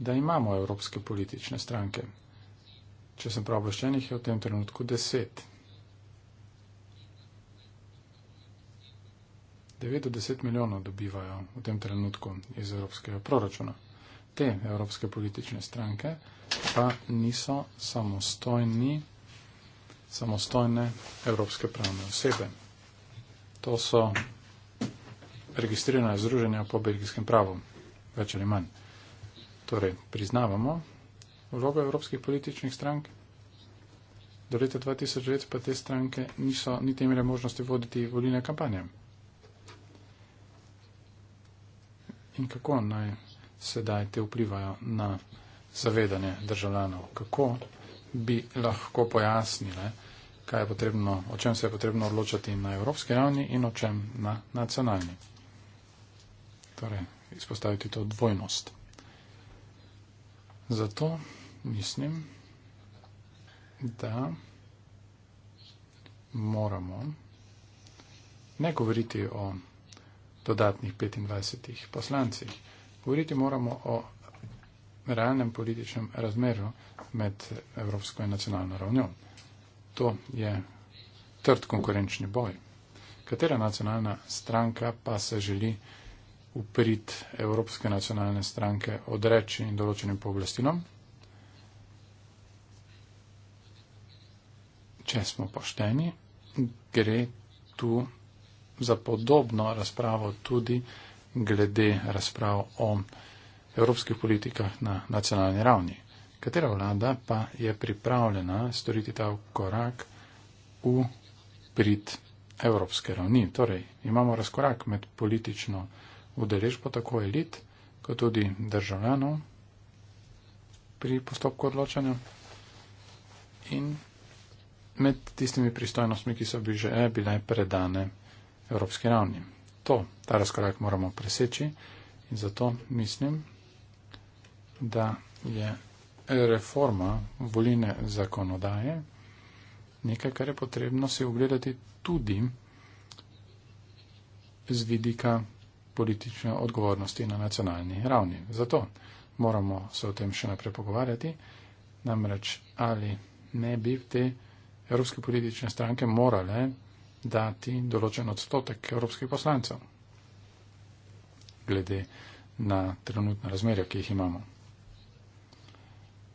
da imamo evropske politične stranke. Če sem prav obveščen, jih je v tem trenutku deset. Devet do deset milijonov dobivajo v tem trenutku iz evropskega proračuna. Te evropske politične stranke pa niso samostojni, samostojne evropske pravne osebe. To so registrirane združenja po belgijskem pravu, več ali manj torej priznavamo vlogo evropskih političnih strank. Do leta 2009 pa te stranke niso niti imele možnosti voditi volilne kampanje. In kako naj sedaj te vplivajo na zavedanje državljanov? Kako bi lahko pojasnile, kaj je potrebno, o čem se je potrebno odločati na evropski ravni in o čem na nacionalni? Torej, izpostaviti to dvojnost. Zato mislim, da moramo ne govoriti o dodatnih 25 poslancih, govoriti moramo o realnem političnem razmerju med evropsko in nacionalno ravnjo. To je trd konkurenčni boj. Katera nacionalna stranka pa se želi uprit Evropske nacionalne stranke odreči in določenim pooblastinom. Če smo pošteni, gre tu za podobno razpravo tudi glede razprav o evropskih politikah na nacionalni ravni. Katera vlada pa je pripravljena storiti ta korak v prid evropske ravni? Torej, imamo razkorak med politično udeležbo tako elit, kot tudi državljanov pri postopku odločanja in med tistimi pristojnostmi, ki so bi že eh, bile predane evropski ravni. To, ta razkorak moramo preseči in zato mislim, da je reforma volilne zakonodaje nekaj, kar je potrebno si ogledati tudi z vidika politične odgovornosti na nacionalni ravni. Zato moramo se o tem še naprej pogovarjati, namreč ali ne bi te evropske politične stranke morale dati določen odstotek evropskih poslancev glede na trenutne razmerja, ki jih imamo.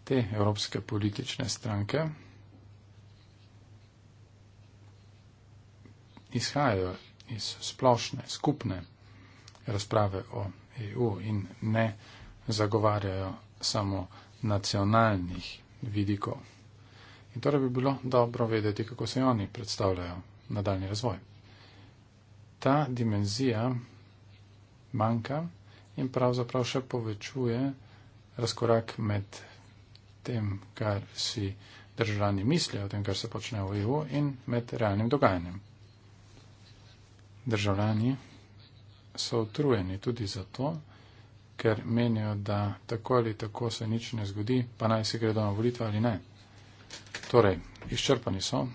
Te evropske politične stranke izhajajo iz splošne, skupne razprave o EU in ne zagovarjajo samo nacionalnih vidikov. In torej bi bilo dobro vedeti, kako se oni predstavljajo nadaljni razvoj. Ta dimenzija manjka in pravzaprav še povečuje razkorak med tem, kar si državljani mislijo o tem, kar se počne v EU in med realnim dogajanjem. Državljani so utrujeni tudi zato, ker menijo, da tako ali tako se nič ne zgodi, pa naj si gredo na volitve ali ne. Torej, izčrpani so.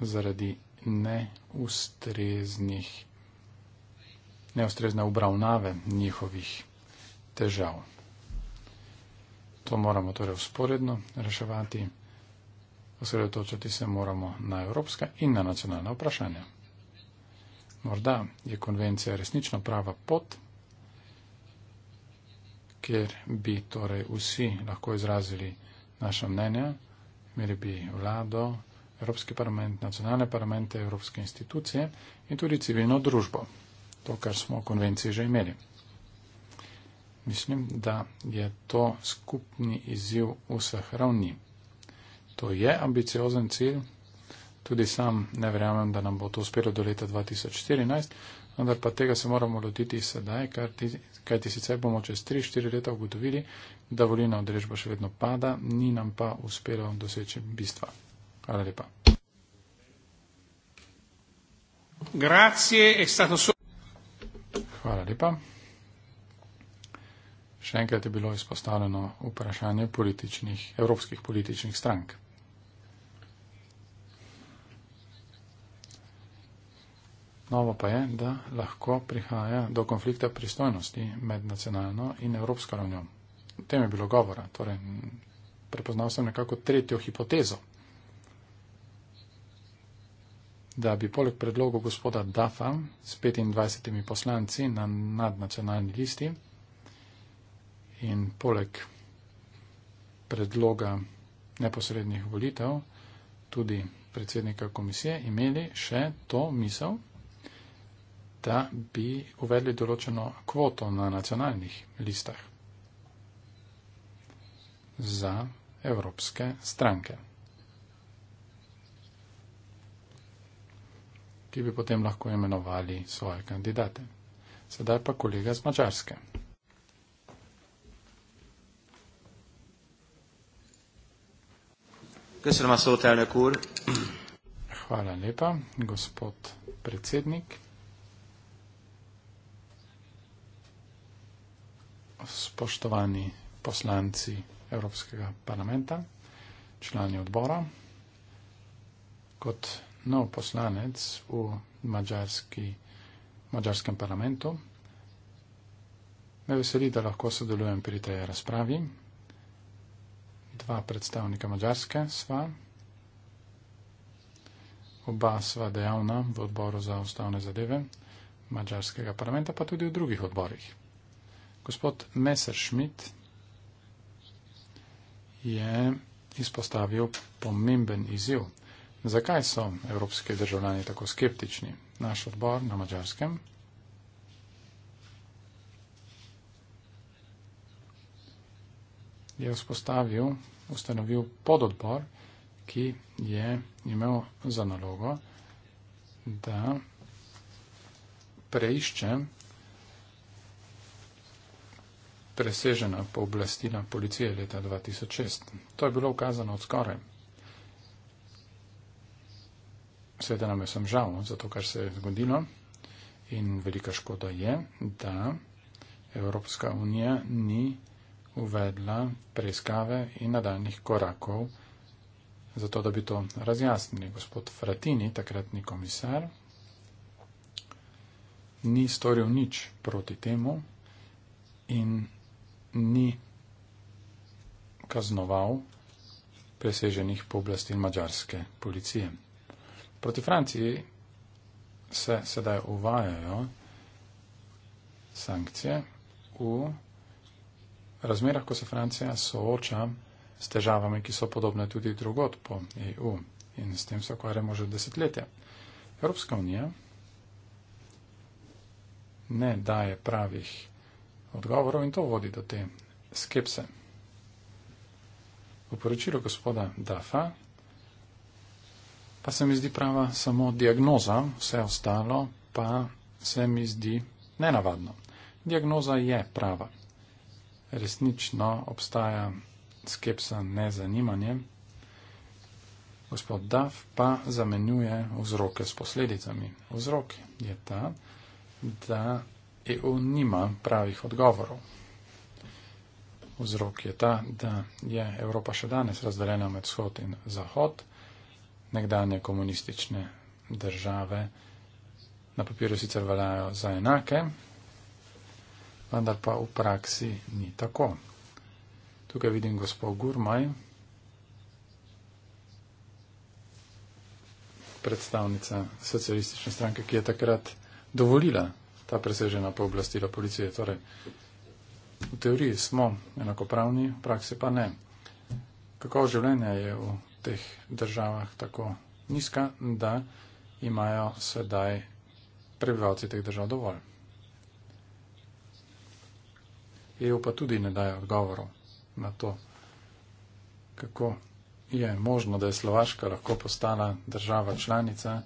zaradi neustreznih, neustrezne obravnave njihovih težav. To moramo torej usporedno reševati. Osredotočati se moramo na evropska in na nacionalna vprašanja. Morda je konvencija resnično prava pot, kjer bi torej vsi lahko izrazili naša mnenja, imeli bi vlado, Evropski parlament, nacionalne parlamente, evropske institucije in tudi civilno družbo. To, kar smo v konvenciji že imeli. Mislim, da je to skupni izziv vseh ravni. To je ambiciozen cilj. Tudi sam ne verjamem, da nam bo to uspelo do leta 2014, vendar pa tega se moramo lotiti sedaj, kajti sicer bomo čez 3-4 leta ugotovili, da volilna odrežba še vedno pada, ni nam pa uspelo doseči bistva. Hvala lepa. Hvala lepa. Še enkrat je bilo izpostavljeno vprašanje političnih, evropskih političnih strank. Novo pa je, da lahko prihaja do konflikta pristojnosti med nacionalno in evropsko ravnjo. O tem je bilo govora. Torej, prepoznal sem nekako tretjo hipotezo, da bi poleg predlogov gospoda Dafa s 25 poslanci na nadnacionalni listi in poleg predloga neposrednih volitev tudi predsednika komisije imeli še to misel, da bi uvedli določeno kvoto na nacionalnih listah za evropske stranke, ki bi potem lahko imenovali svoje kandidate. Sedaj pa kolega z Mačarske. Hvala lepa, gospod predsednik. spoštovani poslanci Evropskega parlamenta, člani odbora. Kot nov poslanec v Mačarski, Mačarskem parlamentu me veseli, da lahko sodelujem pri tej razpravi. Dva predstavnika Mačarske sva. Oba sva dejavna v odboru za ustavne zadeve Mačarskega parlamenta, pa tudi v drugih odborih. Gospod Messerschmidt je izpostavil pomemben izziv. Zakaj so evropske državljani tako skeptični? Naš odbor na mačarskem je vzpostavil, ustanovil pododbor, ki je imel za nalogo, da preiščem presežena pooblastila policije leta 2006. To je bilo ukazano od skoraj. Sveda nam je sem žal no, za to, kar se je zgodilo in velika škoda je, da Evropska unija ni uvedla preiskave in nadaljnih korakov, zato da bi to razjasnili. Gospod Fratini, takratni komisar, ni storil nič proti temu in ni kaznoval preseženih pooblastil mađarske policije. Proti Franciji se sedaj uvajajo sankcije v razmerah, ko se Francija sooča s težavami, ki so podobne tudi drugot po EU in s tem se ukvarjamo že desetletja. Evropska unija ne daje pravih odgovorov in to vodi do te skepse. V poročilu gospoda Dafa pa se mi zdi prava samo diagnoza, vse ostalo pa se mi zdi nenavadno. Diagnoza je prava. Resnično obstaja skepsa nezanimanje. Gospod Daf pa zamenjuje vzroke s posledicami. Vzrok je ta, da EU nima pravih odgovorov. Vzrok je ta, da je Evropa še danes razdeljena med vzhod in zahod. Nekdanje komunistične države na papirju sicer veljajo za enake, vendar pa v praksi ni tako. Tukaj vidim gospod Gurmaj, predstavnica socialistične stranke, ki je takrat dovolila ta presežena pooblastila policije. Torej, v teoriji smo enakopravni, v praksi pa ne. Kako življenje je v teh državah tako nizka, da imajo sedaj prebivalci teh držav dovolj? EU pa tudi ne daje odgovorov na to, kako je možno, da je Slovaška lahko postala država članica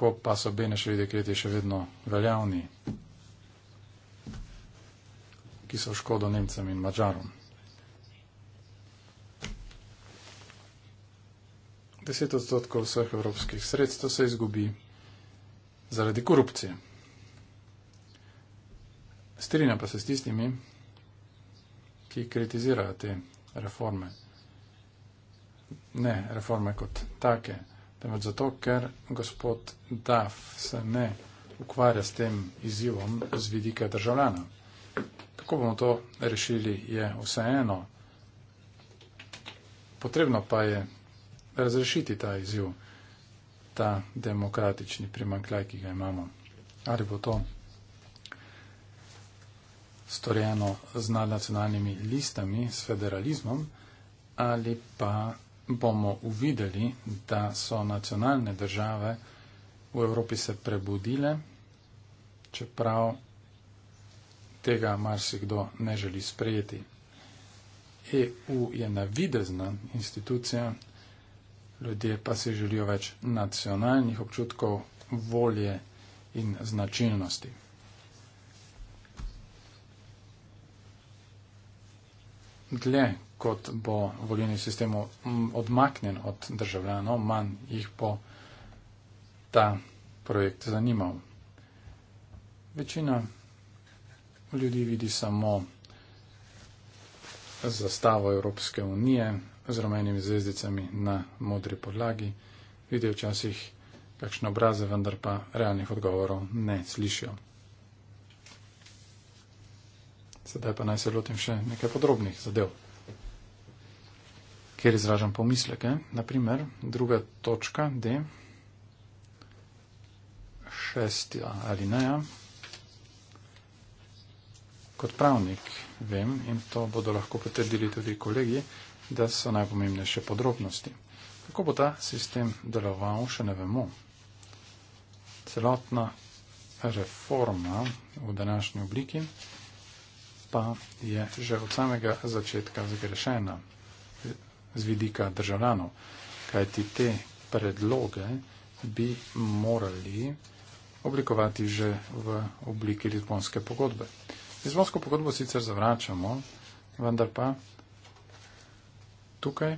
kako pa so Benešovi dekreti še vedno veljavni, ki so škodo Nemcem in Mačarom. Deset odstotkov vseh evropskih sredstev se izgubi zaradi korupcije. Strinja pa se s tistimi, ki kritizirajo te reforme. Ne reforme kot take temveč zato, ker gospod Daf se ne ukvarja s tem izzivom z vidika državljana. Kako bomo to rešili, je vseeno. Potrebno pa je razrešiti ta izziv, ta demokratični primankljaj, ki ga imamo. Ali bo to storjeno z nadnacionalnimi listami, s federalizmom, ali pa bomo uvideli, da so nacionalne države v Evropi se prebudile, čeprav tega marsikdo ne želi sprejeti. EU je navidezna institucija, ljudje pa si želijo več nacionalnih občutkov, volje in značilnosti. Dle, kot bo volilni sistem odmaknen od državljanov, manj jih bo ta projekt zanimal. Večina ljudi vidi samo zastavo Evropske unije z rumenimi zvezdicami na modri podlagi, vidijo včasih kakšne obraze, vendar pa realnih odgovorov ne slišijo. Sedaj pa naj se lotim še nekaj podrobnih zadev kjer izražam pomisleke. Naprimer, druga točka, D, šesta alineja. Kot pravnik vem, in to bodo lahko potrdili tudi kolegi, da so najpomembnejše podrobnosti. Kako bo ta sistem deloval, še ne vemo. Celotna reforma v današnji obliki pa je že od samega začetka zagrešena z vidika državljanov. Kaj ti te predloge bi morali oblikovati že v obliki Lizbonske pogodbe. Lizbonsko pogodbo sicer zavračamo, vendar pa tukaj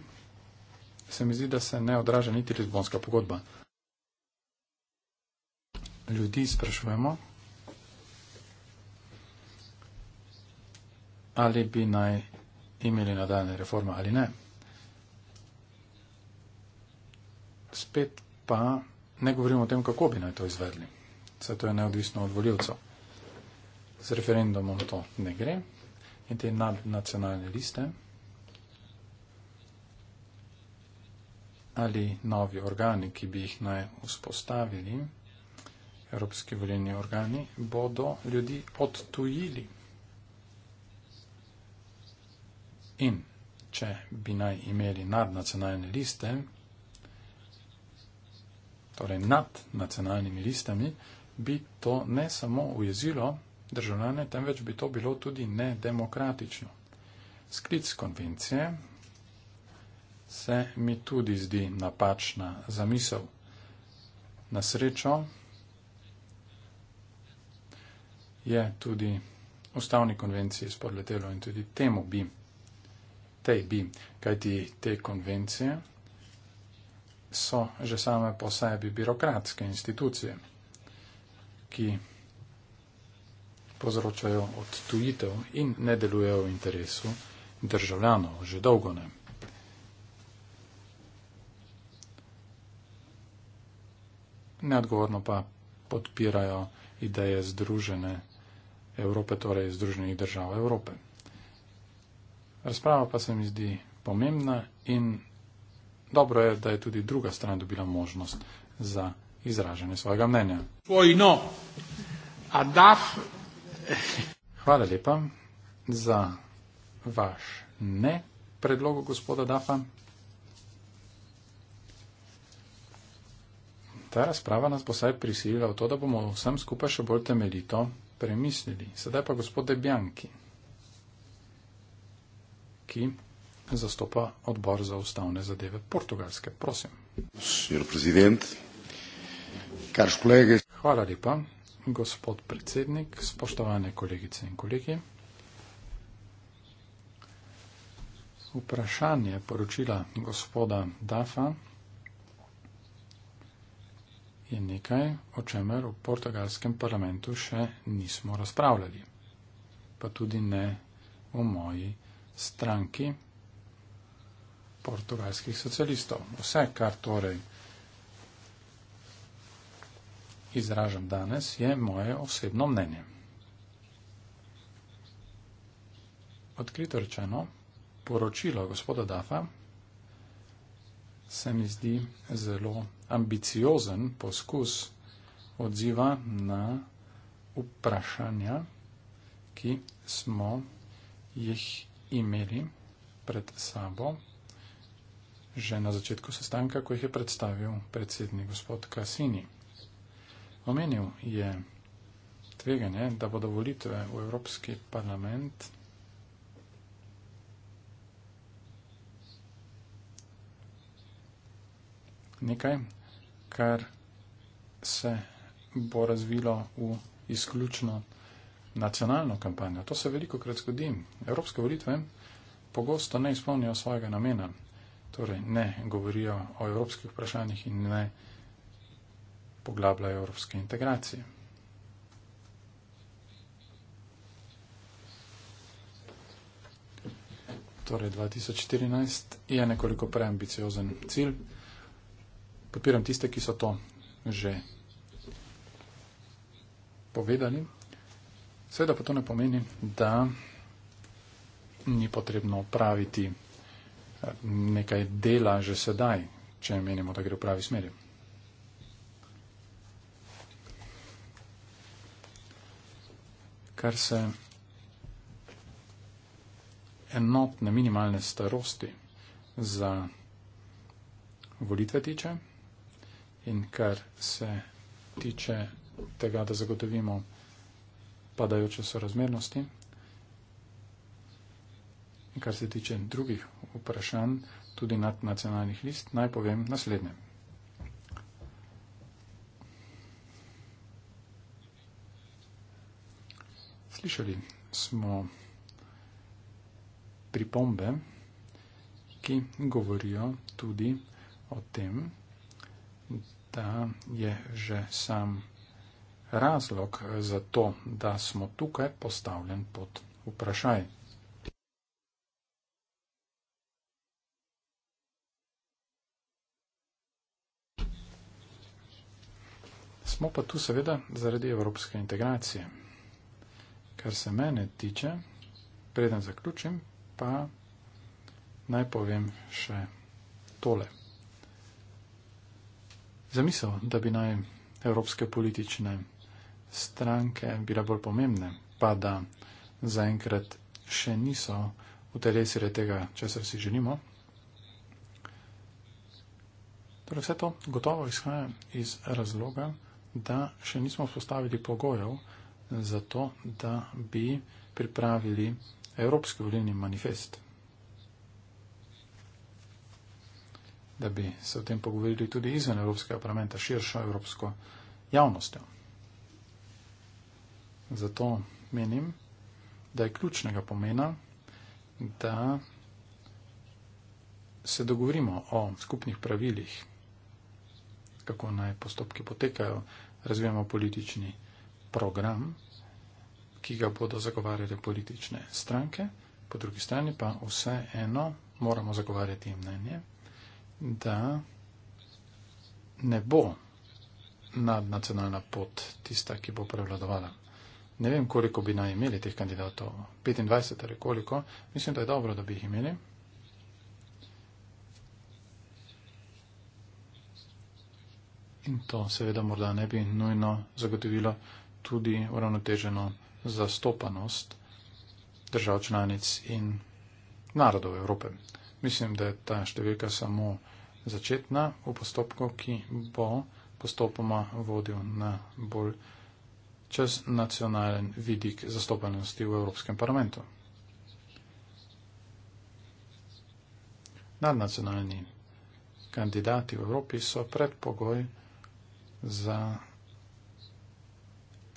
se mi zdi, da se ne odraža niti Lizbonska pogodba. Ljudi sprašujemo, ali bi naj imeli nadaljne reforme ali ne. spet pa ne govorimo o tem, kako bi naj to izvedli. Vse to je neodvisno od voljivcev. Z referendumom to ne gre in te nadnacionalne liste ali novi organi, ki bi jih naj vzpostavili, evropski voljeni organi, bodo ljudi odtujili. In če bi naj imeli nadnacionalne liste, torej nad nacionalnimi listami, bi to ne samo ujezilo državljane, temveč bi to bilo tudi nedemokratično. Sklic konvencije se mi tudi zdi napačna zamisel. Na srečo je tudi ustavni konvenciji spodletelo in tudi temu bi, tej bi, kajti te konvencije so že same po sebi birokratske institucije, ki povzročajo odtujitev in ne delujejo v interesu državljanov, že dolgo ne. Neodgovorno pa podpirajo ideje Združene Evrope, torej Združenih držav Evrope. Razprava pa se mi zdi pomembna in dobro je, da je tudi druga stran dobila možnost za izražanje svojega mnenja. No. Hvala lepa za vaš ne predlogo gospoda Dafa. Ta razprava nas bo saj prisilila v to, da bomo vsem skupaj še bolj temeljito premislili. Sedaj pa gospod Debjanki, ki zastopa odbor za ustavne zadeve Portugalske. Prosim. Hvala lepa, gospod predsednik, spoštovane kolegice in kolegi. Vprašanje poročila gospoda Dafa je nekaj, o čemer v portugalskem parlamentu še nismo razpravljali, pa tudi ne o moji stranki portugalskih socialistov. Vse, kar torej izražam danes, je moje osebno mnenje. Odkrito rečeno, poročilo gospoda Dafa se mi zdi zelo ambiciozen poskus odziva na vprašanja, ki smo jih imeli pred sabo že na začetku sestanka, ko jih je predstavil predsednik gospod Kasini. Omenil je tveganje, da bodo volitve v Evropski parlament nekaj, kar se bo razvilo v izključno nacionalno kampanjo. To se veliko krat zgodi. Evropske volitve pogosto ne izpolnijo svojega namena torej ne govorijo o evropskih vprašanjih in ne poglabljajo evropske integracije. Torej 2014 je nekoliko preambiciozen cilj. Podpiram tiste, ki so to že povedali. Seveda pa to ne pomeni, da ni potrebno praviti nekaj dela že sedaj, če menimo, da gre v pravi smeri. Kar se enotne minimalne starosti za volitve tiče in kar se tiče tega, da zagotovimo padajoče sorazmernosti, In kar se tiče drugih vprašanj, tudi nad nacionalnih list, naj povem naslednje. Slišali smo pripombe, ki govorijo tudi o tem, da je že sam razlog za to, da smo tukaj postavljen pod vprašanje. smo pa tu seveda zaradi evropske integracije. Kar se mene tiče, preden zaključim, pa naj povem še tole. Zamisel, da bi naj evropske politične stranke bile bolj pomembne, pa da zaenkrat še niso utelesile tega, česar si želimo. Torej vse to gotovo izhaja iz razloga, da še nismo vzpostavili pogojev za to, da bi pripravili Evropski volilni manifest. Da bi se o tem pogovorili tudi izven Evropskega parlamenta, širšo evropsko javnostjo. Zato menim, da je ključnega pomena, da se dogovorimo o skupnih pravilih kako naj postopki potekajo, razvijamo politični program, ki ga bodo zagovarjale politične stranke, po drugi strani pa vse eno moramo zagovarjati mnenje, da ne bo nadnacionalna pot tista, ki bo prevladovala. Ne vem, koliko bi naj imeli teh kandidatov, 25 ali koliko, mislim, da je dobro, da bi jih imeli. in to seveda morda ne bi nujno zagotovilo tudi uravnoteženo zastopanost držav članic in narodov Evrope. Mislim, da je ta številka samo začetna v postopku, ki bo postopoma vodil na bolj čez nacionalen vidik zastopanosti v Evropskem parlamentu. Nadnacionalni kandidati v Evropi so predpogoj, za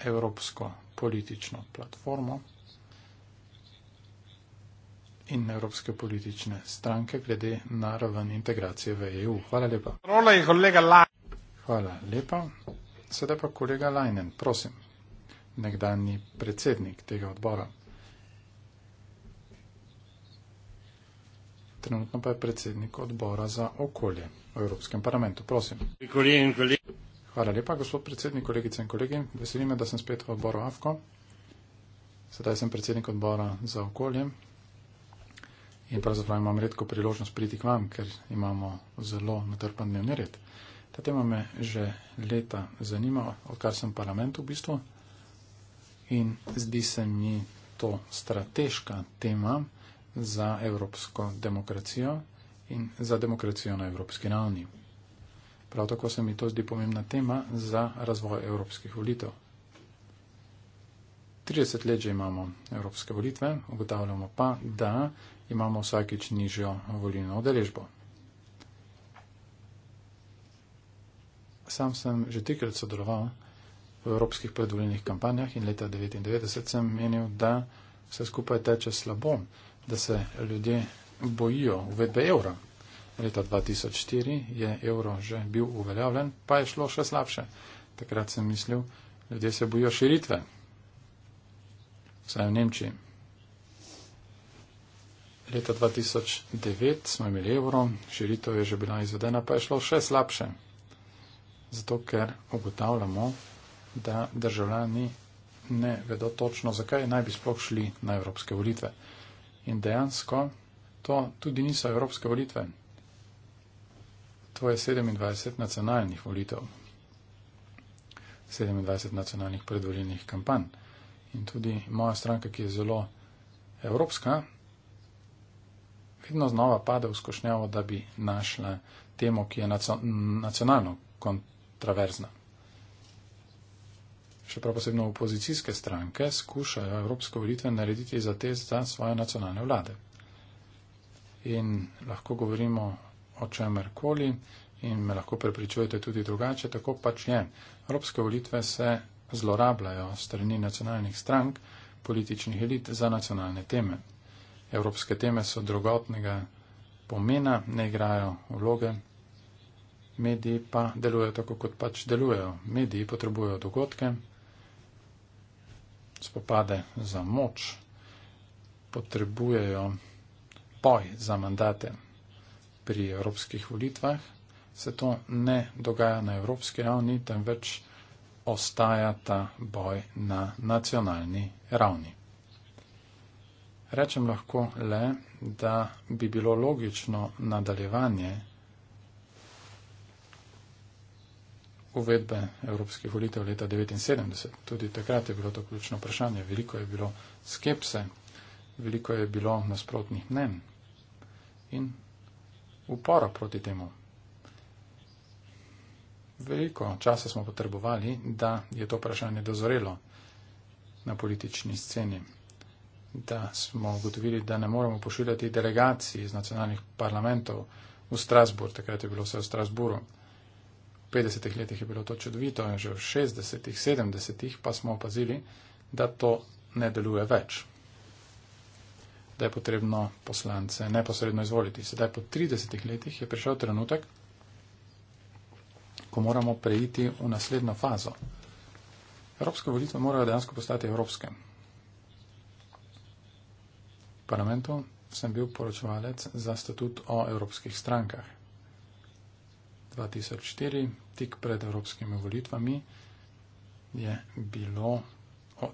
evropsko politično platformo in evropske politične stranke glede na raven integracije v EU. Hvala lepa. Hvala lepa. Sedaj pa kolega Lajnen, prosim, nekdani predsednik tega odbora. Trenutno pa je predsednik odbora za okolje v Evropskem parlamentu. Prosim. Kolegi in kolegi. Hvala lepa, gospod predsednik, kolegice in kolegi. Veselim me, da sem spet v odboru AFKO. Sedaj sem predsednik odbora za okolje in pravzaprav imam redko priložnost priti k vam, ker imamo zelo natrpan dnevni red. Ta tema me že leta zanima, odkar sem parlament v bistvu in zdi se mi to strateška tema za evropsko demokracijo in za demokracijo na evropski ravni. Prav tako se mi to zdi pomembna tema za razvoj evropskih volitev. 30 let že imamo evropske volitve, ugotavljamo pa, da imamo vsakič nižjo volilno odeležbo. Sam sem že trikrat sodeloval v evropskih predvoljenih kampanjah in leta 1999 sem menil, da vse skupaj teče slabo, da se ljudje bojijo uvedbe evra leta 2004 je evro že bil uveljavljen, pa je šlo še slabše. Takrat sem mislil, ljudje se bojijo širitve, vsaj v Nemčiji. Leta 2009 smo imeli evro, širitev je že bila izvedena, pa je šlo še slabše. Zato, ker ugotavljamo, da državljani ne vedo točno, zakaj naj bi sploh šli na evropske volitve. In dejansko to tudi niso evropske volitve to je 27 nacionalnih volitev, 27 nacionalnih predvoljenih kampanj. In tudi moja stranka, ki je zelo evropska, vedno znova pade v skošnjavo, da bi našla temo, ki je nacionalno kontraverzna. Še prav posebno opozicijske stranke skušajo evropske volitve narediti za test za svoje nacionalne vlade. In lahko govorimo o čemer koli in me lahko prepričujete tudi drugače, tako pač je. Evropske volitve se zlorabljajo strani nacionalnih strank, političnih elit za nacionalne teme. Evropske teme so drugotnega pomena, ne igrajo vloge, mediji pa delujejo tako, kot pač delujejo. Mediji potrebujejo dogodke, spopade za moč, potrebujejo boj za mandate pri evropskih volitvah, se to ne dogaja na evropski ravni, temveč ostaja ta boj na nacionalni ravni. Rečem lahko le, da bi bilo logično nadaljevanje uvedbe evropskih volitev leta 1979. Tudi takrat je bilo to ključno vprašanje. Veliko je bilo skepse, veliko je bilo nasprotnih mnen. In upora proti temu. Veliko časa smo potrebovali, da je to vprašanje dozorelo na politični sceni, da smo ugotovili, da ne moremo pošiljati delegacij iz nacionalnih parlamentov v Strasbourg, takrat je bilo vse v Strasburu. V 50-ih letih je bilo to čudovito in že v 60-ih, 70-ih pa smo opazili, da to ne deluje več da je potrebno poslance neposredno izvoliti. Sedaj po 30 letih je prišel trenutek, ko moramo preiti v naslednjo fazo. Evropske volitve morajo dejansko postati evropske. V parlamentu sem bil poročevalec za statut o evropskih strankah. 2004, tik pred evropskimi volitvami, je bilo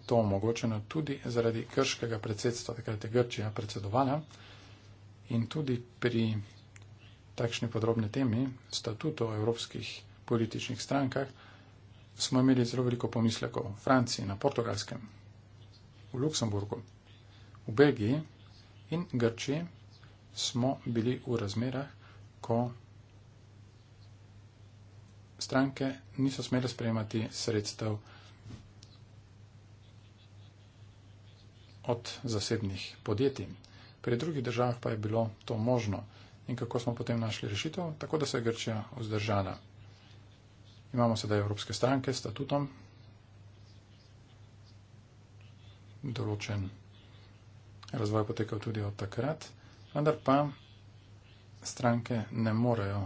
to omogočeno tudi zaradi krškega predsedstva, takrat je Grčija predsedovala. In tudi pri takšni podrobni temi, statuto o evropskih političnih strankah, smo imeli zelo veliko pomislekov. V Franciji, na Portugalskem, v Luksemburgu, v Belgiji in Grčiji smo bili v razmerah, ko stranke niso smele sprejemati sredstev. od zasebnih podjetij. Pri drugih državah pa je bilo to možno. In kako smo potem našli rešitev? Tako, da se je Grčija vzdržala. Imamo sedaj evropske stranke s statutom, določen razvoj potekal tudi od takrat, vendar pa stranke ne morejo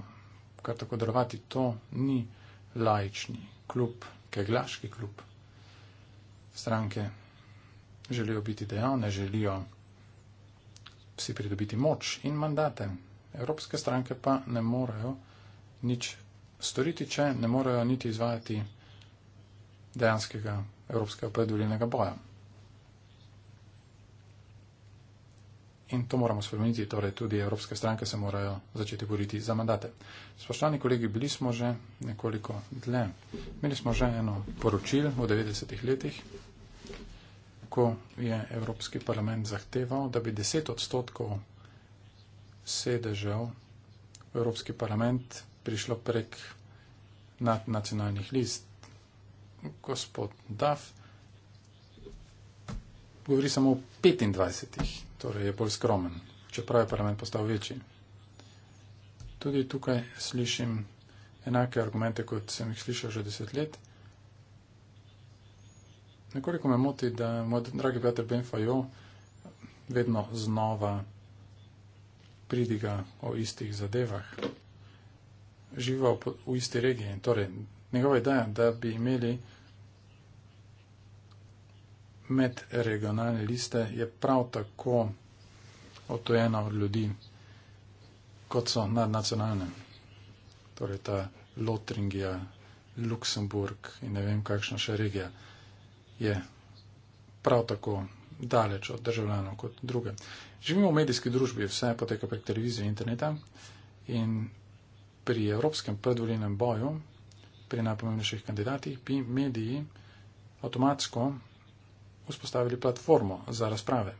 kar tako delovati. To ni laični klub, keglaški klub. Stranke želijo biti dejavne, želijo si pridobiti moč in mandate. Evropske stranke pa ne morejo nič storiti, če ne morejo niti izvajati dejanskega evropskega predvoljenega boja. In to moramo spremeniti, torej tudi evropske stranke se morajo začeti boriti za mandate. Spoštovani kolegi, bili smo že nekoliko dlje. Imeli smo že eno poročil v 90-ih letih trenutku je Evropski parlament zahteval, da bi 10 odstotkov sedežev v Evropski parlament prišlo prek nadnacionalnih list. Gospod Daf govori samo o 25, torej je bolj skromen, čeprav je parlament postal večji. Tudi tukaj slišim enake argumente, kot sem jih slišal že deset let. Nekoliko me moti, da moj dragi prijatelj Ben Fajo vedno znova pridiga o istih zadevah. Živa v isti regiji. Torej, njegova ideja, da bi imeli medregionalne liste, je prav tako otojena od ljudi, kot so nadnacionalne. Torej, ta Lotringija, Luksemburg in ne vem, kakšna še regija je prav tako daleč od državljanov kot druge. Živimo v medijski družbi, vse poteka prek televizije in interneta in pri evropskem predvoljenem boju, pri najpomembnejših kandidatih, bi mediji avtomatsko vzpostavili platformo za razprave.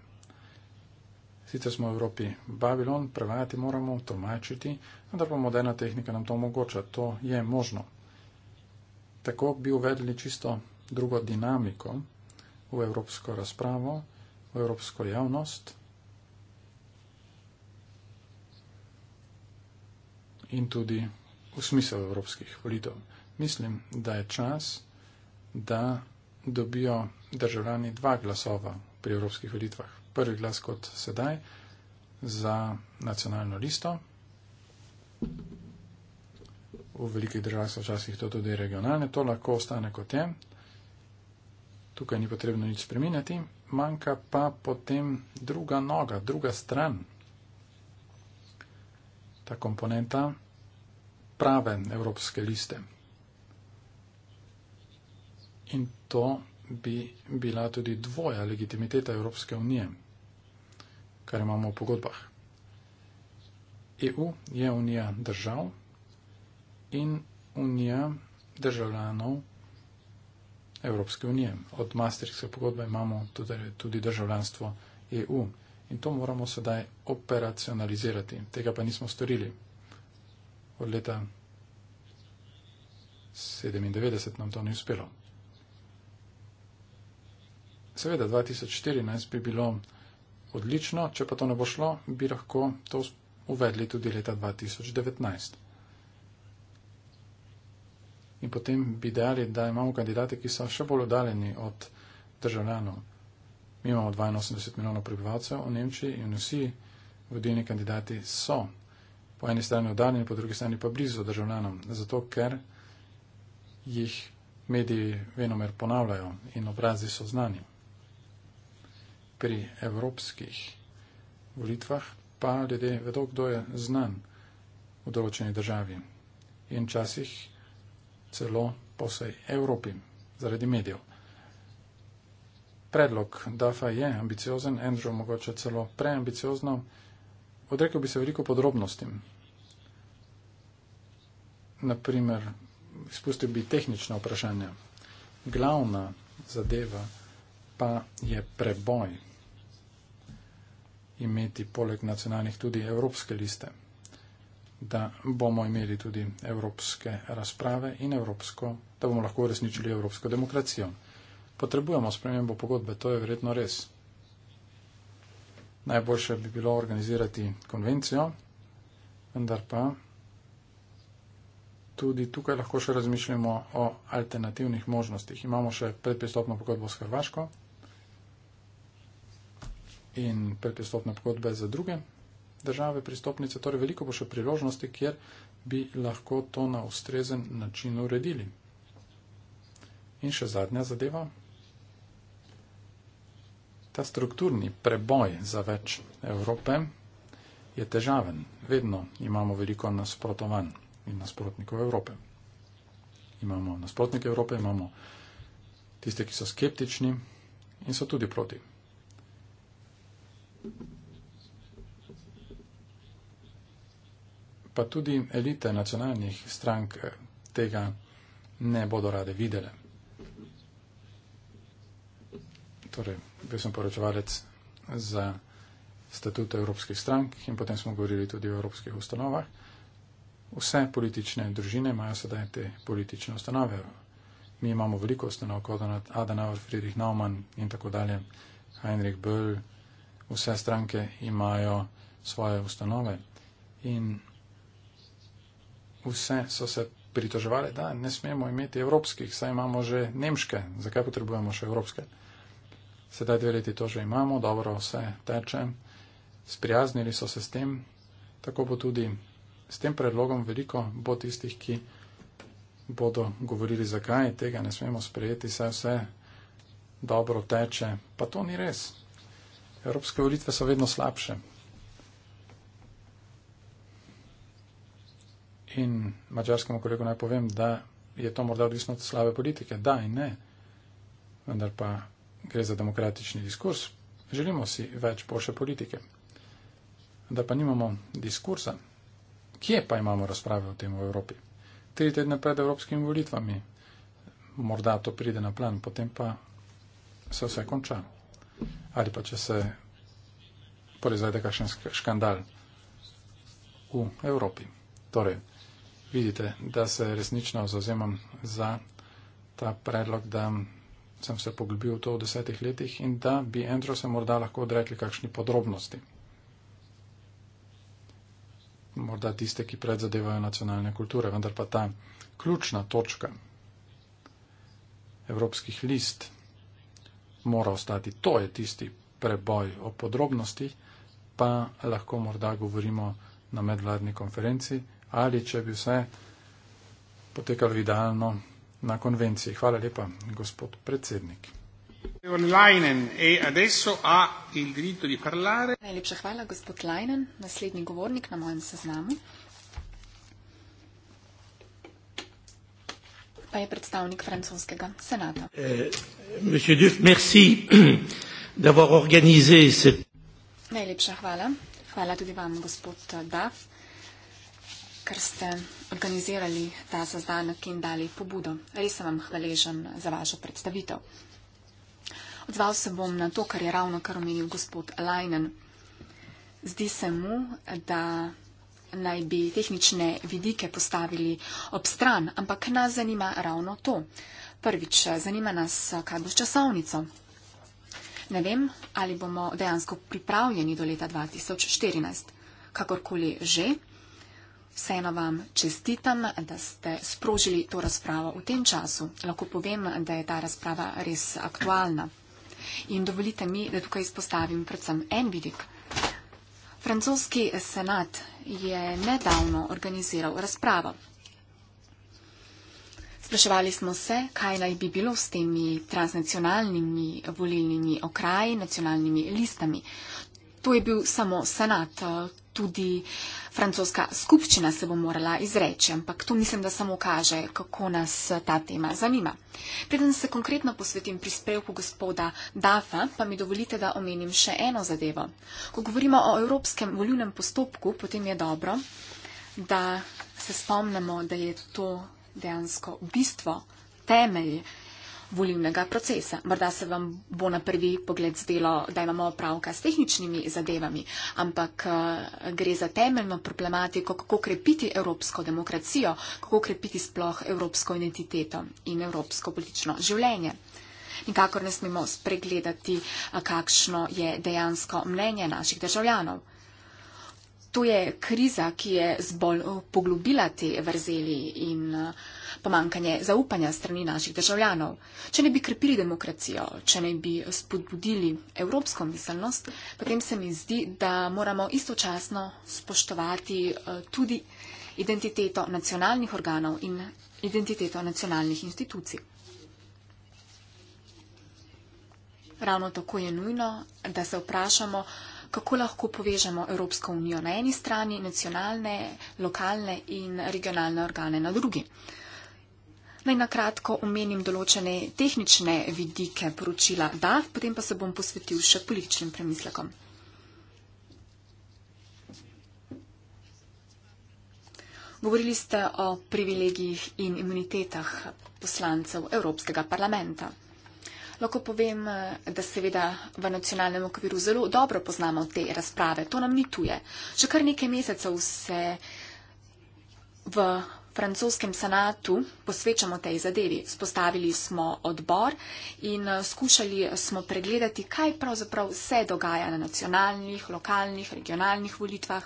Sicer smo v Evropi Babilon, prevajati moramo, tolmačiti, vendar pa moderna tehnika nam to omogoča, to je možno. Tako bi uvedli čisto drugo dinamiko v evropsko razpravo, v evropsko javnost in tudi v smisel evropskih volitev. Mislim, da je čas, da dobijo državljani dva glasova pri evropskih volitvah. Prvi glas kot sedaj za nacionalno listo. V velikih državah so včasih to tudi regionalne, to lahko ostane kot je tukaj ni potrebno nič spremenjati, manjka pa potem druga noga, druga stran. Ta komponenta prave evropske liste. In to bi bila tudi dvoja legitimiteta Evropske unije, kar imamo v pogodbah. EU je unija držav in unija državljanov Evropske unije. Od Maastrichtske pogodbe imamo tudi, tudi državljanstvo EU in to moramo sedaj operacionalizirati. Tega pa nismo storili. Od leta 1997 nam to ni uspelo. Seveda 2014 bi bilo odlično, če pa to ne bo šlo, bi lahko to uvedli tudi leta 2019 in potem bi dejali, da imamo kandidate, ki so še bolj oddaljeni od državljanov. Mi imamo 82 milijonov prebivalcev v Nemčiji in vsi vodilni kandidati so po eni strani oddaljeni, po drugi strani pa blizu državljanom, zato ker jih mediji venomer ponavljajo in obrazi so znani. Pri evropskih volitvah pa ljudje vedo, kdo je znan v določeni državi. In časih celo po vsej Evropi zaradi medijev. Predlog DAFA je ambiciozen, Andrew mogoče celo preambiciozno. Odrekel bi se veliko podrobnostim. Naprimer, izpustil bi tehnična vprašanja. Glavna zadeva pa je preboj imeti poleg nacionalnih tudi evropske liste da bomo imeli tudi evropske razprave in evropsko, da bomo lahko uresničili evropsko demokracijo. Potrebujemo spremembo pogodbe, to je verjetno res. Najboljše bi bilo organizirati konvencijo, vendar pa tudi tukaj lahko še razmišljamo o alternativnih možnostih. Imamo še predpristopno pogodbo s Hrvaško in predpristopne pogodbe za druge države pristopnice, torej veliko bo še priložnosti, kjer bi lahko to na ustrezen način uredili. In še zadnja zadeva. Ta strukturni preboj za več Evrope je težaven. Vedno imamo veliko nasprotovanj in nasprotnikov Evrope. Imamo nasprotnike Evrope, imamo tiste, ki so skeptični in so tudi proti. Thank you. pa tudi elite nacionalnih strank eh, tega ne bodo rade videle. Torej, bil sem poročevalec za statut evropskih strank in potem smo govorili tudi o evropskih ustanovah. Vse politične družine imajo sedaj te politične ustanove. Mi imamo veliko ustanov, kot je Adenauer, Friedrich Naumann in tako dalje, Heinrich Böll. Vse stranke imajo svoje ustanove in vse so se pritoževali, da ne smemo imeti evropskih, saj imamo že nemške, zakaj potrebujemo še evropske. Sedaj dve leti to že imamo, dobro vse teče, sprijaznili so se s tem, tako bo tudi s tem predlogom veliko bo tistih, ki bodo govorili, zakaj tega ne smemo sprejeti, saj vse dobro teče. Pa to ni res. Evropske volitve so vedno slabše, in mačarskemu kolegu naj povem, da je to morda odvisno od slabe politike. Da in ne. Vendar pa gre za demokratični diskurs. Želimo si več boljše politike. Da pa nimamo diskursa. Kje pa imamo razprave o tem v Evropi? Tri tedne pred evropskimi volitvami. Morda to pride na plan, potem pa se vse konča. Ali pa če se porezajde kakšen škandal v Evropi. Torej, vidite, da se resnično zauzemam za ta predlog, da sem se poglobil v to v desetih letih in da bi Andro se morda lahko odrekli kakšni podrobnosti. Morda tiste, ki predzadevajo nacionalne kulture, vendar pa ta ključna točka evropskih list mora ostati. To je tisti preboj o podrobnostih, pa lahko morda govorimo na medvladni konferenci ali če bi vse potekalo idealno na konvenciji. Hvala lepa, gospod predsednik. E Najlepša hvala, gospod Leinen, naslednji govornik na mojem seznamu. Pa je predstavnik francoskega senata. Eh, Najlepša hvala. Hvala tudi vam, gospod Duff ker ste organizirali ta sestanek in dali pobudo. Res sem vam hvaležen za vašo predstavitev. Odzval se bom na to, kar je ravno kar omenil gospod Leinen. Zdi se mu, da naj bi tehnične vidike postavili ob stran, ampak nas zanima ravno to. Prvič, zanima nas, kaj bo s časovnico. Ne vem, ali bomo dejansko pripravljeni do leta 2014. Kakorkoli že. Vseeno vam čestitam, da ste sprožili to razpravo v tem času. Lahko povem, da je ta razprava res aktualna. In dovolite mi, da tukaj izpostavim predvsem en vidik. Francoski senat je nedavno organiziral razpravo. Spraševali smo se, kaj naj bi bilo s temi transnacionalnimi volilnimi okraji, nacionalnimi listami. To je bil samo senat, eh, tudi francoska skupščina se bo morala izreči, ampak to mislim, da samo kaže, kako nas eh, ta tema zanima. Preden se konkretno posvetim prispevku gospoda Dafa, pa mi dovolite, da omenim še eno zadevo. Ko govorimo o evropskem volilnem postopku, potem je dobro, da se spomnimo, da je to dejansko bistvo, temelj volilnega procesa. Morda se vam bo na prvi pogled zdelo, da imamo opravka s tehničnimi zadevami, ampak eh, gre za temeljno problematiko, kako krepiti evropsko demokracijo, kako krepiti sploh evropsko identiteto in evropsko politično življenje. Nikakor ne smemo spregledati, eh, kakšno je dejansko mnenje naših državljanov. To je kriza, ki je zbolj eh, poglobila te vrzeli in uh, pomankanje zaupanja strani naših državljanov, če ne bi krepili demokracijo, če ne bi spodbudili evropsko miselnost, potem se mi zdi, da moramo istočasno spoštovati eh, tudi identiteto nacionalnih organov in identiteto nacionalnih institucij. Ravno tako je nujno, da se vprašamo, kako lahko povežemo Evropsko unijo na eni strani, nacionalne, lokalne in regionalne organe na drugi. Naj na kratko omenim določene tehnične vidike poročila DAF, potem pa se bom posvetil še političnim premislekom. Govorili ste o privilegijih in imunitetah poslancev Evropskega parlamenta. Lahko povem, da seveda v nacionalnem okviru zelo dobro poznamo te razprave. To nam ni tuje. Že kar nekaj mesecev se v francoskem senatu posvečamo tej zadevi. Spostavili smo odbor in eh, skušali smo pregledati, kaj pravzaprav se dogaja na nacionalnih, lokalnih, regionalnih volitvah.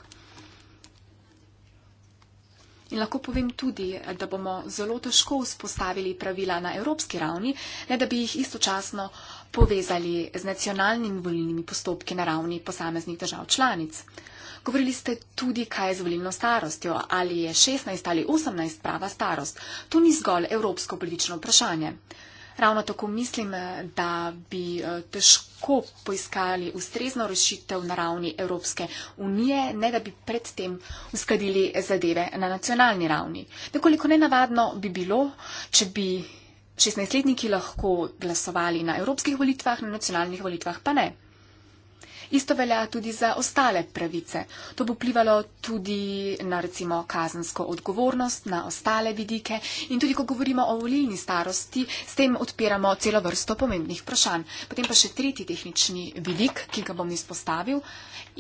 In lahko povem tudi, da bomo zelo težko vzpostavili pravila na evropski ravni, ne da bi jih istočasno povezali z nacionalnimi volilnimi postopki na ravni posameznih držav članic. Govorili ste tudi, kaj je z volilno starostjo, ali je 16 ali 18 prava starost. To ni zgolj evropsko politično vprašanje. Ravno tako mislim, da bi eh, težko poiskali ustrezno rešitev na ravni Evropske unije, ne da bi predtem uskladili zadeve na nacionalni ravni. Nekoliko nenavadno bi bilo, če bi 16-letniki lahko glasovali na evropskih volitvah, na nacionalnih volitvah pa ne. Isto velja tudi za ostale pravice. To bo vplivalo tudi na recimo kazensko odgovornost, na ostale vidike in tudi, ko govorimo o volilni starosti, s tem odpiramo celo vrsto pomembnih vprašanj. Potem pa še tretji tehnični vidik, ki ga bom izpostavil.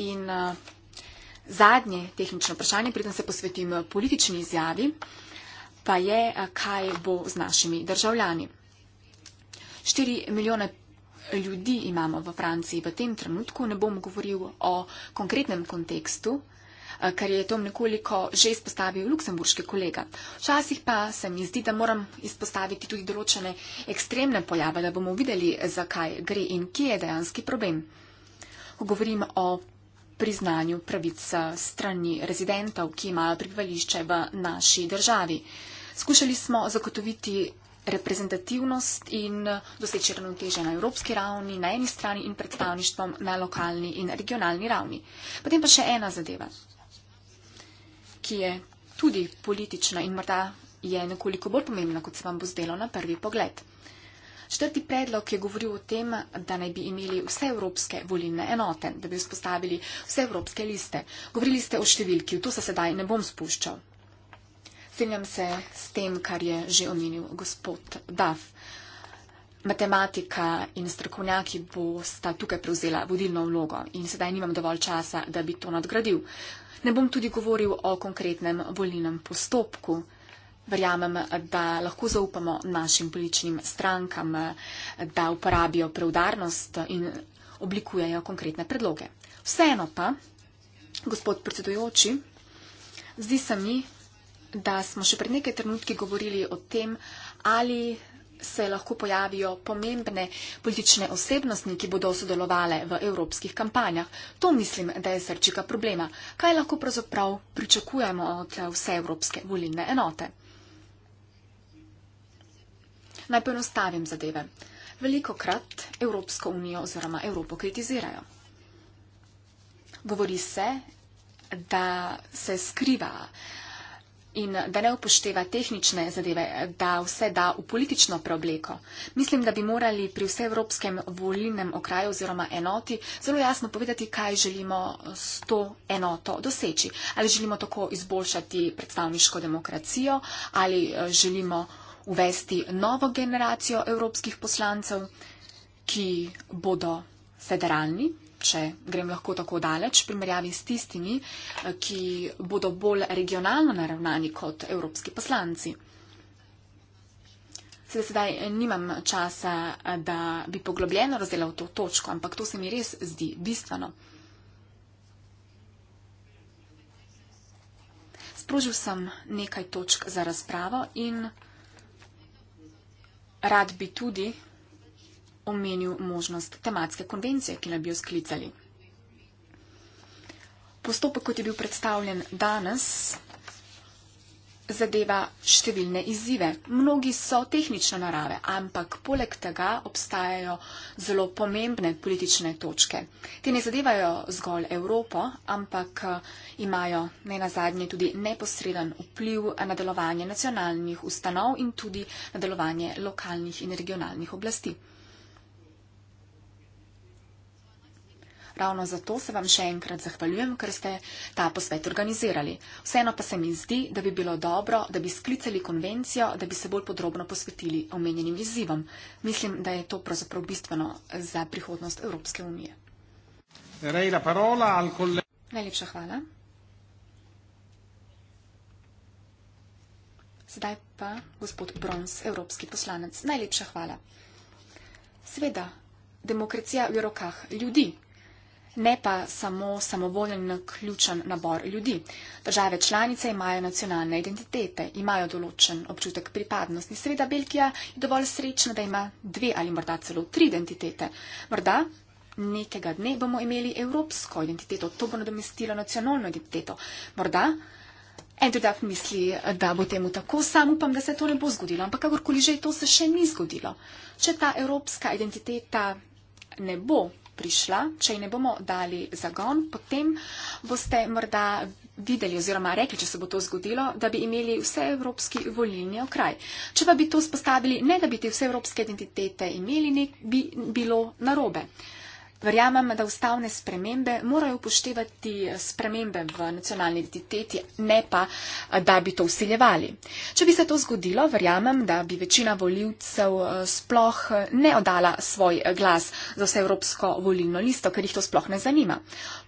In eh, zadnje tehnično vprašanje, pridem se posvetim eh, politični izjavi, pa je, eh, kaj bo z našimi državljani. 4 milijone ljudi imamo v Franciji v tem trenutku. Ne bom govoril o konkretnem kontekstu, eh, ker je to nekoliko že izpostavil luksemburški kolega. Včasih pa se mi zdi, da moram izpostaviti tudi določene ekstremne pojave, da bomo videli, zakaj gre in kje je dejanski problem. Ko govorim o priznanju pravic eh, strani rezidentov, ki imajo prebivališče v naši državi. Skušali smo zagotoviti reprezentativnost in doseči ravnoteže na evropski ravni, na eni strani in predstavništvom na lokalni in regionalni ravni. Potem pa še ena zadeva, ki je tudi politična in morda je nekoliko bolj pomembna, kot se vam bo zdelo na prvi pogled. Četrti predlog je govoril o tem, da naj bi imeli vse evropske volilne enote, da bi vzpostavili vse evropske liste. Govorili ste o številki, v to se sedaj ne bom spuščal strinjam se s tem, kar je že omenil gospod Daf. Matematika in strokovnjaki bo sta tukaj prevzela vodilno vlogo in sedaj nimam dovolj časa, da bi to nadgradil. Ne bom tudi govoril o konkretnem volilnem postopku. Verjamem, da lahko zaupamo našim političnim strankam, da uporabijo preudarnost in oblikujejo konkretne predloge. Vseeno pa, gospod predsedujoči, zdi se mi, da smo še pred nekaj trenutki govorili o tem, ali se lahko pojavijo pomembne politične osebnosti, ki bodo sodelovale v evropskih kampanjah. To mislim, da je srčika problema. Kaj lahko pravzaprav pričakujemo od vse evropske volilne enote? Naj poenostavim zadeve. Veliko krat Evropsko unijo oziroma Evropo kritizirajo. Govori se, da se skriva in da ne upošteva tehnične zadeve, da vse da v politično preobleko. Mislim, da bi morali pri vseevropskem volilnem okraju oziroma enoti zelo jasno povedati, kaj želimo s to enoto doseči. Ali želimo tako izboljšati predstavniško demokracijo, ali eh, želimo uvesti novo generacijo evropskih poslancev, ki bodo federalni, če grem lahko tako daleč, v primerjavi s tistimi, eh, ki bodo bolj regionalno naravnani kot evropski poslanci. Sedaj, sedaj eh, nimam časa, eh, da bi poglobljeno razdela v to točko, ampak to se mi res zdi bistveno. Sprožil sem nekaj točk za razpravo in rad bi tudi omenil možnost tematske konvencije, ki naj bi jo sklicali. Postopek, kot je bil predstavljen danes, zadeva številne izzive. Mnogi so tehnične narave, ampak poleg tega obstajajo zelo pomembne politične točke. Te ne zadevajo zgolj Evropo, ampak eh, imajo ne nazadnje tudi neposreden vpliv na delovanje nacionalnih ustanov in tudi na delovanje lokalnih in regionalnih oblasti. Ravno zato se vam še enkrat zahvaljujem, ker ste ta posvet organizirali. Vseeno pa se mi zdi, da bi bilo dobro, da bi sklicali konvencijo, da bi se bolj podrobno posvetili omenjenim izzivom. Mislim, da je to pravzaprav bistveno za prihodnost Evropske unije. Najlepša hvala. Sedaj pa gospod Brons, evropski poslanec. Najlepša hvala. Sveda, demokracija v rokah ljudi ne pa samo samovoljen in ključen nabor ljudi. Države članice imajo nacionalne identitete, imajo določen občutek pripadnosti. Seveda Belgija je dovolj srečna, da ima dve ali morda celo tri identitete. Morda nekega dne bomo imeli evropsko identiteto, to bo nadomestilo nacionalno identiteto. Morda Andrew Duff misli, da bo temu tako, sam upam, da se to ne bo zgodilo, ampak kakorkoli že to se še ni zgodilo. Če ta evropska identiteta ne bo prišla, če ji ne bomo dali zagon, potem boste morda videli oziroma rekli, če se bo to zgodilo, da bi imeli vse evropski volilni okraj. Če pa bi to spostavili, ne da bi te vse evropske identitete imeli, ne bi bilo narobe. Verjamem, da ustavne spremembe morajo upoštevati spremembe v nacionalni identiteti, ne pa, da bi to usiljevali. Če bi se to zgodilo, verjamem, da bi večina voljivcev eh, sploh eh, ne odala svoj eh, glas za vse evropsko volilno listo, ker jih to sploh ne zanima.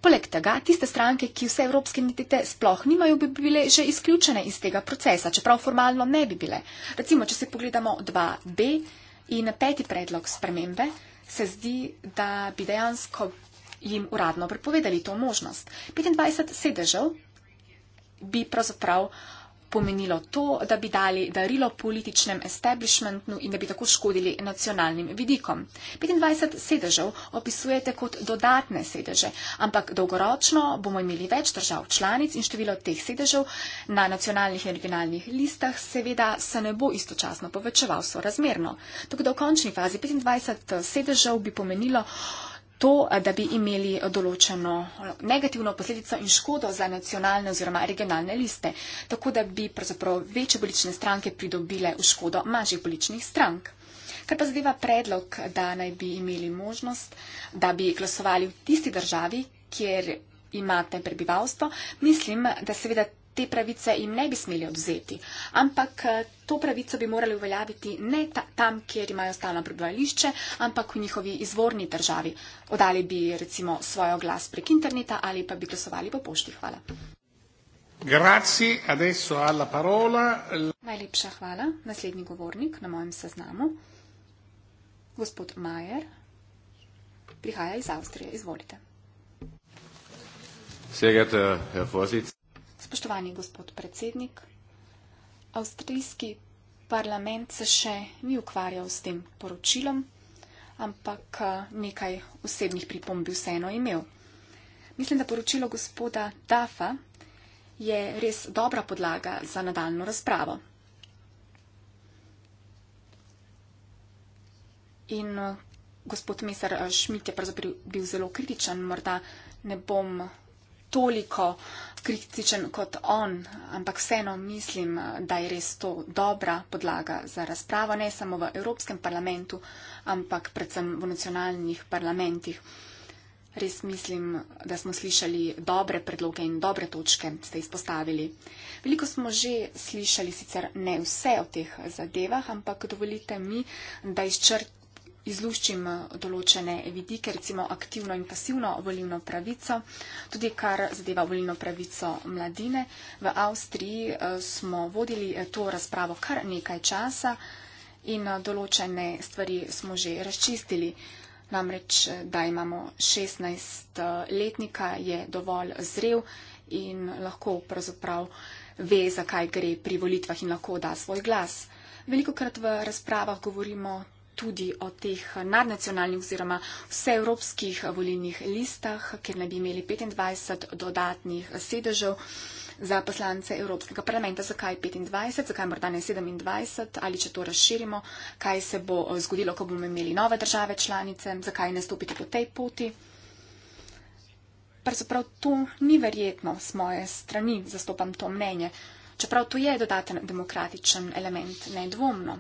Poleg tega, tiste stranke, ki vse evropske identitete sploh nimajo, bi bile že izključene iz tega procesa, čeprav formalno ne bi bile. Recimo, če se pogledamo 2b in peti predlog spremembe se zdi, da bi dejansko jim uradno prepovedali to možnost. 25 sedežev bi pravzaprav uh, pomenilo to, da bi dali darilo političnem establishmentu in da bi tako škodili nacionalnim vidikom. 25 sedežev opisujete kot dodatne sedeže, ampak dolgoročno bomo imeli več držav članic in število teh sedežev na nacionalnih in regionalnih listah seveda se ne bo istočasno povečeval sorazmerno. Tako da v končni fazi 25 sedežev bi pomenilo to, da bi imeli določeno eh, negativno posledico in škodo za nacionalne oziroma regionalne liste, tako da bi pravzaprav večje politične stranke pridobile v škodo manjših političnih strank. Kar pa zadeva predlog, da naj bi imeli možnost, da bi glasovali v tisti državi, kjer imate prebivalstvo, mislim, da seveda te pravice jim ne bi smeli odzeti, ampak eh, to pravico bi morali uveljaviti ne ta, tam, kjer imajo stalno prebivališče, ampak v njihovi izvorni državi. Odali bi recimo svojo glas prek interneta ali pa bi glasovali po pošti. Hvala. Grazie, adesso alla parola. Najlepša hvala. Naslednji govornik na mojem seznamu, gospod Majer, prihaja iz Avstrije. Izvolite. Sehr geehrter Herr Vorsitzender. Spoštovani gospod predsednik, avstrijski parlament se še ni ukvarjal s tem poročilom, ampak eh, nekaj osebnih pripomb bi vseeno imel. Mislim, da poročilo gospoda Dafa je res dobra podlaga za nadaljno razpravo. In eh, gospod Mesar Šmit eh, je pravzaprav bil zelo kritičen, morda ne bom toliko kritičen kot on, ampak vseeno mislim, da je res to dobra podlaga za razpravo, ne samo v Evropskem parlamentu, ampak predvsem v nacionalnih parlamentih. Res mislim, da smo slišali dobre predloge in dobre točke, ste izpostavili. Veliko smo že slišali, sicer ne vse o teh zadevah, ampak dovolite mi, da izčrtim izluščim eh, določene vidike, recimo aktivno in pasivno volilno pravico, tudi kar zadeva volilno pravico mladine. V Avstriji eh, smo vodili eh, to razpravo kar nekaj časa in določene stvari smo že razčistili. Namreč, da imamo 16 letnika, je dovolj zrel in lahko pravzaprav ve, zakaj gre pri volitvah in lahko da svoj glas. Veliko krat v razpravah govorimo tudi o teh nadnacionalnih oziroma vseevropskih volilnih listah, kjer ne bi imeli 25 dodatnih sedežev za poslance Evropskega parlamenta. Zakaj 25, zakaj morda ne 27 ali če to razširimo, kaj se bo eh, zgodilo, ko bomo imeli nove države članice, zakaj ne stopiti po tej poti. Pravzaprav to ni verjetno s moje strani, zastopam to mnenje. Čeprav to je dodaten demokratičen element, nedvomno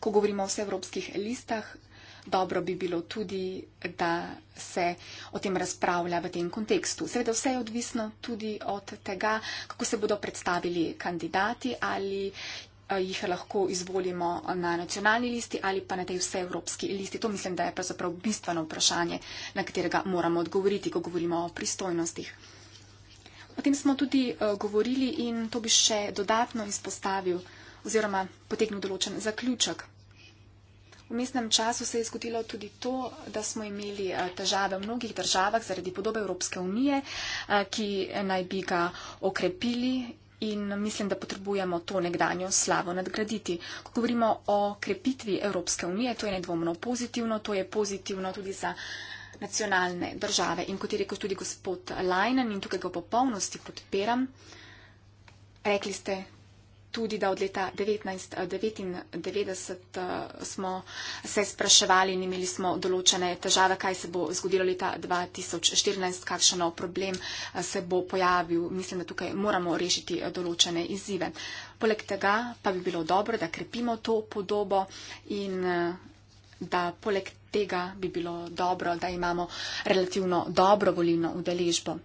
ko govorimo o vseevropskih listah, dobro bi bilo tudi, da se o tem razpravlja v tem kontekstu. Seveda vse je odvisno tudi od tega, kako se bodo predstavili kandidati ali eh, jih lahko izvolimo na nacionalni listi ali pa na tej vseevropski listi. To mislim, da je pravzaprav bistveno vprašanje, na katerega moramo odgovoriti, ko govorimo o pristojnostih. O tem smo tudi eh, govorili in to bi še dodatno izpostavil oziroma potegnil določen zaključek. V mestnem času se je zgodilo tudi to, da smo imeli eh, težave v mnogih državah zaradi podobe Evropske unije, eh, ki naj bi ga okrepili in mislim, da potrebujemo to nekdanjo slavo nadgraditi. Ko govorimo o krepitvi Evropske unije, to je nedvomno pozitivno, to je pozitivno tudi za nacionalne države. In kot je rekel tudi gospod Lajnen in tukaj ga v popolnosti podpiram, rekli ste tudi, da od leta 1999 eh, eh, smo se spraševali in imeli smo določene težave, kaj se bo zgodilo leta 2014, kakšen problem eh, se bo pojavil. Mislim, da tukaj moramo rešiti določene izzive. Poleg tega pa bi bilo dobro, da krepimo to podobo in da poleg tega bi bilo dobro, da imamo relativno dobro volilno udeležbo,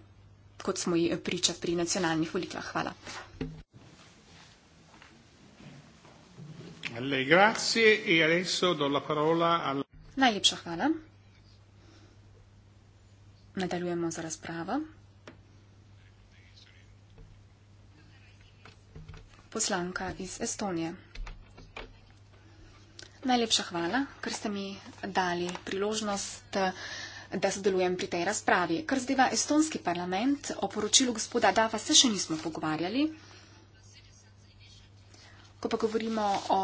kot smo ji priča pri nacionalnih volitvah. Hvala. Lei grazie e adesso do la parola al... Najlepša hvala. Nadaljujemo z razpravo. Poslanka iz Estonije. Najlepša hvala, ker ste mi dali priložnost, da sodelujem pri tej razpravi. Kar zdeva Estonski parlament, o poročilu gospoda Dafa se še nismo pogovarjali. Ko pa govorimo o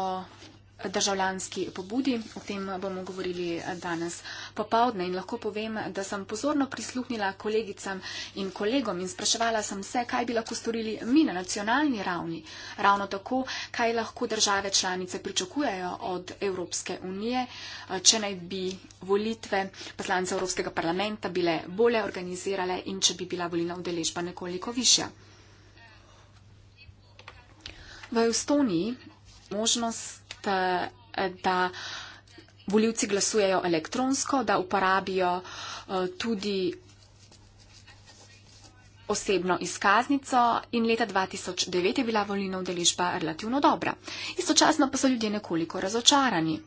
državljanski pobudi, o tem bomo govorili danes popovdne in lahko povem, da sem pozorno prisluhnila kolegicam in kolegom in spraševala sem se, kaj bi lahko storili mi na nacionalni ravni, ravno tako, kaj lahko države članice pričakujejo od Evropske unije, če naj bi volitve poslancev Evropskega parlamenta bile bolje organizirale in če bi bila volilna udeležba nekoliko višja. V Estoniji možnost, eh, da voljivci glasujejo elektronsko, da uporabijo eh, tudi osebno izkaznico in leta 2009 je bila volilna udeležba relativno dobra. Istočasno pa so ljudje nekoliko razočarani.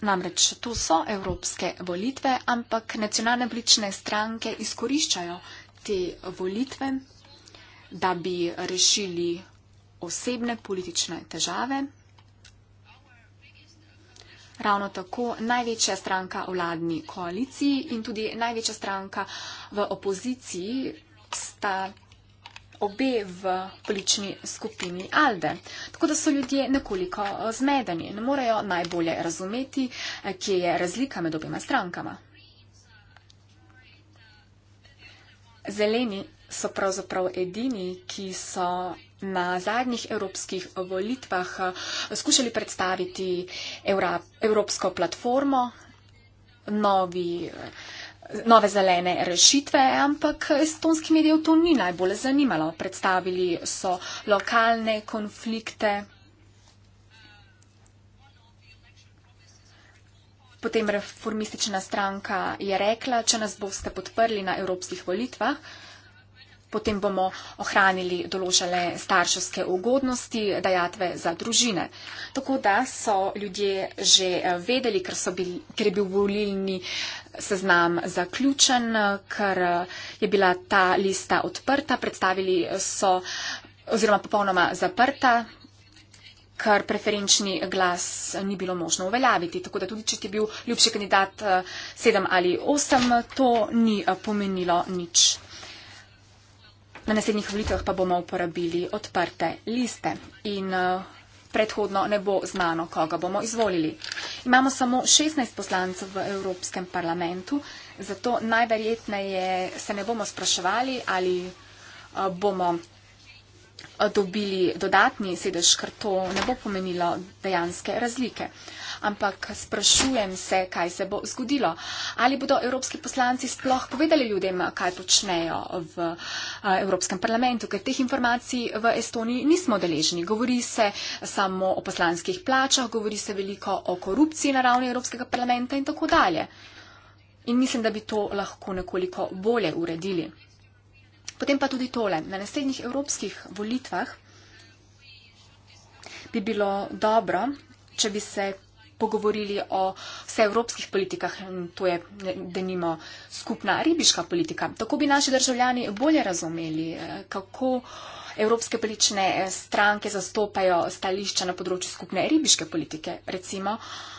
Namreč to so evropske volitve, ampak nacionalne politične stranke izkoriščajo te volitve da bi rešili osebne politične težave. Ravno tako največja stranka v vladni koaliciji in tudi največja stranka v opoziciji sta obe v politični skupini Alde. Tako da so ljudje nekoliko zmedeni, ne morejo najbolje razumeti, kje je razlika med obema strankama. Zeleni so pravzaprav edini, ki so na zadnjih evropskih volitvah eh, skušali predstaviti evropsko platformo, novi, eh, nove zelene rešitve, ampak estonski medijev to ni najbolj zanimalo. Predstavili so lokalne konflikte. Potem reformistična stranka je rekla, če nas boste podprli na evropskih volitvah, Potem bomo ohranili določene starševske ugodnosti, dajatve za družine. Tako da so ljudje že eh, vedeli, ker, bil, ker je bil volilni eh, seznam zaključen, ker eh, je bila ta lista odprta, predstavili so oziroma popolnoma zaprta ker preferenčni glas ni bilo možno uveljaviti. Tako da tudi, če ti je bil ljubši kandidat 7 ali 8, to ni pomenilo nič. Na naslednjih volitvah pa bomo uporabili odprte liste in eh, predhodno ne bo znano, koga bomo izvolili. Imamo samo 16 poslancev v Evropskem parlamentu, zato najverjetneje se ne bomo spraševali, ali eh, bomo dobili dodatni sedež, ker to ne bo pomenilo dejanske razlike. Ampak sprašujem se, kaj se bo zgodilo. Ali bodo evropski poslanci sploh povedali ljudem, kaj počnejo v eh, Evropskem parlamentu, ker teh informacij v Estoniji nismo deležni. Govori se samo o poslanskih plačah, govori se veliko o korupciji na ravni Evropskega parlamenta in tako dalje. In mislim, da bi to lahko nekoliko bolje uredili. Potem pa tudi tole. Na naslednjih evropskih volitvah bi bilo dobro, če bi se pogovorili o vseevropskih politikah, to je denimo skupna ribiška politika. Tako bi naši državljani bolje razumeli, eh, kako evropske politične eh, stranke zastopajo stališča na področju skupne ribiške politike. Recimo, uh,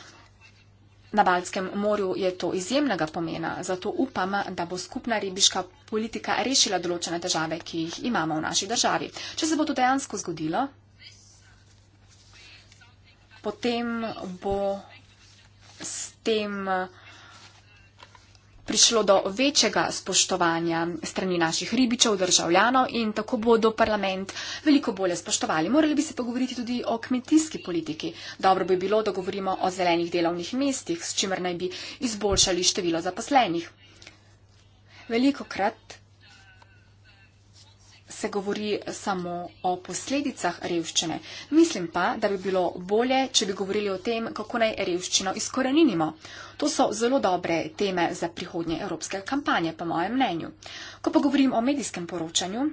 Na Balskem morju je to izjemnega pomena, zato upam, da bo skupna ribiška politika rešila določene težave, ki jih imamo v naši državi. Če se bo to dejansko zgodilo, potem bo s tem prišlo do večjega spoštovanja strani naših ribičev, državljanov in tako bodo parlament veliko bolje spoštovali. Morali bi se pogovoriti tudi o kmetijski politiki. Dobro bi bilo, da govorimo o zelenih delovnih mestih, s čimer naj bi izboljšali število zaposlenih. Veliko krat se govori samo o posledicah revščine. Mislim pa, da bi bilo bolje, če bi govorili o tem, kako naj revščino izkoreninimo. To so zelo dobre teme za prihodnje evropske kampanje, po mojem mnenju. Ko pa govorim o medijskem poročanju,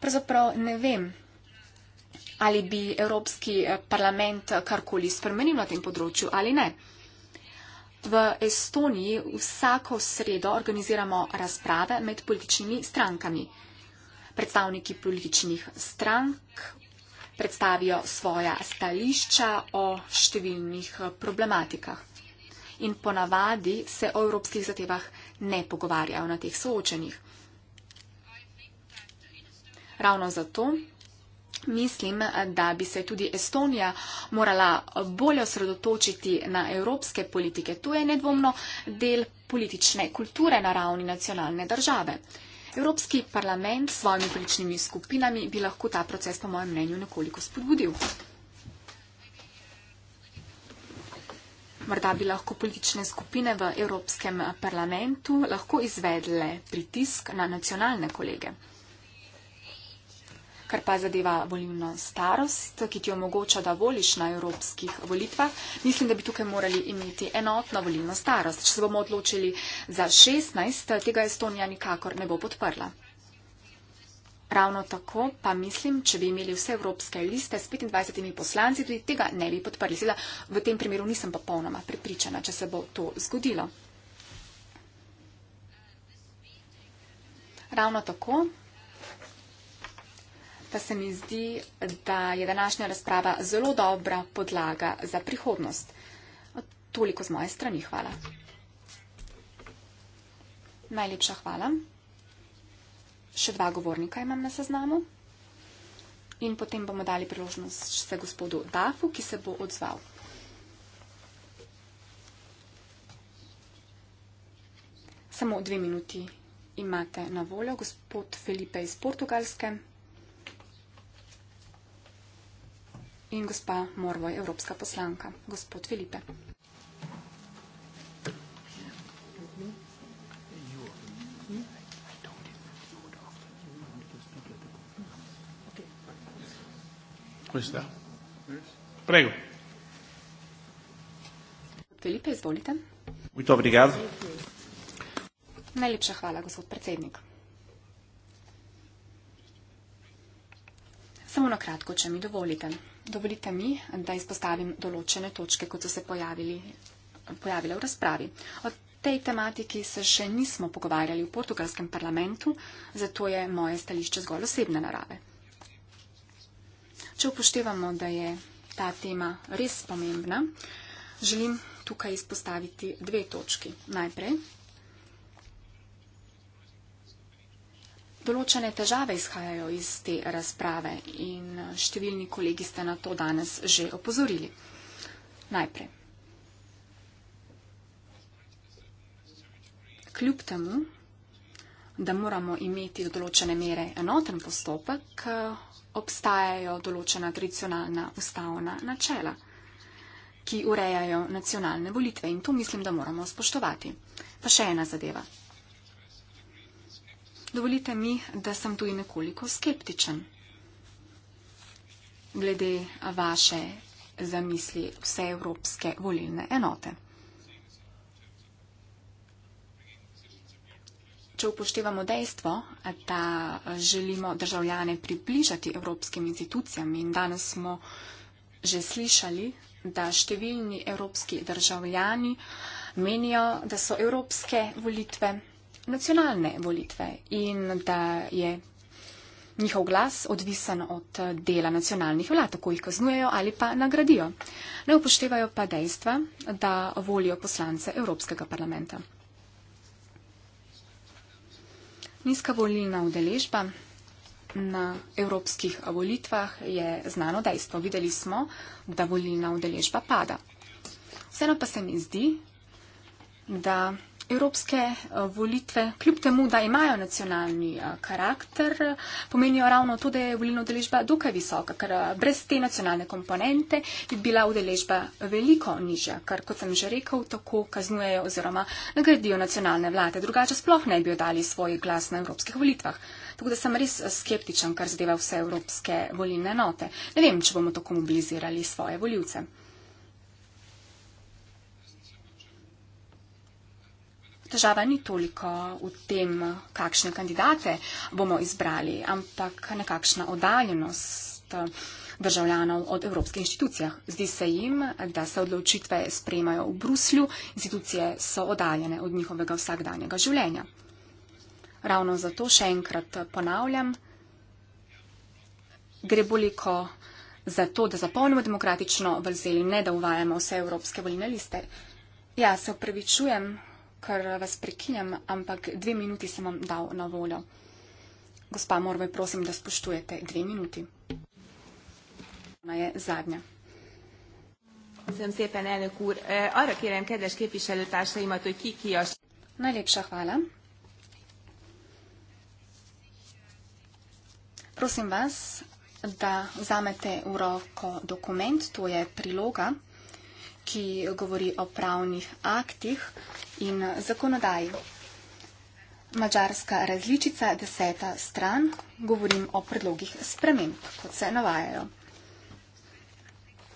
pravzaprav ne vem, ali bi Evropski parlament karkoli spremenil na tem področju ali ne. V Estoniji vsako sredo organiziramo razprave med političnimi strankami predstavniki političnih strank predstavijo svoja stališča o številnih eh, problematikah. In ponavadi se o evropskih zatevah ne pogovarjajo na teh soočenih. Ravno zato mislim, da bi se tudi Estonija morala bolje osredotočiti na evropske politike. To je nedvomno del politične kulture na ravni nacionalne države. Evropski parlament s svojimi političnimi skupinami bi lahko ta proces, po mojem mnenju, nekoliko spodbudil. Morda bi lahko politične skupine v Evropskem parlamentu lahko izvedle pritisk na nacionalne kolege. Kar pa zadeva volilno starost, ki ti omogoča, da voliš na evropskih volitvah, mislim, da bi tukaj morali imeti enotno volilno starost. Če se bomo odločili za 16, tega Estonija nikakor ne bo podprla. Ravno tako pa mislim, če bi imeli vse evropske liste s 25 poslanci, tudi tega ne bi podprli. Seveda v tem primeru nisem popolnoma prepričana, če se bo to zgodilo. Ravno tako pa se mi zdi, da je današnja razprava zelo dobra podlaga za prihodnost. Toliko z moje strani. Hvala. Najlepša hvala. Še dva govornika imam na seznamu. In potem bomo dali priložnost se gospodu Dafu, ki se bo odzval. Samo dve minuti imate na voljo. Gospod Felipe iz Portugalske, in gospa Morvoj, evropska poslanka. Gospod Filipe. Prego. Filipe, izvolite. Muito obrigado. Najlepša hvala, gospod predsednik. Samo na kratko, če mi dovolite dovolite mi, da izpostavim določene točke, kot so se pojavili, pojavile v razpravi. O tej tematiki se še nismo pogovarjali v portugalskem parlamentu, zato je moje stališče zgolj osebne narave. Če upoštevamo, da je ta tema res pomembna, želim tukaj izpostaviti dve točki. Najprej določene težave izhajajo iz te razprave in številni kolegi ste na to danes že opozorili. Najprej. Kljub temu, da moramo imeti v določene mere enoten postopek, obstajajo določena tradicionalna ustavna načela, ki urejajo nacionalne volitve in to mislim, da moramo spoštovati. Pa še ena zadeva dovolite mi, da sem tu nekoliko skeptičen glede vaše zamisli vse Evropske volilne enote. Če upoštevamo dejstvo, da želimo državljane približati evropskim institucijam in danes smo že slišali, da številni evropski državljani menijo, da so evropske volitve nacionalne volitve in da je njihov glas odvisen od dela nacionalnih vlad, tako jih kaznujejo ali pa nagradijo. Ne upoštevajo pa dejstva, da volijo poslance Evropskega parlamenta. Nizka volilna udeležba na evropskih volitvah je znano dejstvo. Videli smo, da volilna udeležba pada. Vseeno pa se mi zdi, da Evropske eh, volitve, kljub temu, da imajo nacionalni eh, karakter, pomenijo ravno to, da je volilna udeležba dokaj visoka, ker eh, brez te nacionalne komponente bi bila udeležba veliko nižja, ker, kot sem že rekel, tako kaznujejo oziroma nagradijo nacionalne vlade. Drugače sploh ne bi dali svoj glas na evropskih volitvah. Tako da sem res skeptičen, kar zadeva vse evropske volilne note. Ne vem, če bomo tako mobilizirali svoje voljivce. Težava ni toliko v tem, kakšne kandidate bomo izbrali, ampak nekakšna oddaljenost državljanov od evropskih inštitucij. Zdi se jim, da se odločitve sprejmajo v Bruslju, institucije so oddaljene od njihovega vsakdanjega življenja. Ravno zato še enkrat ponavljam, gre boliko za to, da zapolnimo demokratično vrzel in ne da uvajamo vse evropske volilne liste. Ja, se upravičujem kar vas prekinjam, ampak dve minuti sem vam dal na voljo. Gospa Morve, prosim, da spoštujete dve minuti. Ona je zadnja. Köszönöm szépen, elnök úr. Arra kérem, kedves képviselőtársaimat, hogy ki ki a... Najlépse hvala. Prosim vas, da vzamete v roko dokument, to je priloga, ki govori o pravnih aktih, in zakonodaji. Mačarska različica, deseta stran, govorim o predlogih sprememb, kot se navajajo.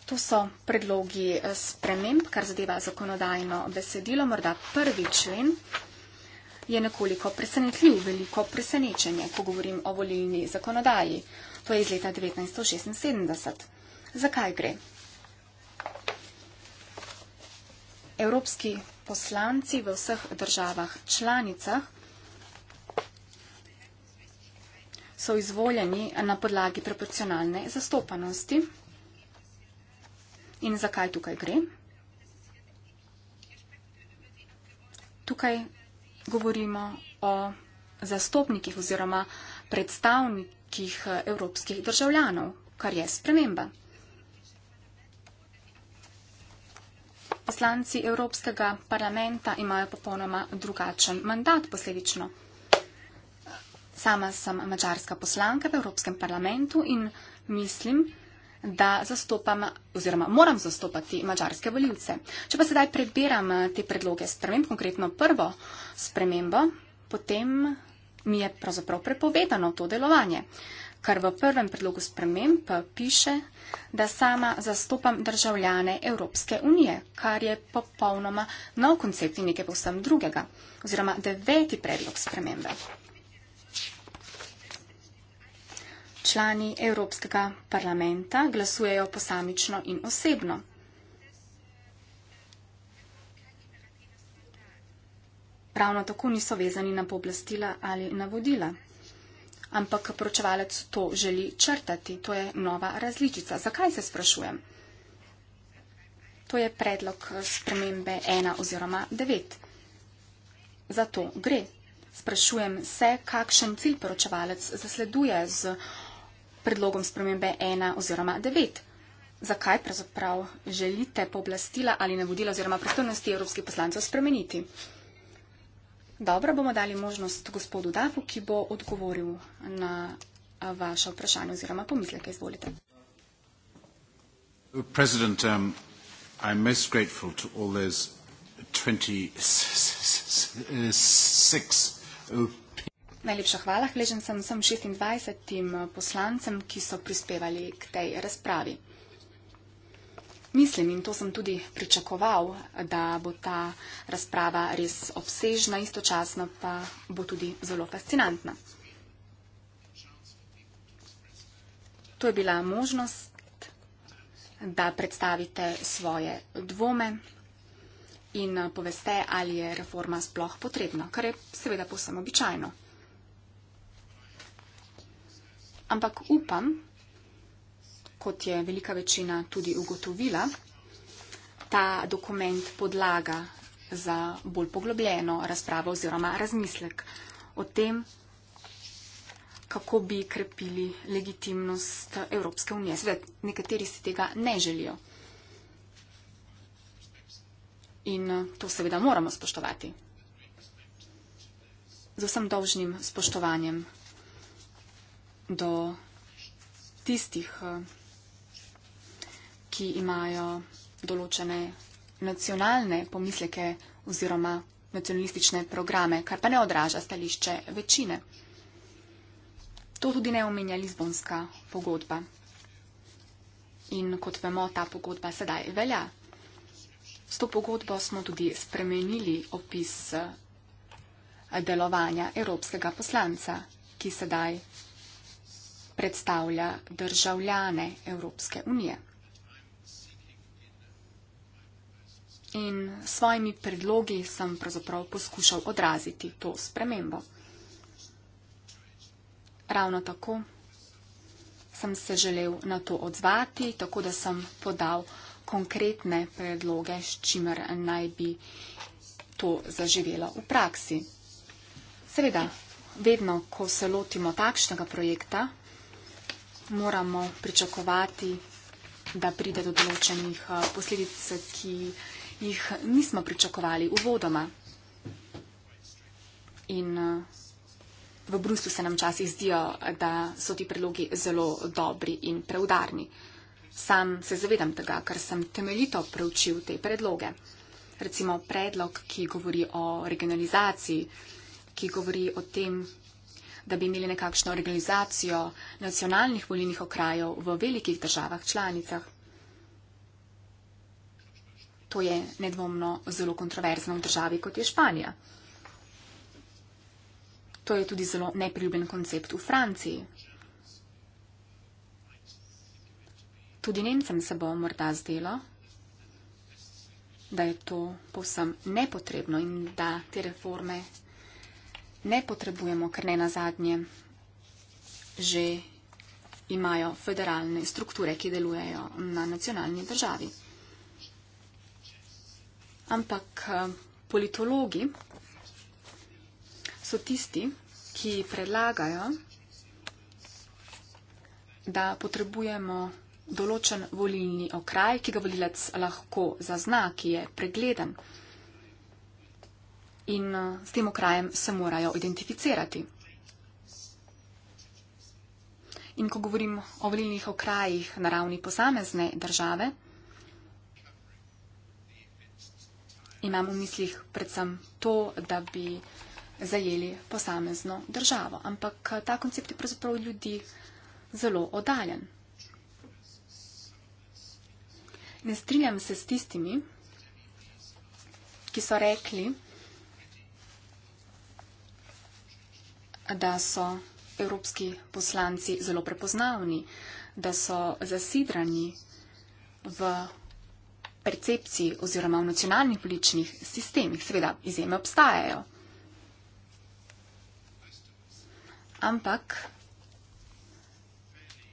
To so predlogi eh, sprememb, kar zadeva zakonodajno besedilo. Morda prvi člen je nekoliko presenetljiv, veliko presenečenje, ko govorim o volilni zakonodaji. To je iz leta 1976. Zakaj gre? Evropski poslanci v vseh državah članicah so izvoljeni na podlagi proporcionalne zastopanosti. In zakaj tukaj gre? Tukaj govorimo o zastopnikih oziroma predstavnikih evropskih državljanov, kar je sprememba. Poslanci Evropskega parlamenta imajo popolnoma drugačen mandat posledično. Sama sem mačarska poslanka v Evropskem parlamentu in mislim, da zastopam oziroma moram zastopati mačarske voljivce. Če pa sedaj prebiram eh, te predloge sprememb, konkretno prvo spremembo, potem mi je pravzaprav prepovedano to delovanje kar v prvem predlogu sprememb pa piše, da sama zastopam državljane Evropske unije, kar je popolnoma nov koncept in nekaj povsem drugega, oziroma deveti predlog spremembe. Člani Evropskega parlamenta glasujejo posamično in osebno. Ravno tako niso vezani na poblastila ali na vodila ampak poročevalec to želi črtati. To je nova različica. Zakaj se sprašujem? To je predlog spremembe 1 oziroma 9. Za to gre. Sprašujem se, kakšen cilj poročevalec zasleduje z predlogom spremembe 1 oziroma 9. Zakaj pravzaprav želite pooblastila ali navodila oziroma pristojnosti evropskih poslancev spremeniti? Dobro, bomo dali možnost gospodu Dafu, ki bo odgovoril na vaše vprašanje oziroma pomisleke. Izvolite. Uh, President, um, I'm most grateful to all those 26 uh, Najlepša hvala. Hvaležen sem vsem 26 uh, poslancem, ki so prispevali k tej razpravi. Mislim in to sem tudi pričakoval, da bo ta razprava res obsežna, istočasno pa bo tudi zelo fascinantna. To je bila možnost, da predstavite svoje dvome in eh, poveste, ali je reforma sploh potrebna, kar je seveda posebno običajno. Ampak upam, kot je velika večina tudi ugotovila, ta dokument podlaga za bolj poglobljeno razpravo oziroma razmislek o tem, kako bi krepili legitimnost Evropske unije. Zved, nekateri si tega ne želijo. In eh, to seveda moramo spoštovati. Z vsem dolžnim spoštovanjem do tistih, ki so vsega, ki imajo določene nacionalne pomisleke oziroma nacionalistične programe, kar pa ne odraža stališče večine. To tudi ne omenja Lizbonska pogodba. In kot vemo, ta pogodba sedaj velja. S to pogodbo smo tudi spremenili opis eh, delovanja evropskega poslanca, ki sedaj predstavlja državljane Evropske unije. in s svojimi predlogi sem pravzaprav poskušal odraziti to spremembo. Ravno tako sem se želel na to odzvati, tako da sem podal konkretne predloge, s čimer naj bi to zaživelo v praksi. Seveda, vedno, ko se lotimo takšnega projekta, moramo pričakovati, da pride do določenih eh, posledic, ki jih nismo pričakovali uvodoma. In eh, v Bruslu se nam časih zdijo, da so ti predlogi zelo dobri in preudarni. Sam se zavedam tega, ker sem temeljito preučil te predloge. Recimo predlog, ki govori o regionalizaciji, ki govori o tem, da bi imeli nekakšno regionalizacijo nacionalnih volilnih okrajev v velikih državah članicah. To je nedvomno zelo kontroverzno v državi kot je Španija. To je tudi zelo nepriljubljen koncept v Franciji. Tudi Nemcem se bo morda zdelo, da je to povsem nepotrebno in da te reforme ne potrebujemo, ker ne na zadnje že imajo federalne strukture, ki delujejo na nacionalni državi. Ampak eh, politologi so tisti, ki predlagajo, da potrebujemo določen volilni okraj, ki ga volilec lahko zazna, ki je pregleden in eh, s tem okrajem se morajo identificirati. In ko govorim o volilnih okrajih na ravni posamezne države, imam v mislih predvsem to, da bi zajeli posamezno državo. Ampak eh, ta koncept je pravzaprav ljudi zelo oddaljen. Ne strinjam se s tistimi, ki so rekli, da so evropski poslanci zelo prepoznavni, da so zasidrani v percepciji oziroma v nacionalnih političnih sistemih. Seveda, izjeme obstajajo. Ampak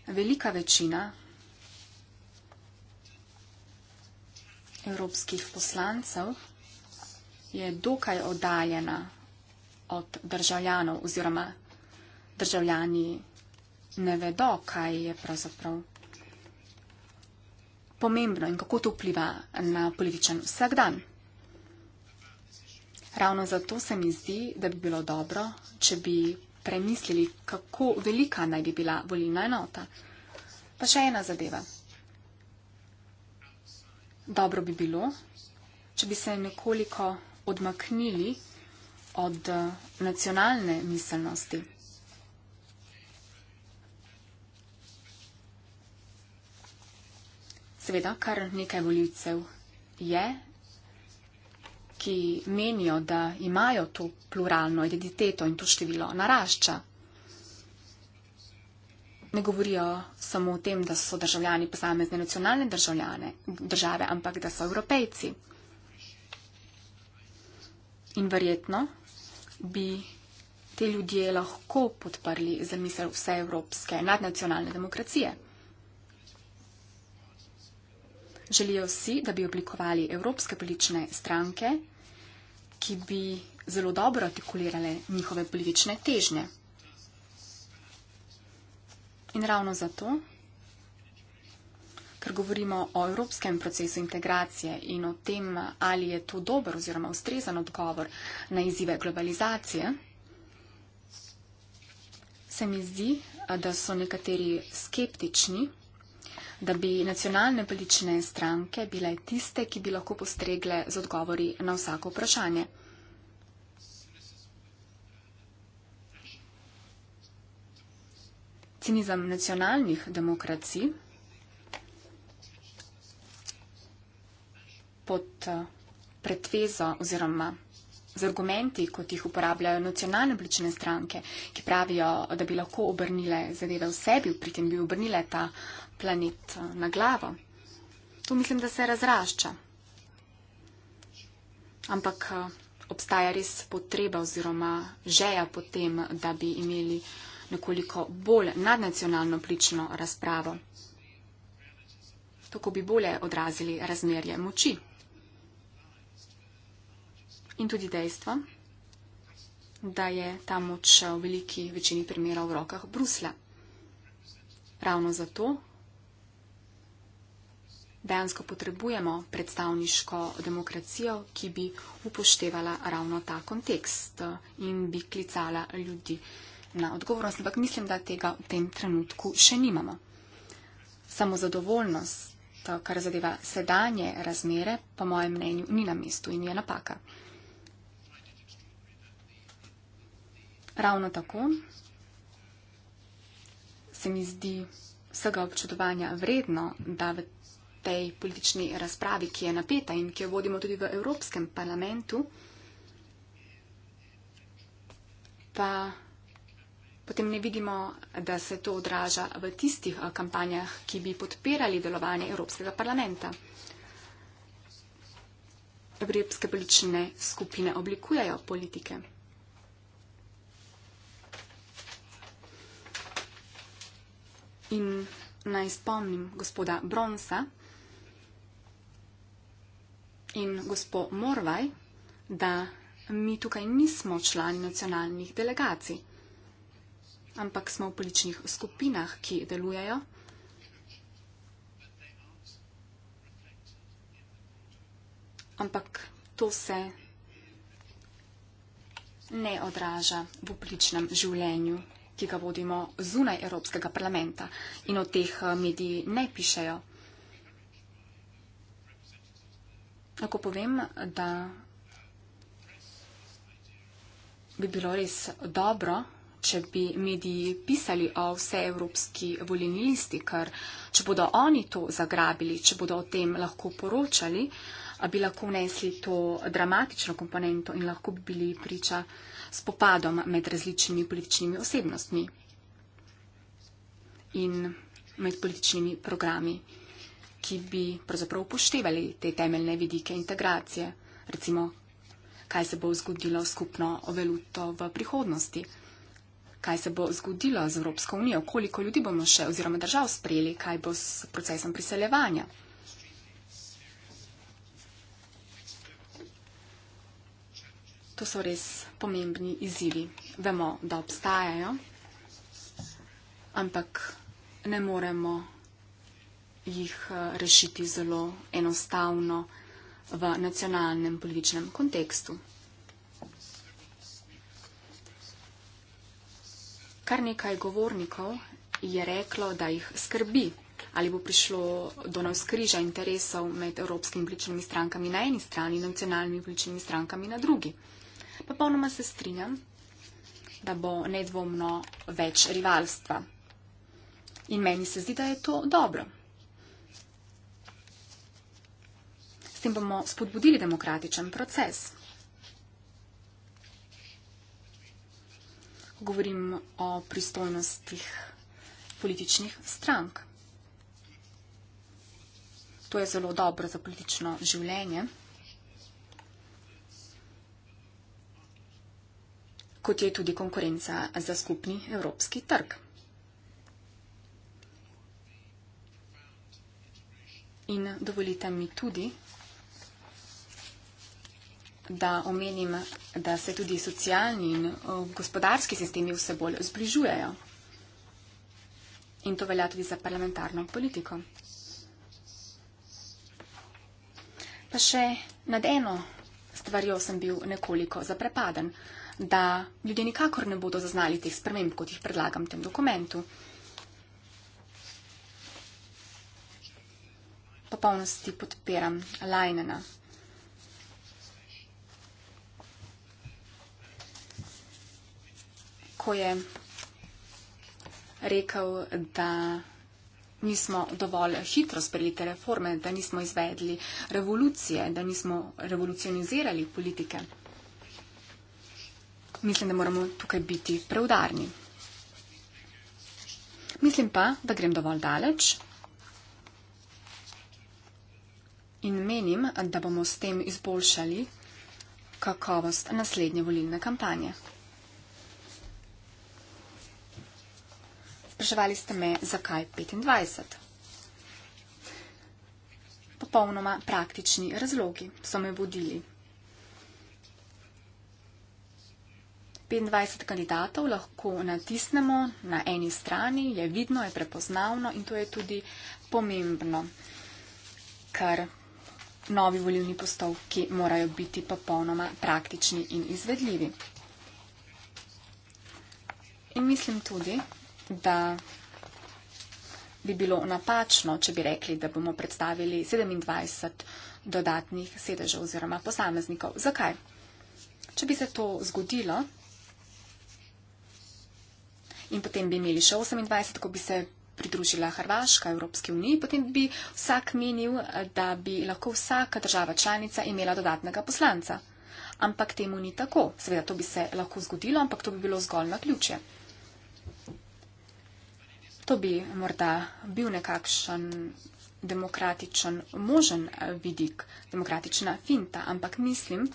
velika večina evropskih poslancev je dokaj oddaljena od državljanov oziroma državljani ne vedo, kaj je pravzaprav pomembno in kako to vpliva na političen vsakdan. Ravno zato se mi zdi, da bi bilo dobro, če bi premislili, kako velika naj bi bila volilna enota. Pa še ena zadeva. Dobro bi bilo, če bi se nekoliko odmaknili od eh, nacionalne miselnosti. seveda kar nekaj voljivcev je, ki menijo, da imajo to pluralno identiteto in to število narašča. Ne govorijo samo o tem, da so državljani posamezne nacionalne državljane, države, ampak da so evropejci. In verjetno bi te ljudje lahko podprli zamisel vse evropske nadnacionalne demokracije. Želijo si, da bi oblikovali evropske politične stranke, ki bi zelo dobro artikulirale njihove politične težnje. In ravno zato, ker govorimo o evropskem procesu integracije in o tem, ali je to dober oziroma ustrezan odgovor na izzive globalizacije, se mi zdi, da so nekateri skeptični da bi nacionalne politične stranke bile tiste, ki bi lahko postregle z odgovori na vsako vprašanje. Cinizem nacionalnih demokracij pod eh, pretvezo oziroma z argumenti, kot jih uporabljajo nacionalne oblične stranke, ki pravijo, da bi lahko obrnile zadeve v sebi, pri tem bi obrnile ta planet eh, na glavo. Tu mislim, da se razrašča. Ampak eh, obstaja res potreba oziroma žeja potem, da bi imeli nekoliko bolj nadnacionalno plično razpravo. Tako bi bolje odrazili razmerje moči in tudi dejstva, da je ta moč v veliki večini primera v rokah Brusla. Ravno zato dejansko potrebujemo predstavniško demokracijo, ki bi upoštevala ravno ta kontekst eh, in bi klicala ljudi na odgovornost. Ampak mislim, da tega v tem trenutku še nimamo. Samo zadovoljnost eh, kar zadeva sedanje razmere, po mojem mnenju, ni na mestu in je napaka. ravno tako se mi zdi vsega občudovanja vredno, da v tej politični razpravi, ki je napeta in ki jo vodimo tudi v Evropskem parlamentu, pa potem ne vidimo, da se to odraža v tistih eh, kampanjah, ki bi podpirali delovanje Evropskega parlamenta. Evropske politične skupine oblikujejo politike. In naj spomnim gospoda Bronsa in gospod Morvaj, da mi tukaj nismo člani nacionalnih delegacij, ampak smo v političnih skupinah, ki delujejo. Ampak to se ne odraža v političnem življenju ki ga vodimo zunaj Evropskega parlamenta in o teh eh, mediji ne pišejo. Lahko povem, da bi bilo res dobro, če bi mediji pisali o vseevropski volilni listi, ker če bodo oni to zagrabili, če bodo o tem lahko poročali, bi lahko vnesli to dramatično komponento in lahko bi bili priča uh, spopadom med različnimi političnimi osebnostmi in med političnimi programi, ki bi pravzaprav upoštevali te temeljne vidike integracije, recimo kaj se bo zgodilo skupno valuto v prihodnosti, kaj se bo zgodilo z Evropsko unijo, koliko ljudi bomo še oziroma držav sprejeli, kaj bo s procesom priseljevanja. To so res pomembni izzivi. Vemo, da obstajajo, ampak ne moremo jih eh, rešiti zelo enostavno v nacionalnem političnem kontekstu. Kar nekaj govornikov je reklo, da jih skrbi, ali bo prišlo do navskriža interesov med evropskimi političnimi strankami na eni strani in nacionalnimi političnimi strankami na drugi strani popolnoma se strinjam, da bo nedvomno več rivalstva. In meni se zdi, da je to dobro. S tem bomo spodbudili demokratičen proces. Govorim o pristojnostih političnih strank. To je zelo dobro za politično življenje. kot je tudi konkurenca za skupni evropski trg. In dovolite mi tudi, da omenim, da se tudi socialni in eh, gospodarski sistemi vse bolj zbližujejo. In to velja tudi za parlamentarno politiko. Pa še nad eno stvarjo sem bil nekoliko zaprepaden da ljudje nikakor ne bodo zaznali teh sprememb, kot jih predlagam v tem dokumentu. Popolnosti podpiram Lajnena. Ko je rekel, da nismo dovolj hitro sprejeli te reforme, da nismo izvedli revolucije, da nismo revolucionizirali politike mislim, da moramo tukaj biti preudarni. Mislim pa, da grem dovolj daleč in menim, da bomo s tem izboljšali kakovost naslednje volilne kampanje. Spraševali ste me, zakaj 25? Popolnoma praktični razlogi so me vodili. 25 kandidatov lahko natisnemo na eni strani, je vidno, je prepoznavno in to je tudi pomembno, ker novi volivni postavki morajo biti popolnoma praktični in izvedljivi. In mislim tudi, da bi bilo napačno, če bi rekli, da bomo predstavili 27 dodatnih sedežev oziroma posameznikov. Zakaj? Če bi se to zgodilo, in potem bi imeli še 28, ko bi se pridružila Hrvaška Evropski uniji, potem bi vsak menil, da bi lahko vsaka država članica imela dodatnega poslanca. Ampak temu ni tako. Seveda, to bi se lahko zgodilo, ampak to bi bilo zgolj na ključe. To bi morda bil nekakšen demokratičen možen vidik, demokratična finta, ampak mislim,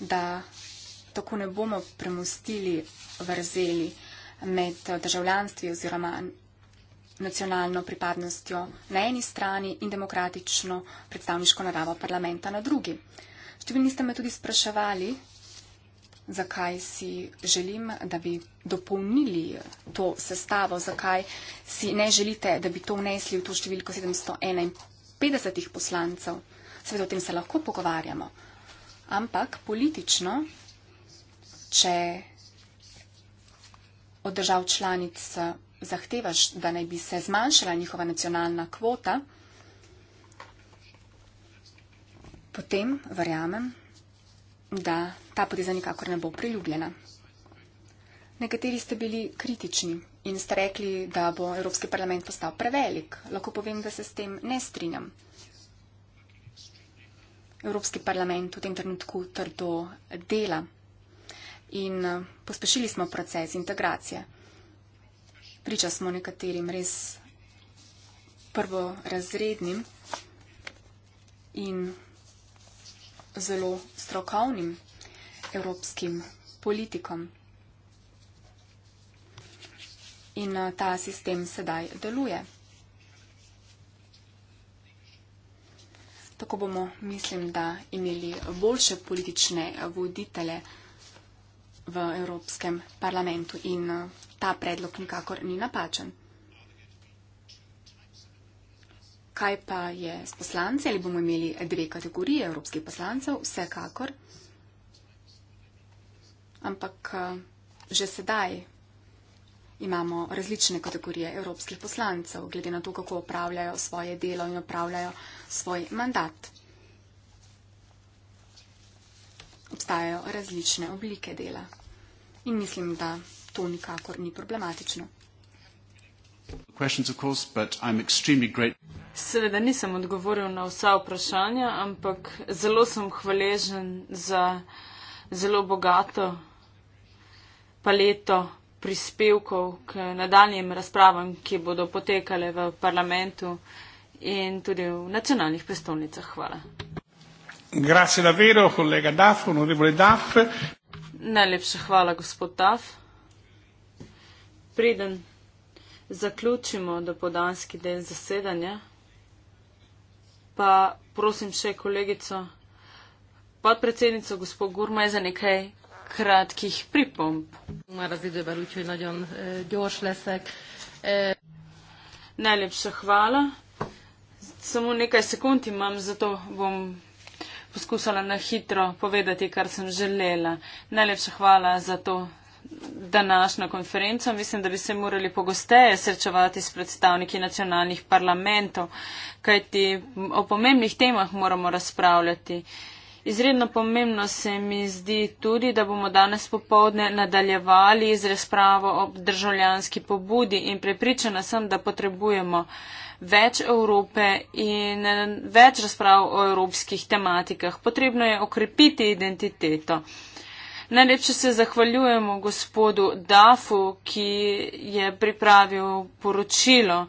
da tako ne bomo premustili vrzeli med državljanstvi oziroma nacionalno pripadnostjo na eni strani in demokratično predstavniško naravo parlamenta na drugi. Številni ste me tudi spraševali, zakaj si želim, da bi dopolnili to sestavo, zakaj si ne želite, da bi to vnesli v to številko 751 poslancev. Seveda o tem se lahko pogovarjamo, ampak politično, če od držav članic eh, zahtevaš, da naj bi se zmanjšala njihova nacionalna kvota, potem verjamem, da ta poteza nikakor ne bo priljubljena. Nekateri ste bili kritični in ste rekli, da bo Evropski parlament postal prevelik. Lahko povem, da se s tem ne strinjam. Evropski parlament v tem trenutku trdo dela in eh, pospešili smo proces integracije. Priča smo nekaterim res prvorazrednim in zelo strokovnim evropskim politikom. In eh, ta sistem sedaj deluje. Tako bomo, mislim, da imeli boljše politične voditele v Evropskem parlamentu in eh, ta predlog nikakor ni napačen. Kaj pa je s poslanci? Ali bomo imeli dve kategorije evropskih poslancev? Vsekakor. Ampak eh, že sedaj imamo različne kategorije evropskih poslancev, glede na to, kako opravljajo svoje delo in opravljajo svoj mandat. obstajajo različne oblike dela. In mislim, da to nikakor ni problematično. Seveda nisem odgovoril na vsa vprašanja, ampak zelo sem hvaležen za zelo bogato paleto prispevkov k nadaljem razpravam, ki bodo potekale v parlamentu in tudi v nacionalnih prestolnicah. Hvala. Grazie davvero, collega Duff, onorevole Duff. Najlepša hvala, gospod Duff. Preden zaključimo dopodanski del zasedanja, pa prosim še kolegico podpredsednico, gospod Gurmaj, za nekaj kratkih pripomb. Eh, eh, Najlepša hvala. Samo nekaj sekund imam, zato bom poskušala na hitro povedati, kar sem želela. Najlepša hvala za to današnjo konferenco. Mislim, da bi se morali pogosteje srečevati s predstavniki nacionalnih parlamentov, kajti o pomembnih temah moramo razpravljati. Izredno pomembno se mi zdi tudi, da bomo danes popovdne nadaljevali z razpravo ob državljanski pobudi in prepričana sem, da potrebujemo več Evrope in več razprav o evropskih tematikah. Potrebno je okrepiti identiteto. Najlepše se zahvaljujemo gospodu Dafu, ki je pripravil poročilo.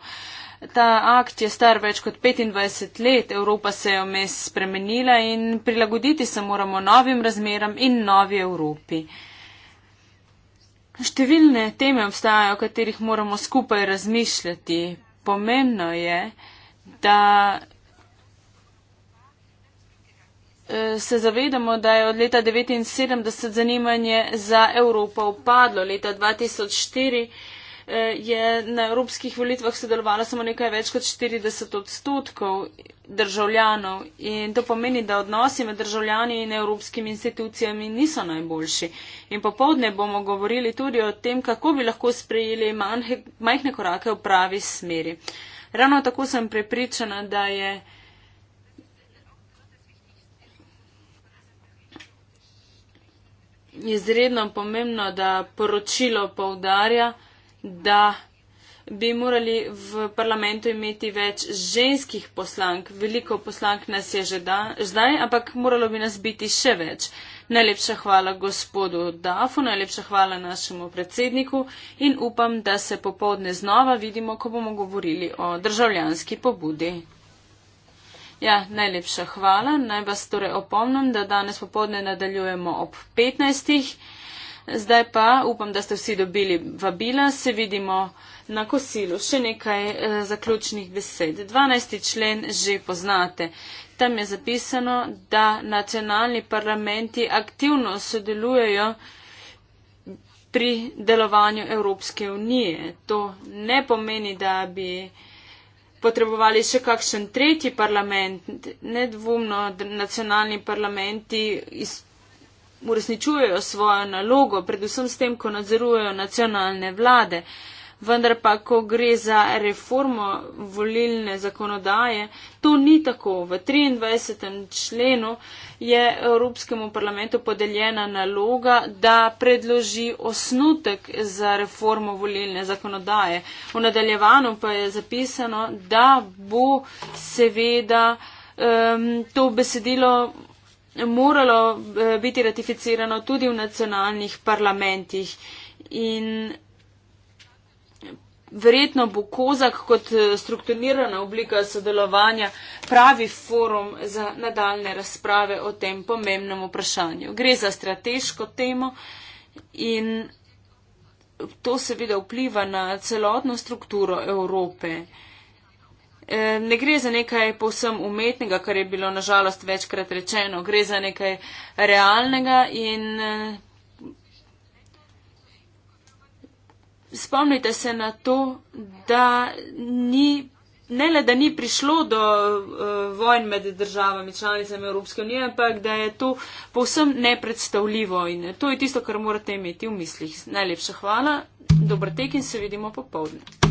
Ta akt je star več kot 25 let, Evropa se je omes spremenila in prilagoditi se moramo novim razmeram in novi Evropi. Številne teme obstajajo, o katerih moramo skupaj razmišljati, pomembno je, da eh, se zavedamo, da je od leta 1979 zanimanje za Evropo upadlo. Leta 2004 Eh, je na evropskih volitvah sodelovalo samo nekaj več kot 40 odstotkov državljanov in to pomeni, da odnosi med državljani in evropskimi institucijami niso najboljši. In popovdne bomo govorili tudi o tem, kako bi lahko sprejeli manjhe, majhne korake v pravi smeri. Ravno tako sem prepričana, da je. Izredno pomembno, da poročilo povdarja, da bi morali v parlamentu imeti več ženskih poslank. Veliko poslank nas je že da, zdaj, ampak moralo bi nas biti še več. Najlepša hvala gospodu Dafu, najlepša hvala našemu predsedniku in upam, da se popovdne znova vidimo, ko bomo govorili o državljanski pobudi. Ja, najlepša hvala. Naj vas torej opomnim, da danes popovdne nadaljujemo ob 15. Zdaj pa upam, da ste vsi dobili vabila, se vidimo na kosilu. Še nekaj eh, zaključnih besed. 12. člen že poznate. Tam je zapisano, da nacionalni parlamenti aktivno sodelujejo pri delovanju Evropske unije. To ne pomeni, da bi potrebovali še kakšen tretji parlament. Nedvumno, da nacionalni parlamenti izpolnijo uresničujejo svojo nalogo, predvsem s tem, ko nadzorujejo nacionalne vlade. Vendar pa, ko gre za reformo volilne zakonodaje, to ni tako. V 23. členu je Evropskemu parlamentu podeljena naloga, da predloži osnutek za reformo volilne zakonodaje. V nadaljevanju pa je zapisano, da bo seveda um, to besedilo moralo eh, biti ratificirano tudi v nacionalnih parlamentih. In verjetno bo Kozak kot eh, strukturirana oblika sodelovanja pravi forum za nadaljne razprave o tem pomembnem vprašanju. Gre za strateško temo in to seveda vpliva na celotno strukturo Evrope. Eh, ne gre za nekaj povsem umetnega, kar je bilo nažalost večkrat rečeno, gre za nekaj realnega in eh, spomnite se na to, da ni. Ne le, da ni prišlo do uh, vojn med državami članicami Evropske unije, ampak da je to povsem nepredstavljivo in to je tisto, kar morate imeti v mislih. Najlepša hvala, dober tek in se vidimo popovdne.